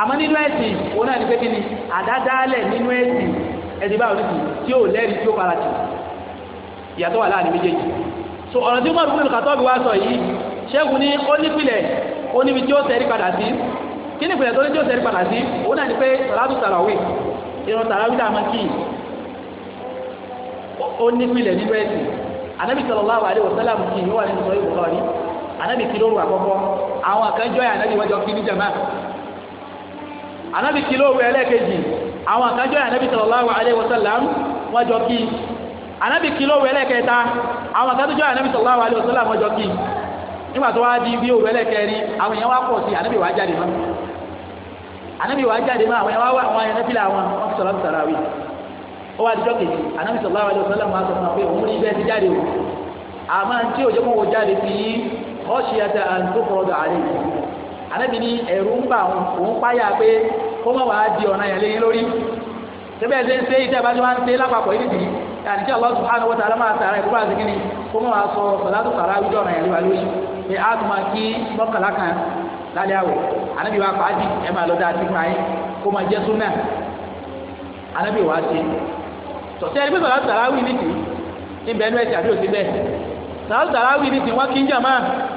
àmọ́ nínú ẹ̀sìn òun náà ní pé kíni àdádálẹ̀ nínú ẹ̀sìn ẹ̀sì bá òní tí ó lẹ́rí tí ó para tì ìyàtọ̀ wà láàrin méjèèjì so ọ̀nà tí Umaru bin Khattab wá sọ yìí ṣẹ́gun ní ó nípìlẹ̀ ó níbi tí ó tẹ̀rí padà sí kí ni ìpìlẹ̀ tó ní tí ó tẹ̀rí padà sí ó náà ní pé sàlátù tàràwì ìrun tàràwì tá a máa kí ó nípìlẹ̀ nínú ẹ̀sìn anábì sallallahu alaihi wasallam kì í wà nínú sọ ìwòkọ́ rí anábì kí lóru àkọ́kọ́ àwọn àkànjọ́ yà anábì wọ́jọ́ kí ní jàmáà anábì kí lóru ẹlẹ́ẹ̀kejì àwọn àkájọ́ ànábì sallallahu alaihi wasallam wọ́n jọ kí ànábì kí lóòwú ẹlẹ́kẹta àwọn àkájọ́ ànábì sallallahu alaihi wasallam wọ́n jọ kí nígbà tó wá di bí òwú ẹlẹ́kẹrin àwọn èèyàn wá pọ̀ sí ànábì wá jáde mọ́ ànábì wá ẹ̀rù ń bà òun páyà pé kó má wàá di ọ̀nà yẹn léyìn lórí síbẹ̀ ṣe ń ṣe iṣẹ́ ìbájú máa ń ṣe lápapọ̀ yìí nìyí yàtí kí Allah subhanahu wa ta'ala máa tààrà ìkó bá zikini kó má wàá sọ sọ̀dátù sàrà wíjọ́ ọ̀nà yẹn lé wa lórí pé a tún máa kí mọ́kànlá kan lálẹ́ àwẹ̀ ànábì wa pàájì ẹ máa lọ dáa sí fún ayé kó máa jẹ́ súnà ànábì wa ṣe tọ̀sí ẹni pé sọ̀dátù sàrà wí nìyí níbẹ̀ ní ẹ̀sìn àbí òsì bẹ́ẹ̀ sàrátù tàràwì ní ti wọ́n kí ń jàmá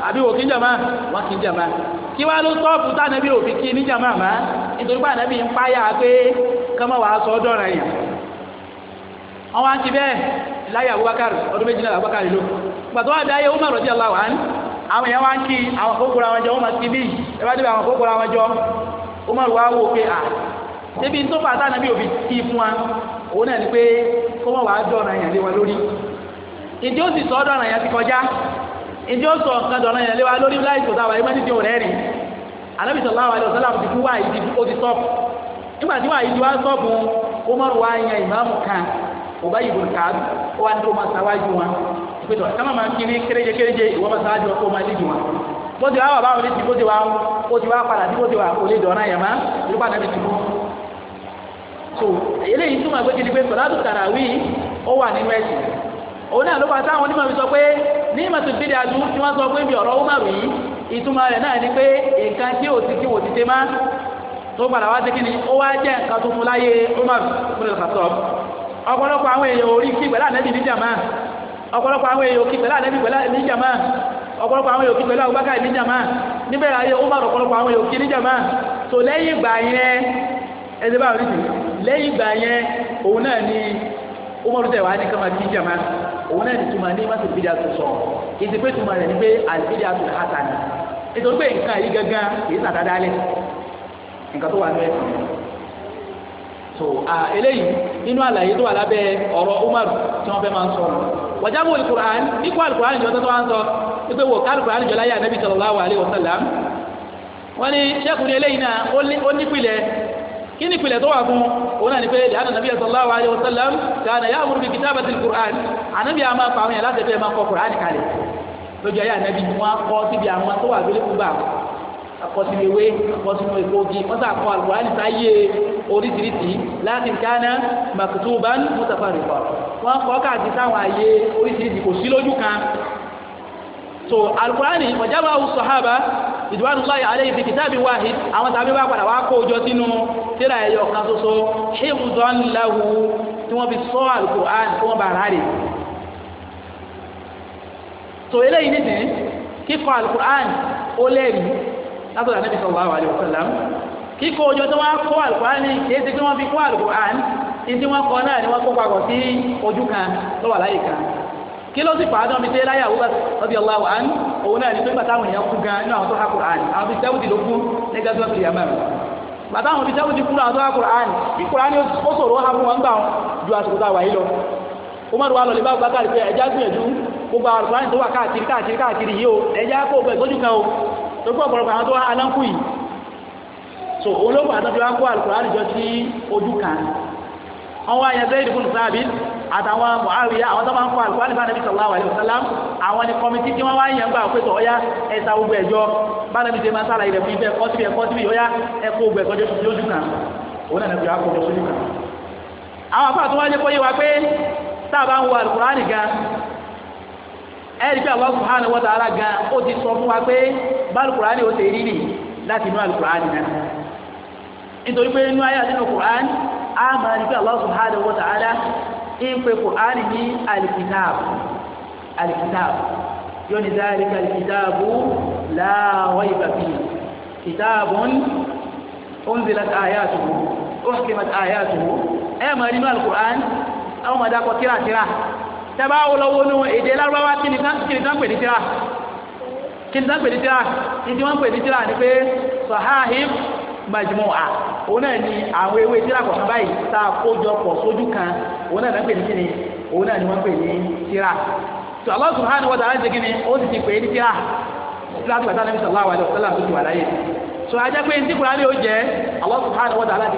àbí òkí ń jàmá wọ́n kí ń jàmá kí wá ló sọ́ọ̀fù tánàbí òfin kí ní jàmá máa nítorí pé ànábì ń páyà pé kọ́mọ wàá sọ dọ̀ràn yìí wọ́n wá ń ti bẹ́ẹ̀ láyé Abubakar ọdún méjìlá Abubakar ló gbàtọ́ àdáyé Umar radiyallahu anhu àwọn èèyàn wá ń kí àwọn àkókòrò àwọn jọ wọ́n ti bí àwọn àwọn wá wò pé à tó fà sáà nàbí òbí kí fún wa òun náà ni pé lé wa wa lórí láì Ànábì sallallahu alaihi wasallam ti fún wáyé ó ti sọ́ọ̀bù nígbà tí wáyé ti wá sọ́ọ̀bù Umaru wá yan ìmáàmù kan Ubay ibn Ka'b ó wá ní kó máa ṣáwájú wọn ìpètò káma máa ń kiri kéréje kéréje ìwọ máa ṣáwájú wọn kó máa lé jù wọn bó ti wá wà báwọn létí bó ti wá ó ti wá padà bí bó ti wà kò lè dọ̀ọ́nà yàmá nípa Ànábì ti mú so eléyìí túmọ̀ pé kí ni pé sọ̀látù tàràwí ó wà nínú ẹ̀sìn òun náà ló bá táwọn onímọ̀ mi sọ pé ní ìmọ̀tò ìdílé adú tí wọ́n sọ pé bí ọ̀rọ̀ ó má rèé ìtumọ̀ rẹ̀ náà ni pé nǹkan tí ò ti kí wò ti dé má tó padà wá sí kíni ó wá jẹ́ nǹkan tuntun láyé Umar fúnlẹ̀ kàtọ́ ọ̀pọ̀lọpọ̀ àwọn èèyàn orí kí pẹ̀lú ànẹ́bì níjàmá ọ̀pọ̀lọpọ̀ àwọn èèyàn kí pẹ̀lú ànẹ́bì níjàmá ọ̀pọ̀lọpọ̀ àwọn èèyàn kí pẹ̀lú Abubakar níjàmá níbẹ̀rẹ̀ ayé Umar ọ̀pọ̀lọpọ̀ àwọn èèyàn kí níjàmá tó lẹ́yìn ìgbà yẹn ẹsẹ̀ bá rí lẹ́yìn ìgbà yẹn òun náà ni Umar tẹ̀ wá ní kama níjàmá òun náà ni tuma nítorí pé nǹkan yìí gangan kì í sàdáadáa lẹ nǹkan tó wà ní ẹsìn so eléyìí nínú àlàyé tó wà lábẹ́ ọ̀rọ̀ Umar tí wọ́n fẹ́ máa ń sọ wàjábọ̀ alukur'an ikú alukur'an jọ tó wá ń sọ pé wò alukur'an jọ láyé anabi sallallahu alayhi wa sallam wọ́n ní sẹ́kùn ní eléyìí náà ó nípìlẹ̀ kí ni ìpìlẹ̀ tó wà fún òun náà ni pé lẹ́yìn nàbí sallallahu alayhi wa sallam kana ya'muru bi kitabati alukur'an ànábì àmà pàmò yẹn láti fẹ́ máa kọ kur'an kalẹ̀ lójú ayé ànábi wọn akọ síbi àwọn tó wà abẹ́lẹ́ kúgbà akọ síbi ewé akọ sínú èkó gi wọn sà kọ àlùkòrán níta yé oríṣiríṣi láti kánà màkìtúbán mùtàfà rìpọ̀ wọn kọ káàdì sáwọn àyè oríṣiríṣi kò sí lójú kan so alukurani ọjàmbá awùsọ sahaba ìdúwàdúláyà aléyìí fi kìtàbí wáhid àwọn tàbí bá padà wá kó ojọ sínú tírà ẹyọ kan ṣoṣo ṣé ìwùzọ́ tí wọ́n fi sọ alukurani tí wọ́n bá rárẹ̀ so eléyìí nìsín kíkọ alukur'an ó lẹ́rìí látọ̀dọ̀ anábì sallallahu alaihi wasallam kíkọ ojú tí wọ́n kọ́ alukur'an ní kí esi pé wọ́n fi kọ́ alukur'an ní tí wọ́n kọ́ náà ni wọ́n kó papọ̀ sí ojú kan lọ́wọ́ láyé kan kí ló sì fà á dán mi dé láyé àwọn radiyallahu anhu òun náà ni pé bàtà àwọn èèyàn kú gan nínú àwọn tó ha kur'an àwọn fi sẹ́wùdì ló kú ní gẹ́gẹ́ bí yàmẹ́ bàtà àwọn fi sẹ́wùdì kú náà tó ha kur'an kí kur'an ó ṣòro ha fún wọn gbà ju àsìkò tá a yìí lọ Umaru wa lọ lè bá Abubakar pé ẹja gbìyànjú gbogbo àrùkùnrin tó wà káàkiri káàkiri káàkiri yìí o ẹja kó o gbẹ kan o tó gbọ́ ọ̀pọ̀lọpọ̀ àwọn tó wá aláǹkù yìí so òun ló pàtàkì wá kó àrùkùnrin jọ sí ojú kan àwọn àyàn Zaid ibn Thabit àtàwọn Muawiya àwọn tó máa ń kó àrùkùnrin bá nàbí sallallahu alaihi wasallam àwọn ni kọmitì tí wọ́n wá ń yàn gbà pé tọ̀ ọ̀yá ẹ̀sà gbogbo ẹ̀jọ́ bá nàbí ṣe máa sára ilẹ̀ fún ibẹ̀ ẹ̀kọ́ síbi ẹ̀kọ́ síbi ọ̀yá ẹ̀kọ́ gbogbo ẹ̀kọ́ tá a bá ń wo alukurani gan ẹ̀rí pé Allah subhanahu wa ta'ala gan ó ti sọ fún wa pé bálukurani ó ti rí nì láti inú alukurani náà nítorí pé inú ayé àti inú kurani a máa rí pé Allah subhanahu wa ta'ala ń pe kurani ní alikitab alikitab yóò ní dáríkà alikitabu la rayba fihi kitabun unzilat ayatuhu uhkimat ayatuhu ẹ̀ máa rí inú alukurani àwọn ọmọdé akọ tíra tíra tẹ́bá wo lọ́wọ́ nínú èdè lárúbáwá kí ni tán pè ní tíra kí ni tán pè ní tíra ní tí wọ́n pè ní tíra ni pé sahahim majmu'a òun náà ni àwọn ewé tíra kọ̀ọ̀kan báyìí tá a kó pọ̀ sójú kan òun náà pè ní kíni òun náà ni wọ́n pè ní tíra tó Allah subhanahu wa ta'ala ń ṣe kíni ó sì ti pè ní tíra tíra tó bàtà nàbí sallallahu alaihi so ajá pé ní tí kùránì Allah subhanahu wa ta'ala ti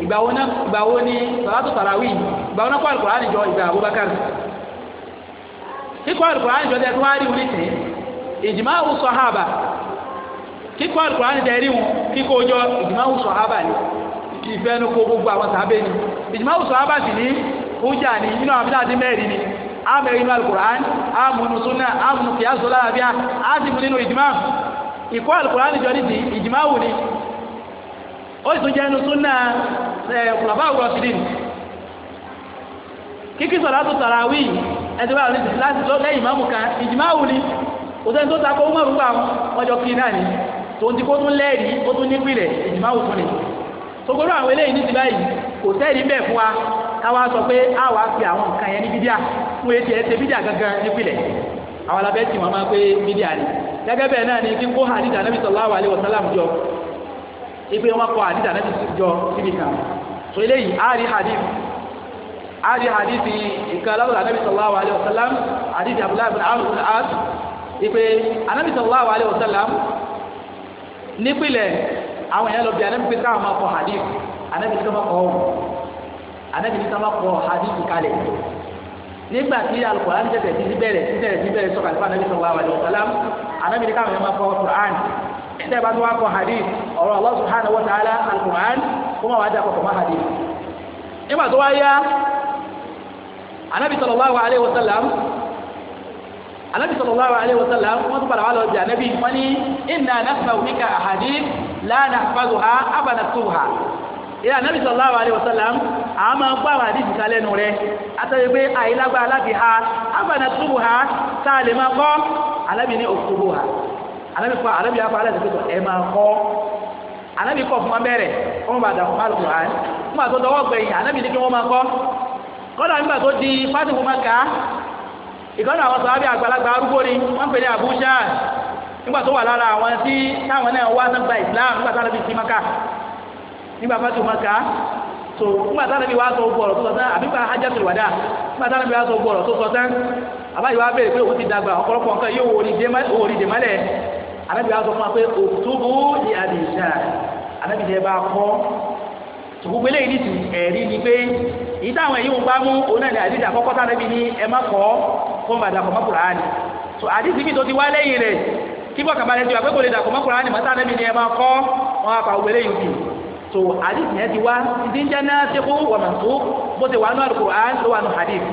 ìgbà wo náà ìgbà wo ni sàlátù tàràwí ìgbà wo náà kọ́ àlùkò àníjọ ìgbà Abubakar kíkọ́ àlùkò àníjọ tẹ́ tó wá rí wọn ní tẹ́ ìjìmá àwọn sọ̀hábà kíkọ́ àlùkò àníjọ rí wọn kíkọ́ ọjọ́ ìjìmá àwọn sọ̀hábà ni ìfẹ́ ní kó gbogbo àwọn sàbẹ̀ ni ìjìmá àwọn sọ̀hábà sì ní oúnjẹ àní inú àwọn abúlé àti mẹ́rin ni amẹ́rin inú alukur'an amúnú súnà amúnú kìásọ́lá àbíà á sì mú nínú ìjìmá ìkọ́ àlùkò àníjọ ní ti ìjìmá wù ni ó sì tún jẹ́ ẹnu súnà ẹ̀ kùlọ̀fà àwùrọ̀ sídì kíkí sọ̀rọ̀ àtúntò tàràwí ẹ̀dí wà ní láti lẹ́yìn ìmáàmù kan ìjìmá wù ni kò sẹ́ni tó takò ọmọ ìrúgbà wọn jọ kí náà ni tó ń ti kó tún lẹ́ẹ̀rí ó tún nípìnlẹ̀ ìjìmá wù fún ni sogoro àwọn eléyìí ní ti báyìí kò sẹ́ẹ̀rí bẹ́ẹ̀ fún wa káwa sọ pé a wà fi àwọn nǹkan yẹn ní bídíà ipe wọn kọ hadith anabi jọ síbi kan so eléyìí a rí hadith a rí hadith nǹkan aláwọ̀ anabi sallallahu alayhi wa sallam hadith abdullahi bin amr bin as ipe anabi sallallahu alayhi wa sallam àwọn èèyàn lọ bí anabi pé káwọn kọ hadith anabi sọ kọ ọ anabi sọ kọ hadith kalẹ̀ nígbà tí alukóran tẹ̀sẹ̀ ti bẹ̀rẹ̀ ti bẹ̀rẹ̀ sọ̀kalẹ̀ fún anabi sallallahu alayhi wa sallam anabi káwọn èèyàn máa kọ tẹ́ bá tó wá kọ hadith ọ̀rọ̀ Allah subhanahu wa ta'ala al-Qur'an kó má wàá dà kọ̀kọ̀ má hadith nígbà tó wá yá anabi sallallahu alayhi wa sallam anabi sallallahu alayhi wa sallam wọ́n tún padà wá lọ sí anabi wọ́n ní inna nasma'u minka ahadith la nahfazuha abanatuha ìyá anabi sallallahu alayhi wa sallam àwọn máa ń gbọ́ àdìsí kalẹ̀ rẹ̀ àtàwọn pé àyílágbá alábìhá abanatuha tá a lè máa kọ́ anabi ní òkúbó ha anabi kọ anabi akọ alẹ sẹpẹtọ ẹ máa kọ anabi kọ fún wa bẹ̀rẹ̀ wọn bá dàkọ alùpùpù hàn fún wa tó dọwọ gbẹ̀yìn anabi ní kí wọn máa kọ kódà nígbà tó di fásitì máa kà á ìkànnì àwọn sọ abẹ àgbàlagbà arúgbó ni wọn pè ní abuja nígbà tó wà lára àwọn tí táwọn náà wá nígbà islam nígbà tó anabi sí maka nígbà fásitì maka so nígbà tó anabi wá sọ ogun ọ̀rọ̀ tó sọ tán àbí nígbà hajjatul wada nígbà tó anabi wá sọ ogun tó sọ tán àbáyọ wa pé òun ti dàgbà ọ̀pọ̀lọpọ̀ nǹkan yóò wò ó ní dèmálẹ̀ anabi wa sọ fún wa pé òtúbù ní àdìsá anabi ní ẹ bá kọ́ tòkúgbé lẹ́yìn ní ti ẹ̀rí ni pé èyí táwọn èyí ń bá mú òun náà ní àdìsá kọ́kọ́ tá anabi ní ẹ má kọ́ fún bàdà kọ́ mọ́kùrà á ní so àdìsí mi tó ti wá lẹ́yìn rẹ̀ kí bọ́ kàbàlẹ̀ ti wà pé kò lè dàkọ̀ mọ́kùrà á ní mọ́tà anabi ní ẹ má kọ́ wọn á pa òwe lẹ́yìn òkè so àdìsí yẹn ti wá ti ń jẹ́ náà ṣe kó wọ̀nà tó bó ti wà nù Al-Qur'an ló wà nù hadith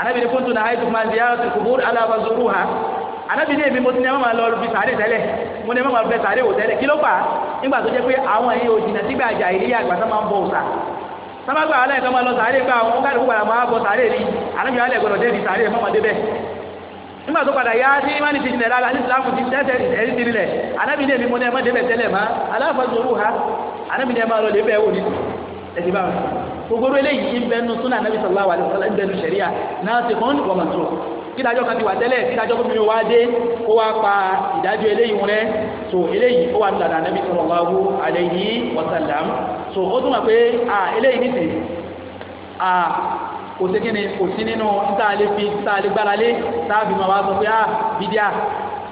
anabi ní kúntùn náà àyè tó máa ń ànábì ní èmi mo ti ní ẹ má máa lọ bí sàárè tẹ́lẹ̀ mo ní ẹ má máa bẹ sàárè wò tẹ́lẹ̀ kí ló fà á nígbà tó jẹ́ pé àwọn ẹ̀yìn òjìnà sígbà àjà ìrírí àgbà tó máa ń bọ òòsà sábàgbà alẹ́ kan máa lọ sàárè gbà wọn káàdì kó padà máa bọ sàárè rí ànábì alẹ́ gbọdọ̀ dé di sàárè mọ́ ọmọdé bẹ́ẹ̀ nígbà tó padà yá sí imáni ti jìnà lára ní ìsìlámù ti tẹ́tẹ́ ẹ̀rí ti rilẹ̀ ànábì ní èmi mo ní ẹ má débẹ̀ tẹ́lẹ̀ má aláfọ̀dù kí dájọ́ kan ti wà tẹ́lẹ̀ kí dájọ́ tó fi wá dé kó wá pa ìdájọ́ eléyìí wọn rẹ̀ so eléyìí ó wà ní dàdà nàbí sallallahu alayhi wa sallam so ó túmọ̀ pé à eléyìí nìsín à kò sí kíni kò sí nínú ntaàlẹ́ fi ntaàlẹ́ gbáralé táàbì máa wá sọ pé à bídíà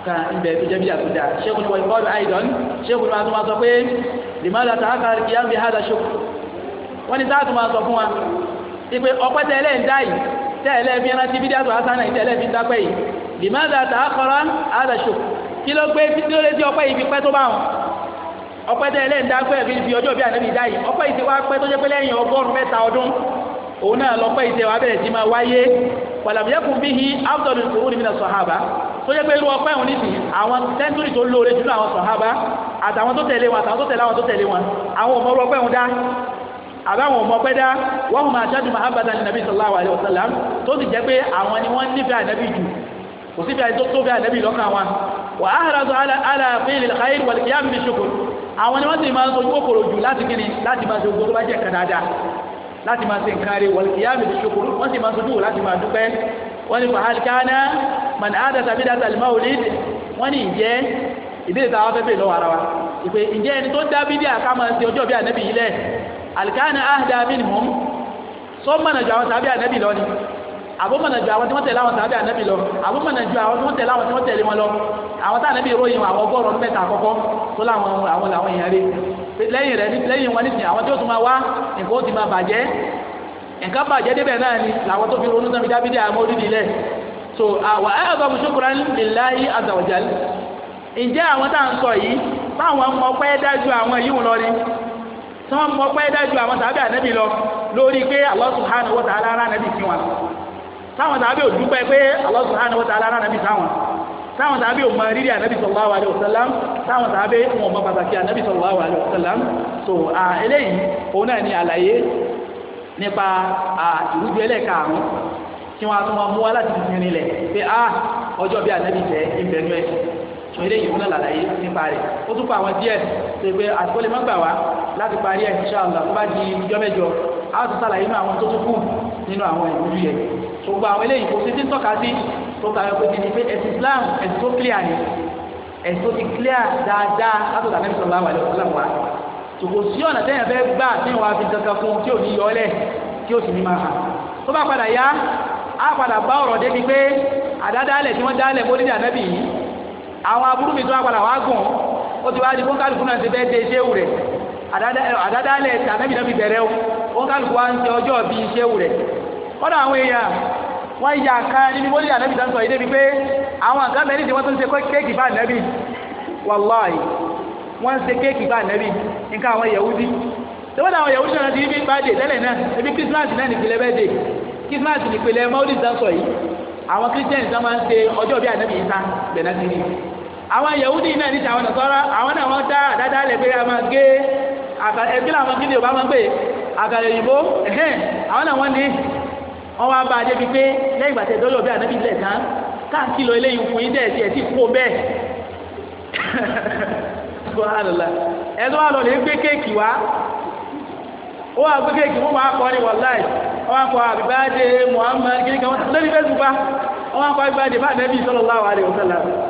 kan ibẹ̀ tó jẹ́ bídíà tó dáa ṣéèkùn wọ ìkọ́ àìdán ṣéèkùn máa tún máa sọ pé lèmọ́lá tààkà kìí wọ́n ni táà tún máa sọ fún wa ìpè ọ̀pẹ́tẹ̀ ẹlẹ́ǹdá yìí tẹ́lẹ̀ fi rántí bídí àtọ̀ hasana tẹ́lẹ̀ fi dápẹ́ yìí limaza ta'akhara hadha shuk kí ló gbé tí ó lé tí ọpẹ́ yìí fi pẹ́ tó bá wọn ọpẹ́ tẹ́lẹ̀ ń dápẹ́ fi fi ọjọ́ bí ànábì dá yìí ọpẹ́ yìí ti wá pẹ́ tó jẹ́ pé lẹ́yìn ọgọ́rùn-ún mẹ́ta ọdún òun náà lọ́pẹ́ yìí tẹ́ wá bẹ̀rẹ̀ sí máa wáyé pàlàbíyẹ́kùn bihi afdalul quruni mina sahaba tó jẹ́ pé irú ọpẹ́ òun nìsín àwọn sẹ́ńtúrì tó lóore jùlọ àwọn sahaba àtàwọn tó tẹ̀lé wọn àtàwọn tó tẹ̀lé àwọn tó tẹ̀lé wọn àwọn ọmọ ọpẹ́ òun àbáwọn ọmọ pẹ́dá wọ́n mú aṣáájú mahabata ní nàbí sallallahu alayhi wa sallam tó sì jẹ́ pé àwọn ni wọ́n nífẹ̀ẹ́ ànábì jù kò síbi àti tó fẹ́ ànábì lọ́kàn wọn wà á hàrà tó ala fil khair wal qiyam bi shukr àwọn ni wọ́n sì máa ń sojú kòkòrò jù láti kíni láti máa ṣe gbogbo tó bá jẹ́ kan dáadáa láti máa ṣe nǹkan rẹ̀ wal qiyam bi shukr wọ́n sì máa sojú láti máa dúpẹ́ wọ́n ní fahal kana man ada tàbí data al-mawlid wọ́n ní ìjẹ́ ìbéèrè táwọn fẹ́ bèèrè lọ́wọ́ ara wa ìpè ìjẹ́ ẹni tó dá bídíà ká máa ọjọ́ bí ànábì yìí lẹ́ẹ̀ alikana ahda minhum sọ mọ̀nà ju àwọn tàbí ànábì lọ ni àbó mọ̀nà ju àwọn tí wọ́n tẹ̀lé àwọn tàbí ànábì lọ àbó mọ̀nà ju àwọn tí wọ́n tẹ̀lé àwọn tí wọ́n tẹ̀lé wọn lọ àwọn tá ànábì ròyìn àwọn ọgọ́rùn-ún mẹ́ta àkọ́kọ́ tó láwọn àwọn làwọn èèyàn rí lẹ́yìn rẹ̀ lẹ́yìn wọn nísìnyí àwọn tí ó tún máa wá nǹkan ó ti máa bàjẹ́ nǹkan bàjẹ́ débẹ̀ náà ni làwọn tó fi ronú sami dábídé àmọ́ orí nílẹ̀ so àwọn a'zamu shukran lillahi azza wa jal ǹjẹ́ àwọn tá à ń sọ báwọn ọmọ pẹ́ dájú àwọn yìí lọ ni tí wọ́n mọ pé dájú àwọn sàbẹ̀ ànábì lọ lórí pé Allah subhanahu wa ta'ala rán ànábì sí wọn táwọn sàbẹ̀ ò dúpẹ́ pé Allah subhanahu wa ta'ala rán ànábì sáwọn táwọn sallallahu alaihi wasallam táwọn sàbẹ̀ wọn ò mọ pàtàkì ànábì sallallahu alaihi wasallam so eléyìí òun náà ni àlàyé nípa ìrújú ẹlẹ́ẹ̀karùn-ún tí wọ́n á tún mọ mú wá láti fi rinlẹ̀ pé ah ọjọ́ sọ eléyìí fún àlàyé nípa rẹ̀ ó tún fa àwọn díẹ̀ ṣe pé àsìkò lè má gbà wá láti parí ẹ̀ ṣáàlà tó bá di ìjọ mẹ́jọ á tún sàlàyé nínú àwọn tó tún kù nínú àwọn ìlú yẹn tó gba àwọn eléyìí kò sí tí ń tọ́ka sí tó ka ẹ̀ pé kí ni pé ẹ̀sìn Islam ẹ̀sìn tó clear ni ẹ̀sìn tó ti clear dáadáa látọ̀dọ̀ àmì sọ̀rọ̀ àwọn ẹ̀sìn Islam wa tòkò sí ọ̀nà tẹ́yìn fẹ́ gbà tí wọ́n á fi kankan fún tí ò ní yọ ọ́lẹ̀ tí ò sì ní máa hàn tó bá padà yá á padà bá ọ̀rọ̀ débi pé àdádálẹ̀ tí wọ́n dálẹ̀ mórídìí ànábì yìí àwọn aburú mi tó wá padà wá gùn ó ti wá di kóńkálùkù náà ti bẹ́ẹ̀ dé iṣẹ́ rẹ̀ àdádálẹ̀ tàbí náà fi bẹ̀rẹ̀ o kóńkálùkù wá ń ṣe ọjọ́ bí iṣẹ́ rẹ̀ àwọn èèyàn wọ́n yà kan nínú wọ́n yà nẹ́bí dáńtọ̀ yìí débi pé àwọn àgbà mẹ́rin tí wọ́n tún kéèkì bá wàláì wọ́n kéèkì bá àwọn Yahudi tẹ́wọ́n àwọn Yahudi náà ti rí bá àwọn yahudi náà níta àwọn nàkọ́rọ́ àwọn náà wọ́n dá dáadáa lè pé a máa gé ẹgbẹ́ làwọn kí ni máa gbé na òyìnbó ẹ̀hẹ́n àwọn náà wọ́n ní wọ́n wá bá a débi lẹ́yìn ìgbà tẹ̀dọ́ lọ́ọ́ ànábì lẹ̀ tán káàkiri lọ eléyìí fún yín ẹ̀tì kú bẹ́ẹ̀ ẹ̀dọ́ lè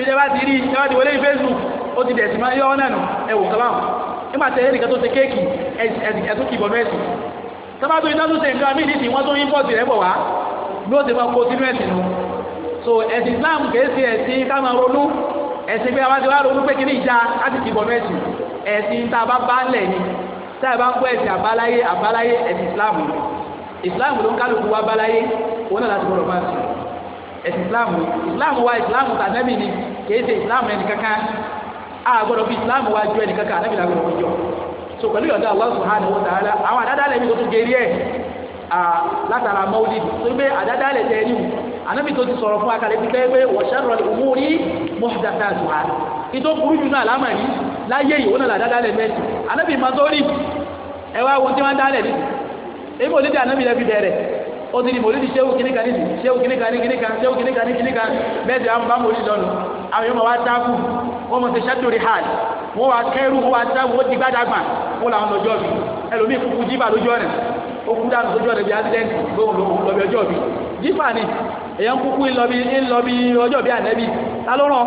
ìjẹ́ bá ti rí ìjẹ́ bá ti wọlé Facebook ó ti dẹ̀ sí máa yọ́ náà nù ẹ̀wò kaba hàn nígbà tẹ̀lé nìkan tó ṣe kéèkì ẹ̀sùn kìbọn mẹ́sì sábà tó iná tó ṣe nǹkan míì nìsín wọ́n tó yín pọ̀sì rẹ̀ bọ̀ wá ló ti máa kó sínú ẹ̀sìn nu so ẹ̀sìn Islam kìí ṣe ẹ̀sìn ká máa ronú ẹ̀sìn pé àwọn ti wá ronú pé kí ní ìjà láti kìbọn mẹ́sì ẹ̀sìn tá a bá bá ń lẹ̀ ni tá a bá ń kó ẹ̀sìn islam islam wa islam tànẹ́bì ni kìí ṣe islam ẹni kankan a gbọ́dọ̀ fi islam wa ju ẹni kankan ànábì làgbọ́dọ̀ wọ́n jọ so pẹ̀lú yọ̀dọ̀ Allah subhanahu wa ta'ala àwọn àdáda lẹ́mí tó tún geri ẹ̀ látara mọ́wúlì tó gbé àdáda lẹ́ tẹ́ ẹni ànábì tó ti sọ̀rọ̀ fún akalẹ̀ pípẹ́ pé wọ́n ṣàrọ̀ umuri muhdathatuha ìtò burú jù náà àlámà yìí láyé yìí wọn náà làdáda lẹ́ mẹ́sì ànábì máa tó rí ẹ wá wọn tí wọ́n dá ó ti di mòlídìí ṣéwù kìnìkà níbi ṣéwù kìnìkà ní kìnìkà ṣéwù kìnìkà ní kìnìkà bẹ́ẹ̀ tí àwọn bá mòlídìí lọ́nu àwọn yóò máa wá dáàbò wọ́n mọ̀ ṣe ṣàtòrí hàn wọ́n wá kẹ́rù wọ́n wá dáàbò wọ́n ti gbádàgbà wọ́n làwọn lọ́jọ́ mi ẹlòmíì kúkú jíbà lójú ọ̀nà ó kú dànù lójú ọ̀nà bíi accident gbóhùn lọ́bi ọjọ́ mi jífà ni èèyàn kúkú ńlọbi ọjọ́ bíi ànẹ́bí ta ló rán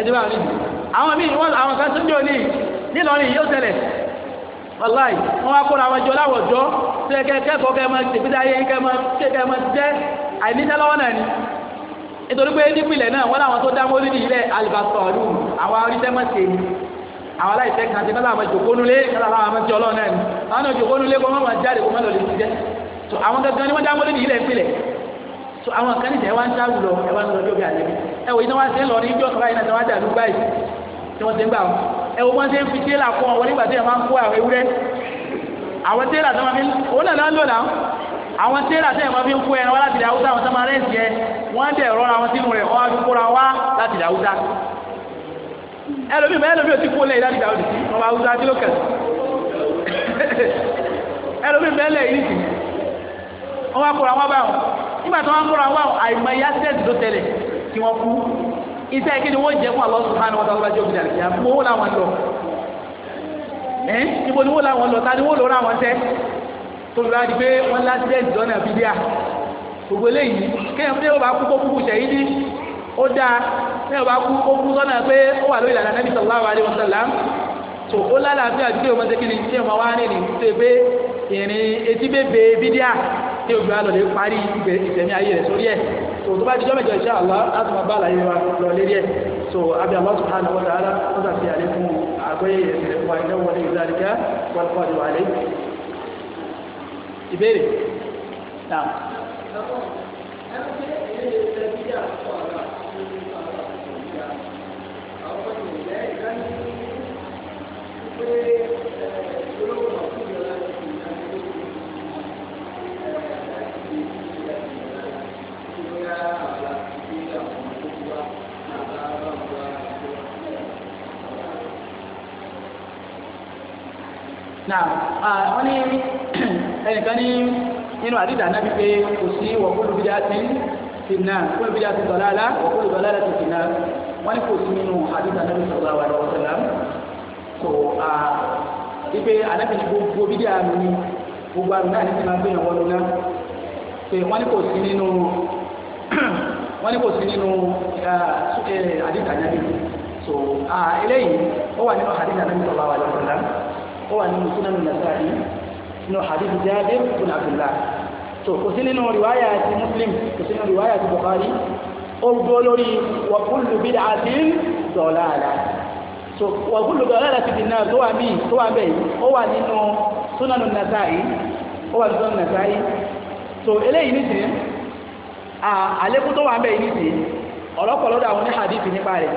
ẹjọ́ bá wọn ní àwọn míì àwọn kan tó ń jò ní nílọrin yóò tẹ̀lẹ̀ wàláì wọn wá kóra wọn jọ láwùjọ tẹ́kẹ́ kẹ́kọ̀ọ́ kẹ́ máa tẹ̀síta ayé kẹ́ máa kẹ́ máa jẹ́ àìníṣẹ́lọ́wọ́ náà ni nítorí pé nípìnlẹ̀ náà wọ́n láwọn tó dá mórí ní ilẹ̀ alibasọ̀ọ̀lù àwọn arítẹ́mọ̀tì ni àwọn aláìsẹ́ kan ti kọ́lá àwọn jòkónulé kọ́lá àwọn amẹ́tí ọlọ́run náà ni àwọn náà jòkónulé kọ́ wọ́n máa jáde kó má lọ lè ti jẹ́ tó àwọn gangan ni wọ́n dá mórí ní ilẹ̀ tó àwọn kan nìjẹ́ ń dá lọ ń lọ tí wọ́n ti ń gbà wọn ẹ wo wọ́n ti ń fi télà kó wọn nígbà tí wọ́n máa ń kó àwọn ewúrẹ́ àwọn télà tó máa fi òun náà náà lò náà àwọn télà tó máa fi ń kó ẹran wá láti ilẹ̀ haúsá àwọn tó máa rẹ́ẹ̀sì ẹ wọ́n dẹ̀ rọra wọn sínú rẹ̀ wọ́n á fi kóra wá láti ilẹ̀ haúsá ẹlòmíì ẹlòmíì ò ti kó lẹ́yìn láti ilẹ̀ haúsá ọba haúsá kí ló kẹ̀ ẹlòmíì bẹ́ẹ̀ lẹ́yìn nìsín wọ́n wá kóra wọn báwọn nígbà iṣẹ́ kí ni wọ́n jẹ́ fún Allah subhanahu wa ta'ala lọ́jọ́ òbí dàrẹ́ yàtọ̀ owó làwọn lọ ẹ́ ibo ni wọ́n làwọn lọ ta ni wọ́n lọ ra wọn tẹ́ tó lọ́ra di pé wọ́n láti dẹ́ ìdọ́nà bídíà gbogbo eléyìí kéèyàn fún yóò bá kú kó kúkú sẹ́yìn ní ó dáa kéèyàn bá kú kó kú sọ́nà pé ó wà lórí ìlànà Nabi sallallahu alaihi wasallam tó ó lálàáfíà àti kéèyàn mọ́tẹ́ kíni tí èèmọ̀ wá ní ní tó pé ìrìn etí bèbè bídíà tí òbí wa lọ lè parí ìtẹ̀mí ayé rẹ̀ sórí ẹ̀ so tó bá di jọ́mẹ̀jọ insha Allah láti so abẹ́ Allah subhanahu wa ta'ala wọ́n tàbí àlékún àgbẹ̀yẹ ẹ̀sẹ̀ wa iná wọlé ìdáríkà wọn kọ́ ọdún ìbéèrè Thank you. náà wọ́n ní ẹnìkan ní nínú àdìdà náà wípé kò sí wọ̀kúlù bíi dáàtì ti náà kúlù bíi dáàtì tọ̀lá àlá wọ̀kúlù tọ̀lá àlá ti ti náà wọ́n ní kò sí nínú àdìdà náà wípé ọ̀gá wa lọ́wọ́ sọ̀lá kò à wípé ànábì ní gbogbo bíi dáàmì gbogbo àrùn náà ní ti máa gbé yàn lọ́nà pé wọ́n ní kò sí nínú wọ́n ní kò sí nínú àdìgbà náà bíi so eléyìí ó wà nínú àdìgbà náà nípa báwa lọ́wọ́ náà ó wà nínú súnánù nàìjíríà yìí nínú àdìgbà Jabir ibn Abdullah so kò sí nínú rìwáyà ti Muslim kò sí nínú rìwáyà ti Bukhari ó gbó lórí wa kullu bid'atin dalalah so wa kullu dalalatin fi an-nar tó wà bíi tó wà bẹ́ẹ̀ ó wà nínú súnánù nàìjíríà yìí ó wà nínú súnánù nàìjíríà yìí so eléyìí nísìnyí àlékún tó wà ń bẹ̀ yìí nìyí ọ̀lọ́pọ̀lọ́dọ̀ àwọn ní hadith nípa rẹ̀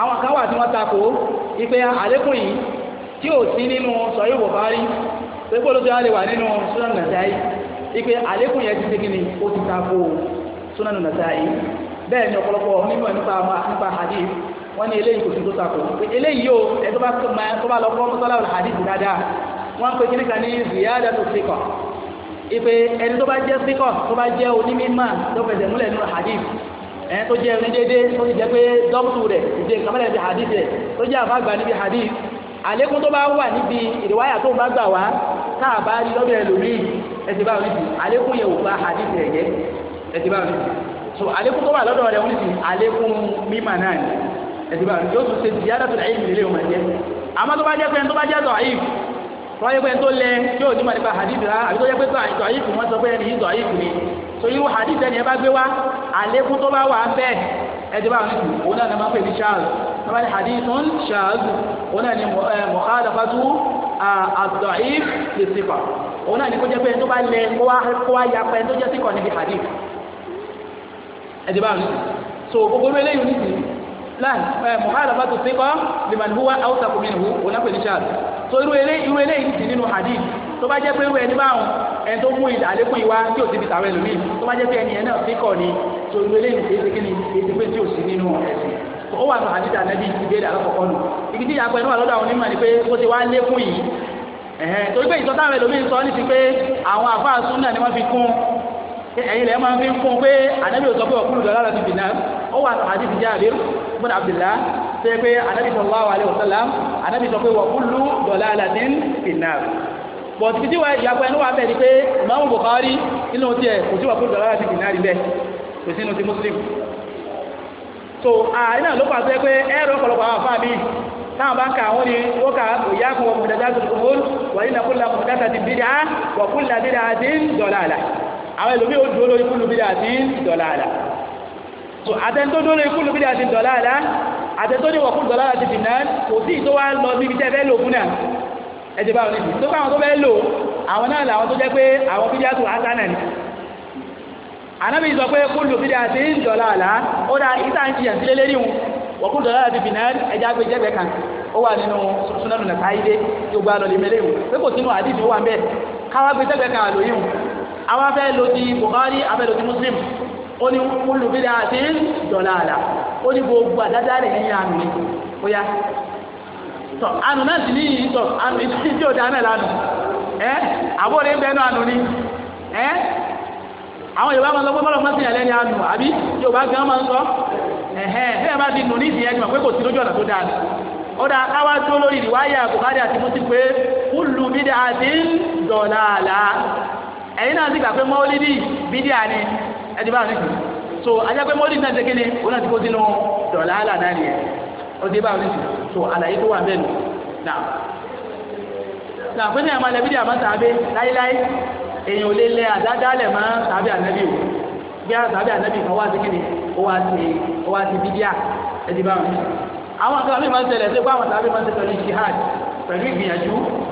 àwọn kan wà tí wọ́n takò ipe àlékún yìí tí ò sí nínú sọ̀yìn bùhárí pé kó ló ti wá lè wà nínú sunan nàṣáì ipe àlékún yẹn ti ṣe kíni ó ti takò sunan nàṣáì bẹ́ẹ̀ ni ọ̀pọ̀lọpọ̀ nínú ẹ̀ nípa hadith wọ́n ní eléyìí kò sí tó takò eléyìí yóò ẹ̀ tó bá lọ kọ́ mọ́tọ́lá hadith dáadáa wọ́n ń pe kíníkà ní ziyada tó ṣe kàn ipe ẹni tó bá jẹ́ síkọ̀ tó bá jẹ́ onímọ̀ tó fẹsẹ̀ múlẹ̀ nínú hadith ẹni tó jẹ́ onídéédé tó ti jẹ́ pé dọ́kítù rẹ̀ ìdè kàmẹ́lẹ̀ níbi hadith rẹ̀ tó jẹ́ àfàgbà níbi hadith àlékún tó bá wà níbi ìrìwáyà tó bá gbà wá táà bá rí lọ́bẹ̀ ẹlòmíì ẹ̀sìn báwọn níbi àlékún yẹ̀ wò bá hadith rẹ̀ jẹ́ ẹ̀sìn báwọn níbi so àlékún tó wà lọ́dọ̀ rẹ̀ wọ́n ti àlékún mímà náà ni ẹ̀sìn báwọn níbi yóò tún ṣe ìyá tọ́jú pé tó lẹ yóò ní màdìgbà hadith rà àbí tọ́jú pé tó àyíkù àyíkù wọ́n sọ pé ẹni yìí tó àyíkù ni so irú hadith ẹni ẹ bá gbé wá àlékún tó bá wà á bẹ́ẹ̀ ẹdí bá wọn kù òun náà ní ma pè ní ṣáàlù wọn bá ní hadithun ṣáàlù òun náà ní eh, mukhalafatu ad-da'if lis-sifa òun náà ní kó jẹ́ pé tó bá lẹ kó wá ya pẹ́ tó jẹ́ síkọ̀ níbi hadith ẹdí bá wọn kù so gbogbo eléyìí ní islam eh, mukhalafatu thiqa liman huwa awthaqu minhu onáfẹ ní ṣáàlù so ele eléyìí ti nínú hadith tó bá jẹ́ pé irú ẹni báwọn ẹni tó mú àlékún ìwá tí ò ti fi tàwọn ẹlòmíì tó bá jẹ́ pé ẹni ẹ náà fi kọ̀ ni tó ele eléyìí ti ṣe kí ni o pé tí ò sí nínú ẹ̀sìn ó wà ní àdìdà nẹ́bí ìbéèrè alákọ̀ọ́kọ́ nù ibi tí ìyàgbẹ́ náà lọ́dọ̀ àwọn onímọ̀ ni pé ó ti wá lé fún yìí torí pé ìtọ́tàwọn ẹlòmíì sọ ní ti pé àwọn àfáà súnà ni wọ́n fi kún ẹ̀yin lẹ́yìn máa fi ń kún pé ànábì ò sọ pé ọ̀kúrú dọ̀lá láti bìnnà ó wà àti fi Jabir ibn Abdullah tó yẹ pé ànábì sallallahu alaihi wasallam ànábì sọ pé ọ̀kúrú dọ̀lá láti bìnnà bọ̀t kìtì wà ìyàpọ̀ ẹnu wà bẹ́ẹ̀ ni pé Imam Bukhari inú tiẹ̀ kò sí ọ̀kúrú dọ̀lá láti bìnnà rí bẹ́ẹ̀ kò sínú ti Muslim so àárín náà ló pàṣẹ pé ẹ̀rọ ọ̀pọ̀lọpọ̀ àwọn àfáà bíi táwọn bá ń ka àwọn ni ó ka òyà kún wọn mọ̀dájá tó kún wọn wà nínú kúlà mọ̀dájá ti bídà wà kúlà bídà dín dọ̀là àlà àwọn ẹlòmíì ó dúró lórí kúlù bídà àti ìdọ̀là àlà so àtẹ̀ntó dúró lórí kúlù bídà àti ìdọ̀là àlà àtẹ̀ntó ní wọ̀kúlù dọ̀là àti fìnnà kò sí ìtó wa lọ níbi tẹ́ fẹ́ lò fún náà ẹ̀jẹ̀ báwọn níbi tó káwọn tó fẹ́ lò àwọn náà làwọn tó jẹ́ pé àwọn bídà tó asánà ni ànábì sọ pé kúlù bídà àti ìdọ̀là àlà ó dá ìta ń jiyàn sí lélẹ́ níhun wọ̀kúlù dọ̀là àwọn afẹ́ lo ti Bukhari afẹ́ lo ti Muslim ó ní olùbílẹ àti dọlàlà ó ní gbogbo àdájá rẹ yíyan àmì ni ó yá tọ ànú náà sì ní yìí tọ ànú ìdí òdà náà lánàá ẹ àbórí bẹ́ẹ̀ náà ànú ni ẹ àwọn yorùbá máa ń sọ pé bọ́lọ̀ máa ń sèyàn lẹ́ni àánú àbí yorùbá gan máa ń sọ ẹ̀hẹ́n bẹ́ẹ̀ bá ti nù ní ìdí ẹni pé kò sí lójú ọ̀nà tó dáa ó dáa káwá tó lórí ìwáyà Bukhari àti Muslim pé kúlù bídà àti dọ̀làlà ẹ̀yin náà ti gbà pé mọ́lídì bídíà ni ẹ̀dí bá mi so ajá pé mọ́lídì náà na kéde òun náà ti kó sínú dọ̀là àlà náà nìyẹn ó ti bá mi so àlàyé tó wà bẹ́ẹ̀ nù nà nà pé ní àwọn alẹ́ bídíà máa tàbí láíláí èèyàn ò lè lẹ àdádálẹ̀ máa tàbí ànábì o bí a tàbí ànábì kan wá sí kéde ó wá ti ó wá ti bídíà ẹ̀dí bá àwọn kan mi máa ń tẹ̀lẹ̀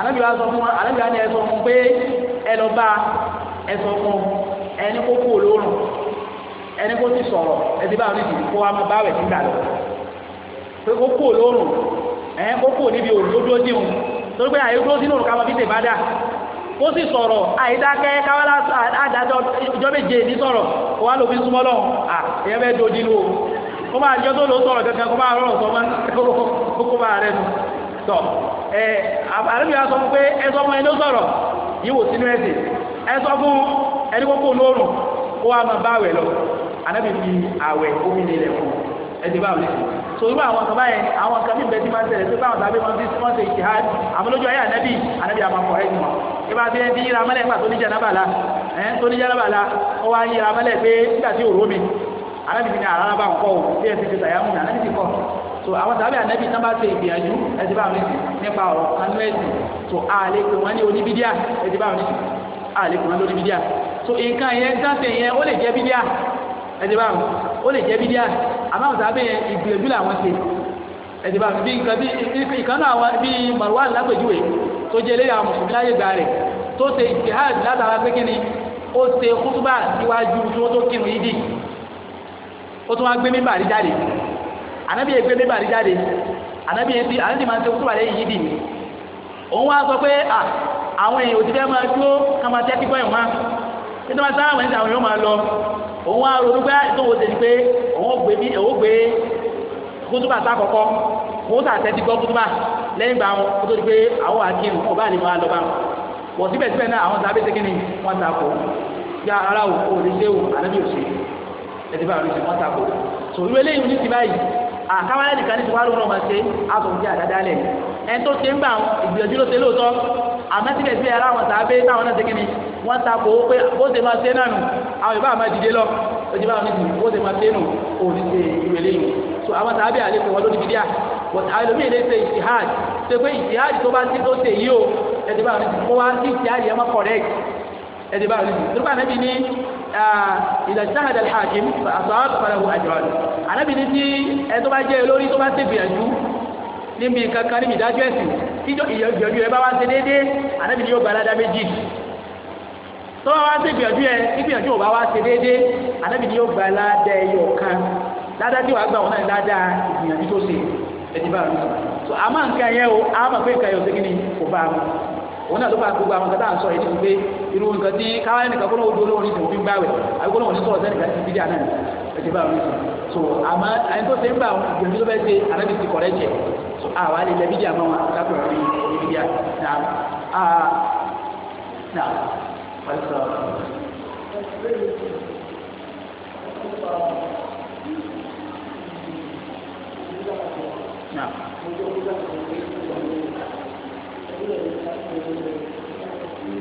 ànábì wa sọ fún wa ànábì wa ni ẹ sọ fún pé ẹ lọ bá ẹ sọ fún ẹni kó kú olóòrùn ẹni kó ti sọ̀rọ̀ ẹtì bá onídìí kó wa máa bá wẹ̀ nígbà lọ pé kó kú olóòrùn ẹ kó kú níbi òòrùn tó dúró sí òun torí pé àyè dúró sínú òòrùn káwọn fi tè bá dà kó sì sọ̀rọ̀ àyídákẹ́ káwálá àdájọ́ ìjọ méje ní sọ̀rọ̀ kó wá lóbi súnmọ́ lọ́hùn à ìyẹn bẹ́ẹ̀ dojú lóhùn kó máa jọ́ tó lò sọ̀rọ̀ kankan kó máa rọrùn sọ́mọ́ tọ ẹ àbí wàá sọ fún pé ẹ sọ fún ẹni ó sọ̀rọ̀ yìí wò sínú ẹsẹ̀ ẹ sọ fún ẹni kókó lóòrùn kó wàá máa bá àwẹ̀ lọ ànábì fi àwẹ̀ omi nílẹ̀ fún ẹ ti bá àwọn ẹsẹ̀ so irú àwọn kan báyẹn àwọn kan bí bẹ́ẹ̀ ti máa ń tẹ̀lé pé báwọn tàbí wọn ti wọn ti ṣe hàn àmọ́ lójú ayé ànábì ànábì àmọ́ kọ̀ ẹ́ ti wọn ìbá ti ẹni yíra mọ́lẹ̀ pàtó ní jẹ́nàbàlá ẹ̀ tó ní jẹ́nàbàlá ó wá yíra mọ́lẹ̀ pé nígbà tí òró mi ànábì fi ní àrárá bá ń kọ́ ò bí so àwọn sábẹ́ ànábì tán bá ṣe ìgbìyànjú ẹ̀sìn bá wọn nípa ọ̀rọ̀ kanú ẹ̀sìn so àlè pé wọ́n ní oníbídíà ẹ̀sìn bá wọn àlè pé wọ́n ní oníbídíà so nǹkan yẹn dáńtẹ̀ yẹn ó lè jẹ́ bídíà ẹ̀sìn bá wọn ó lè jẹ́ bídíà àmọ́ àwọn sábẹ́ yẹn ìgbìyànjú làwọn ṣe ẹ̀sìn bá wọn bí nǹkan bí ìkànnà àwọn bí Marwan lápèjúwe tó jẹ́ lé àwọn mùsùlùmí láyé gbà rẹ̀ tó ṣe ìjihad látara pé kíni ó ṣe kútúbà síwájú tó tó kírun yídì ó tún wá gbé mímbà rí jáde anabi yẹ gbé bébà rí jáde anabi yẹ ti anabi máa ń tẹ kúrò àlẹ́ yìí dì ní òun wá sọ pé a àwọn èèyàn òtí fẹ́ máa dúró ká máa tẹ́ kíkọ́ ìwọ̀n nítorí wọn sáwọn ẹ̀ńtì àwọn èèyàn máa lọ òun wá ronú pé ìtòwò tẹ̀lé pé òun gbé bí òun gbé kútúbà sákọ̀kọ́ òun sà tẹ́tí gbọ́ kútúbà lẹ́yìn gbà wọn kó tó di pé àwọn àkíyàn kò bá lè máa lọ bá wọn wọ̀ síbẹ̀síbẹ̀ náà àwọn sábẹ́ tẹ́kí ni wọ́n ta kò ya ara wò kó o lè ṣe o ànábì òṣèlú ẹ̀dí bá wọn lè ṣe wọ́n ta kò so ìwé lẹ́yìn ní ti àkáwáyé nìkan ní tiwárò náà máa ṣe àtúntò àdáda lẹ̀ ẹni tó ṣe ń gbà ìgbìyànjú ló ṣe lóòótọ́ àmọ́ síbẹ̀ síbẹ̀ ara wọn tàbí táwọn náà ṣe kí ni wọ́n ta kó pé ó ṣe máa ṣe náà nù àwọn ìbá máa dìde lọ ó ti bá wọn níbi ó ṣe máa ṣe nù ó ti ṣe ìrẹ̀lẹ̀ yìí so àwọn tàbí àlejò wọn ló ti gidi but àwọn ẹlòmíì lè ṣe ìṣìhàd ṣe pé ìṣìhàd tó bá ti tó ṣe yìí o ẹ ti bá wọn níbi kó wá sí ìṣìhàd yẹn correct ẹ̀dì bá rí torí pé ànábì ní ìdàjáhàdà alhakim àtọ́wọ́ falahu ajran ànábì ah, ní tí ẹni eh, tó bá jẹ́ olórí tó bá ṣe gbìyànjú níbi kankan níbi ìdájọ́ ẹ̀sìn tíjọ́ ìyànjú ẹ bá wá ṣe déédéé ànábì ah, ní yóò gba aládá méjì tó bá wá ṣe gbìyànjú ẹ gbìyànjú ò bá wá ṣe déédéé ànábì ah, ní yóò gba aládá ẹyọ kan dáadáa tí wàá gbà wọn náà dáadáa ìgbìyànjú tó ṣe ẹ̀dì bá rí so àmọ́ nǹkan yẹn o àmọ́ pé nǹkan yẹn ò òun náà ló máa gbogbo àwọn kata à ń sọ yìí ti pé irú nǹkan tí káwáyé nìkan kó lóun dúró lórí ìtòun fi ń gbáwẹ̀ àbí kó lóun ní sọ̀rọ̀ sẹ́nìkan ti bídíà náà ẹ̀jẹ̀ bá wọn ní sọ àmọ́ ẹni tó ṣe ń bá àwọn ìgbìyànjú ló fẹ́ ṣe àrẹ́bí ti kọ̀rẹ́ jẹ so àwa lè lẹ bídíà mọ́ wọn kápẹ́ wọn ní bídíà náà náà wọ́n sọ.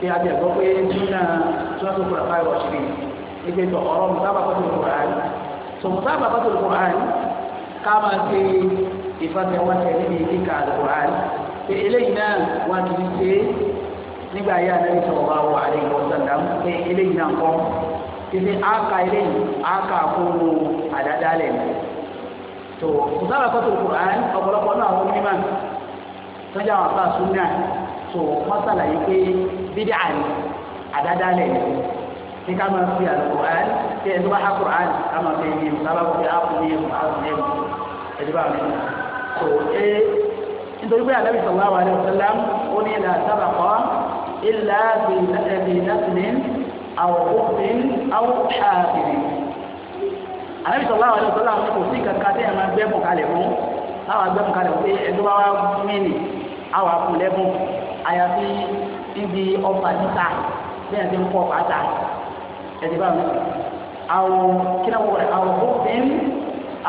kí a jẹ gbọ́ pé nínà tíwájú kura fáyọ ọ̀ṣìrì ibi tó ọ̀rọ̀ mùsáàbà kọ́tù kura ayé tó mùsáàbà kọ́tù kura ayé ká máa ṣe ìfàsẹ̀wọ̀nsẹ̀ níbi ìdíkà kura ayé pé eléyìí náà wọn kì í ṣe nígbà yá lẹ́yìn tó wà wà ní ìwọ̀sánná pé eléyìí náà kọ́ títí àkà eléyìí àkà kúrú àdádálẹ̀ tó mùsáàbà kọ́tù kura ayé ọ̀pọ̀lọpọ̀ náà bídí àní àdáadáa lẹ̀ ní ká máa fi àlùkùrán tí ẹni tó bá hàkùrán ká máa fi yé mu sábà kó fi áàpù ní èmu áàpù ní èmu ẹni bá mi. tó e nítorí pé àlẹ́ bisọ̀ wáwà rẹ̀ sẹ́lẹ̀m ó ní ìlà sábà kọ́ ìlà bìí nàfìlín àwọn òfin àwọn ṣáàbìrì àlẹ́ bisọ̀ wáwà rẹ̀ sẹ́lẹ̀m kò sí kankan tí ẹ̀ máa gbẹ́ mọ̀ kalẹ̀ fún àwọn agbẹ́ mọ̀ fún ẹni tó bá wá mí ni àwọn akùnlẹ́gùn àyàfi níbi ọfà níta bí ẹ ti ń kọ́ pàtà ẹ̀dí bá mi. àwọn kínáwó rẹ̀ àwọn òfin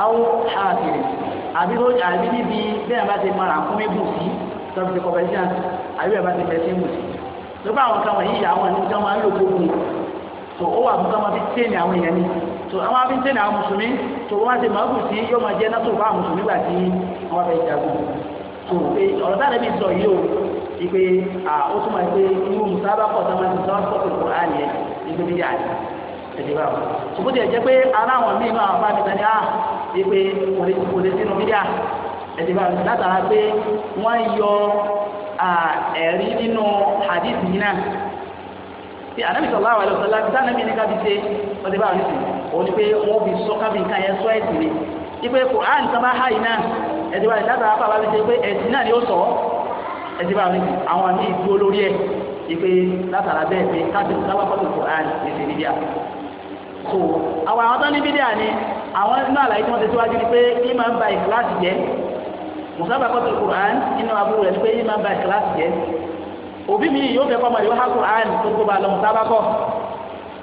àwọn àkèrè àbí ó àbí níbi bí ẹ bá ti mara kúmí bù sí tọ́bi ti kọ̀pẹ́síàn àbí ẹ bá ti fẹ́ sí bù sí. lọ́pọ̀ àwọn kan wọ̀nyí àwọn ẹni tí wọ́n máa ń lò gbogbo tó ó wà fún káwọn fi tẹ́ẹ̀nì àwọn èèyàn ni tó àwọn fi tẹ́ẹ̀nì àwọn mùsùlùmí tó wọ́n ti máa bù sí yóò máa jẹ́ náà tó bá àwọn mùsùlùmí gbà ipe ó tún máa ṣe irú musábàkọ̀ tó máa ń sọ ọ́ pọ̀ kúrò àyè ibi bí yàrá ẹ̀dí bá wọn. ṣùgbọ́n tí ẹ jẹ́ pé ara àwọn míì náà bá mi tani á ipe kò lè sínú bídíà ẹ̀dí bá wọn látara pé wọ́n yọ ẹ̀rí nínú hadith yìí náà ti anabi sallallahu alaihi wasallam ti anabi ni kabi se ọdẹ bá wọn sìn wọn ni pé wọn fi sọ kabi nǹkan yẹn sọ ẹsìn ni ipe Qur'an sábà ha yìí náà ẹdí wa ìdáta apá wa ẹtí bá mi àwọn àmì ìdúró lórí ẹ ìpè látara bẹ́ẹ̀ pé káàdùn lábàkọ́tò Quran èsì nídìá so àwọn àwọn tó ní bídíà ni àwọn nínú àlàyé tí wọ́n ti síwájú ni pé kí máa ń ba ìkíláàsì jẹ́ mùsàbàkọ́tò Quran nínú àbúrò rẹ̀ ni pé kí máa ń ba ìkíláàsì jẹ́ òbí mi yóò fẹ́ kọ́ ọmọdé wọ́n há Quran tó kó ba lọ mùsàbàkọ́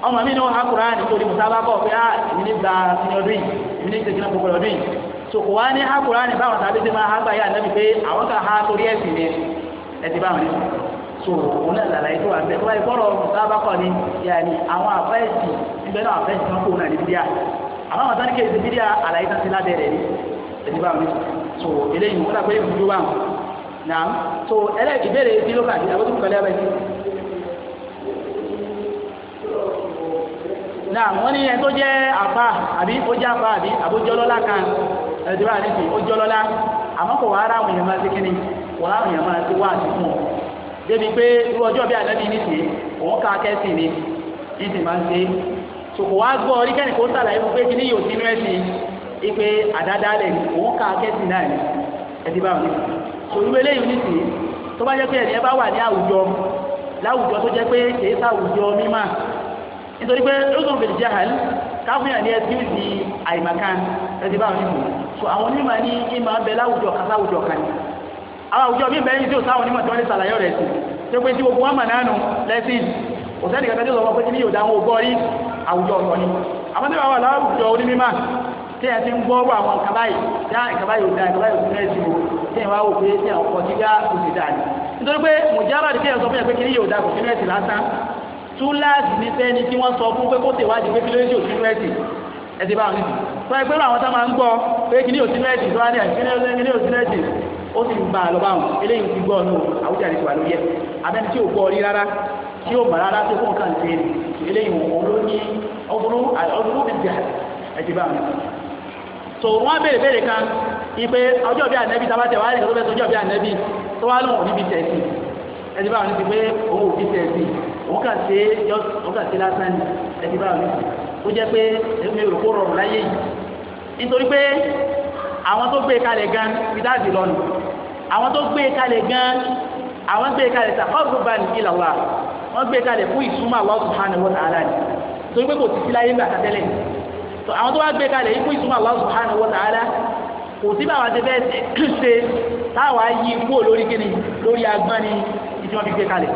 ọmọ mi ni wọ́n há Quran tó di mùsàbàkọ́ pé á ah, èmi ní gba kíni ọdún yìí èmi ní ìṣèkínà gbogbo ọdún yìí so kò wá ní há Quran báwọn tàbí ti máa há gbà yá ẹtì báwọn ní so òun náà làlàyé tó wà bẹ tó wáyé kọ́rọ̀ sábà kọ́ ni yàní àwọn àfẹ́sì níbẹ̀ náà àfẹ́sì náà kó náà ní bídíà àmọ́ àwọn sáni kéde bídíà àlàyé tán ti lábẹ́ rẹ̀ ni ẹtì báwọn ní so eléyìí wọn àgbẹ̀ ìbùdó wà wọn nà so ẹlẹ́ẹ̀kì bẹ́ẹ̀ rẹ̀ ti ló kàdé àbótú kọ́lé abẹ́ nà wọ́n ní ẹni tó jẹ́ àfa àbí ó jẹ́ àfa àbí àbójọ́lọ́lá kan ẹ̀dùn àdìsí ó jọ́lọ́lá àmọ́ kò wá ara àwọn èèyàn wọ́n láwọn èèyàn máa ti wá àti fún ọ. débi pé irú ọjọ́ bí ànábì nìsín òun ká kẹ́sì ni ní ti máa ń ṣe. sòkò wá gbọ́ orí kẹ́ni kó sàlàyé fún pé kí ní yóò sínú ẹ̀sìn ipe àdádálẹ̀ òun ká kẹ́sì náà ni ẹtì bá wọn. sòrúwé lẹ́yìn nìsín tó bá jẹ́ pé ẹ̀yẹ bá wà ní àwùjọ láwùjọ tó jẹ́ pé kì í sàwùjọ mímà nítorí pé lóṣùn fèjì jahal káfíń àní ẹtí ó di àìmàkan ẹtì bá wọn nìsín. so àwọn onímọ̀ ní ìmọ̀ abẹ láwùjọ kan láwùjọ kan ni àwọn àwùjọ mi bẹ́ẹ̀ ní tí ò sáwọn onímọ̀ tí wọ́n lè ṣàlàyé rẹ̀ sí tó pé tí gbogbo wọn mọ̀ nánu lẹ́sìn kò sẹ́ni kankan tí ó sọ pé kí ni yóò dá wọn gbọ́ rí àwùjọ ọ̀rọ̀ ni àwọn tí wọ́n wà láwùjọ onímọ̀ tí ẹ ti ń gbọ́ àwọn nǹkan báyìí dá nǹkan báyìí ò dá nǹkan báyìí ò sí o tí ẹ wá wò pé tí àwọn ọkọ̀ ti dá kò sì dáa ni nítorí pé mùjábà ti tẹ̀yàn sọ fún yẹn pé kí ni yóò dá kò sínú ẹ̀sìn lásán túláàsì ní sẹ́ni tí wọ́n sọ fún pé kó tèwádìí pé kí ó sì ń bá a lọ bá wọn eléyìí ti gbọ́ ọ̀nà àwùjọ àti ìwà ló yẹ abẹ́ni tí ò gbọ́ rí rárá tí ò mọ̀ rárá tó fún nǹkan ṣe eléyìí wọn ló ní ọdún ọdún bí jà ẹ̀jẹ̀ bá mi. tó wọn béèrè béèrè kan ipe ọjọ́ bí ànẹ́bí tábà tẹ̀ wá rí ìṣòro ọjọ́ bí ànẹ́bí tó wá lóhùn níbi tẹ̀sí ẹ̀jẹ̀ bá mi ti pé òun ò fi tẹ̀sí òun kà ṣe òun kà ṣe lásán ẹ̀jẹ̀ bá mi àwọn tó gbé e kalẹ̀ gan ìdájì lọ́nu àwọn tó gbé e kalẹ̀ gan àwọn gbé e kalẹ̀ sàkọ́ọ̀bù bá ní ìlà wa wọ́n gbé kalẹ̀ fún ìsúnmọ́ Allah subhanahu wa ta'ala ni torí pé kò ti sí láyé gbà kátẹ́lẹ̀ ni tó àwọn tó wá gbé kalẹ̀ yìí fún ìsúnmọ́ Allah subhanahu wa ta'ala kò sí báwa ti fẹ́ ṣe táwa yí kúrò lórí kíni lórí agbọ́n ni ìjọba fi gbé kalẹ̀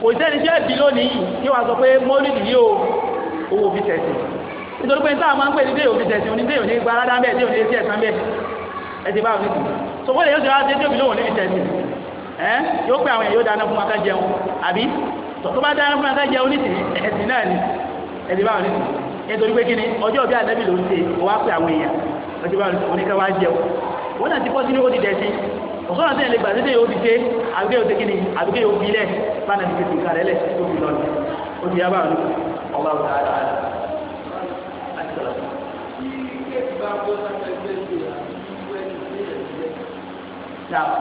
kò sẹ́ni tí ó bì lónìí yìí wàá sọ pé mọ́lìdì yìí o owó fi tẹ̀sí nítorí pé táwọn máa ń pè ní déyò fi tẹ̀sìn òní déyò ní gba aládá bẹ́ẹ̀ déyò ní etí ẹ̀sán bẹ́ẹ̀ ẹ ti bá òní tù so bó lè yóò ti wá dé déyò fi lóhùn níbi tẹ̀sìn ẹ yóò pé àwọn èèyàn yóò dáná fún aká jẹun àbí tó bá dáná fún aká jẹun ní ẹ̀sìn náà ni ẹ ti bá òní tù nítorí pé kíni ọjọ́ bí ànábì ló ń ṣe wá pé àwọn èèyàn ẹ ti bá òní tù oníkà wá jẹun wọn náà ti pọ́ sínú ó ti dẹ̀sìn ọ̀sọ́nà tẹ́lẹ̀ lè gbà tẹ́lẹ̀ yóò fi ṣe àbíké yóò ṣe kíni àbíké yóò fi lẹ̀ bá nàìjíríà ti kàrẹ́lẹ̀ tó fi lọ ní ó ti yá bá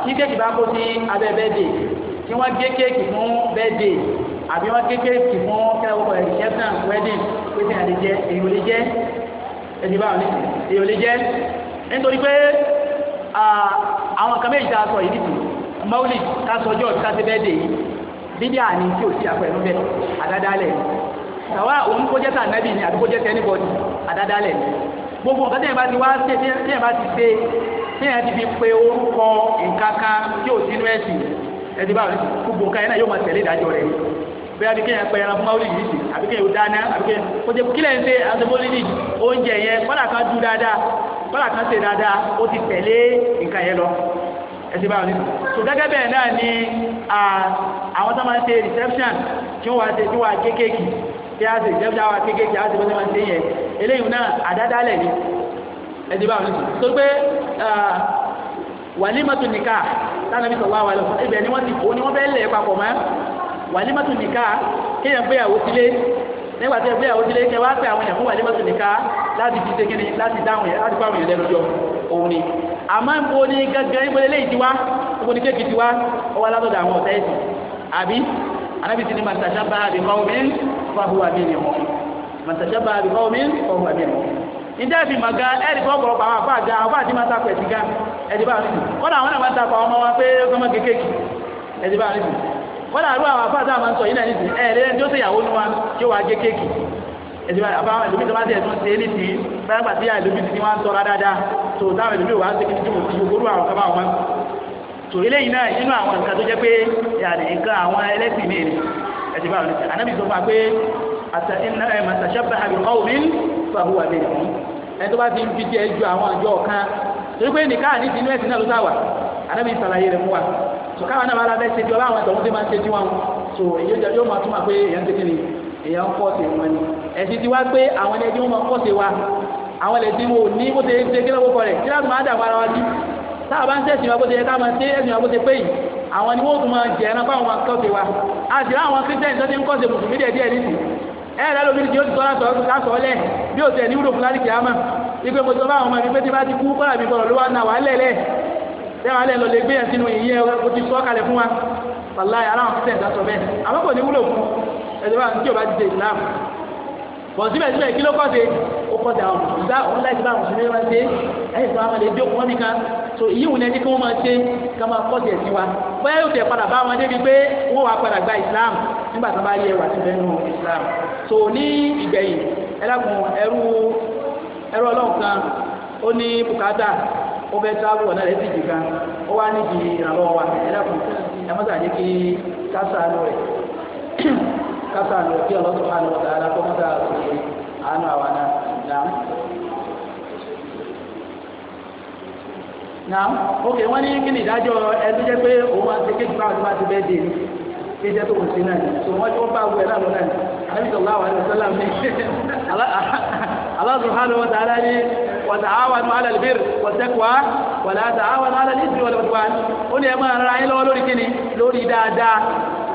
tí kéèkì bá kó sí abẹ́ bẹ́ẹ̀dì tí wọ́n gé kéèkì fún bẹ́ẹ̀dì àbí wọ́n gé kéèkì fún kẹ́wọ́ reception wedding pé tí àlè jẹ èyí ò lè jẹ ẹni báwọn ní èyí ò lè jẹ nítorí pé àwọn nǹkan méjì tá a sọ yìí nìkú mọ́wùlì tá a sọ ọjọ́ tá a ti bẹ́ẹ̀dì yìí bídíà ni tí ò sí àpẹẹrẹ bẹ́ẹ̀ àdádálẹ̀ tàwa òun kó jẹ́ tà nábì ni àbí kó jẹ́ tẹ́ anybody àdádálẹ̀ ni gbogbo nǹkan tẹ́yìn bá ti wá ṣe tẹ́yìn bá ti ṣe tẹ́yìn ti fi pe orúkọ nǹkan kan tí ò sínú ẹ̀sìn ẹ̀sìn báwo ni gbogbo nǹkan yẹn náà yóò máa tẹ̀lé ìdájọ́ rẹ̀ bẹ́ẹ̀ àbí kéèyàn pẹ̀lú ẹran fún máwùlì yìí sí àbí kéèyàn dáná àbí kéèyàn kó jẹ́ kílẹ̀ ń ṣe àtẹ̀bólì ní oúnjẹ yẹn kọ́là kan dú dáadáa kọ́là kan ṣe dáadáa ó ti tẹ̀lé nǹkan yẹn lọ ẹ̀sìn báwọn nínú so gẹ́gẹ́ bẹ́ẹ̀ náà ni àwọn tó máa ń ṣe reception kí wọ́n wá ṣe kí wọ́n wá gé kéèkì kí á sì jẹ́ àwọn akéèké kí á sì bọ́sẹ̀ máa ń ṣe yẹn eléyìí náà àdádálẹ̀ ni ẹ̀dí bá wọn tó pé wàlímọ̀tò nìka tánàbí sọ̀wọ́ àwọn ẹlẹ́fọ́ ibẹ̀ ni wọ́n ti kó ni wọ́n bẹ́ẹ̀ lẹ̀ papọ̀ mọ́ wàlímọ̀tò nìka kéèyàn pé àwọn sílé nígbà tí ẹ gbé àwọn ìdílé kẹ wá pé àwọn èèyàn fún wàlímọ̀tò nìka láti fi segin ni láti dáhùn yẹn láti fáwọn èèyàn lẹ́nu jọ òun ni àmọ́ ìbò ni gángan ìbò lélẹ́yìí tiwa ìbò ni kéèkì tiwa ọwọ́ alátọ̀dọ̀ àwọn ọ̀tá ẹ̀sìn àbí anábìsí ni màtàṣà bá àbí máa wọ́n fahuwa minhum man tashabbaha bi qawmin fahuwa minhum níta fi mọ̀ gan ẹ̀rí fún ọ̀pọ̀lọpọ̀ àwọn àfáà gan àwọn àti máa takọ̀ ẹ̀sì gan ẹ̀dí bá rí kọ́nà àwọn náà máa takọ̀ ọmọ wa pé ọmọ kékèké ẹ̀dí bá rí kọ́nà àrùn àwọn àfáà táwọn máa ń sọ yìí náà nìsín ẹ̀rí ẹni tó ṣe ìyàwó nu wa tí ó wà kékèké ẹ̀dí bá àbá ẹ̀lómi tó bá tẹ̀ tó ń ṣe ní ti báyà pàtí àìlómi tò eléyìí náà nínú àwọn nǹkan tó jẹ́ pé yàrá nǹkan àwọn ẹlẹ́sìn mi ni ẹ̀sìn báwọn ẹ̀sìn anábì sọ fún wa pé àtàṣàbà àbí ọ̀wìn fàhùwà lè fún ẹni tó bá ti ń fi jẹ́ ju àwọn àjọ kan torí pé nìkan àní ti inú ẹ̀sìn náà ló sáwà anábì sàlàyé rẹ̀ fún wa tò káwọn náà bá lábẹ́ ṣe ju ọlá àwọn àtọ̀hún tí máa ń ṣe tiwọn tò èyí yóò máa túmọ̀ pé èèyàn ti kiri èèyàn ń kọ́ọ̀tì wọn ni ẹ̀sìn ti wá pé àwọn ẹni ẹni wọn máa kọ́ọ̀tì wa àwọn ẹ̀sìn wọn ò ní bó ṣe ṣe kí táwa bá ń tẹ̀sí ìwà bó ṣe yẹ ká máa tẹ́ ẹ̀sìn ìwà bó ṣe pé yìí àwọn ni wọ́n tún máa jẹ ẹran fáwọn máa kọ́sẹ̀ wa a sì láwọn kírísítẹ́nì tó ti ń kọ́sẹ̀ mùsùlùmí díẹ̀ díẹ̀ nìsí ẹ̀ lálẹ́ omi ni yóò ti tọ́ lásọ̀ọ́ lẹ̀ bí ó tẹ̀ ní wúlò fún lálìkì àmà ìgbé mo sọ fún àwọn ọmọ mi pé tí bá ti kú kọ́lá mi bọ̀rọ̀ ló wà náà wà á lẹ̀lẹ̀ tẹ́wọ̀n alẹ́ lọ lè gbé yẹn sínú ìyẹn o ti sọ́ kalẹ̀ fún wa wàláyé aláwọn kírísítẹ́nì tó sọ bẹ́ẹ̀ àmọ́ kò ní wúlò fún ẹ̀dọ́ bọ̀ síbẹ̀síbẹ̀ kí ló kọ́sẹ̀ ó kọ́sẹ̀ àwọn mùsùlùmí wọn láì síbẹ̀ àwọn mùsùlùmí wọn ṣe ẹ̀yìn tó wọn lè dé nìkan so èyí wù lẹ́ni kí wọ́n máa ṣe ká máa kọ́sẹ̀ sí wa bóyá yóò tẹ̀ padà bá wọn gba Islam nígbà tó bá yẹ wà Islam so ní ìgbẹ̀yìn ẹrú ẹrú ọlọ́run kan ó ní ó fẹ́ tábù ọ̀nà rẹ̀ sì ó wá ìrànlọ́wọ́ wa kí kásá ní òkè ọlọ́sùn hànú ọ̀tá alákọ̀ọ́mọ́tà òkè àánú àwa náà nàám. nàám ok wọ́n ní kí ni ìdájọ́ ẹni jẹ́ pé òun àti kéjì bá àti bá ti bẹ́ẹ̀ dé kí jẹ́ tó kò sí náà tó wọ́n tí wọ́n bá wẹ̀ náà lọ náà àbí sọ̀rọ̀ àwọn àti sọ́lá mi aláṣọ hànú ọ̀tá alá ní wọ̀tá àwọn àti alá lè wọ̀tẹ́kùá wọ̀lá àti àwọn àti alá lè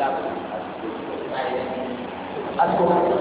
ẹ̀dá àti òkú.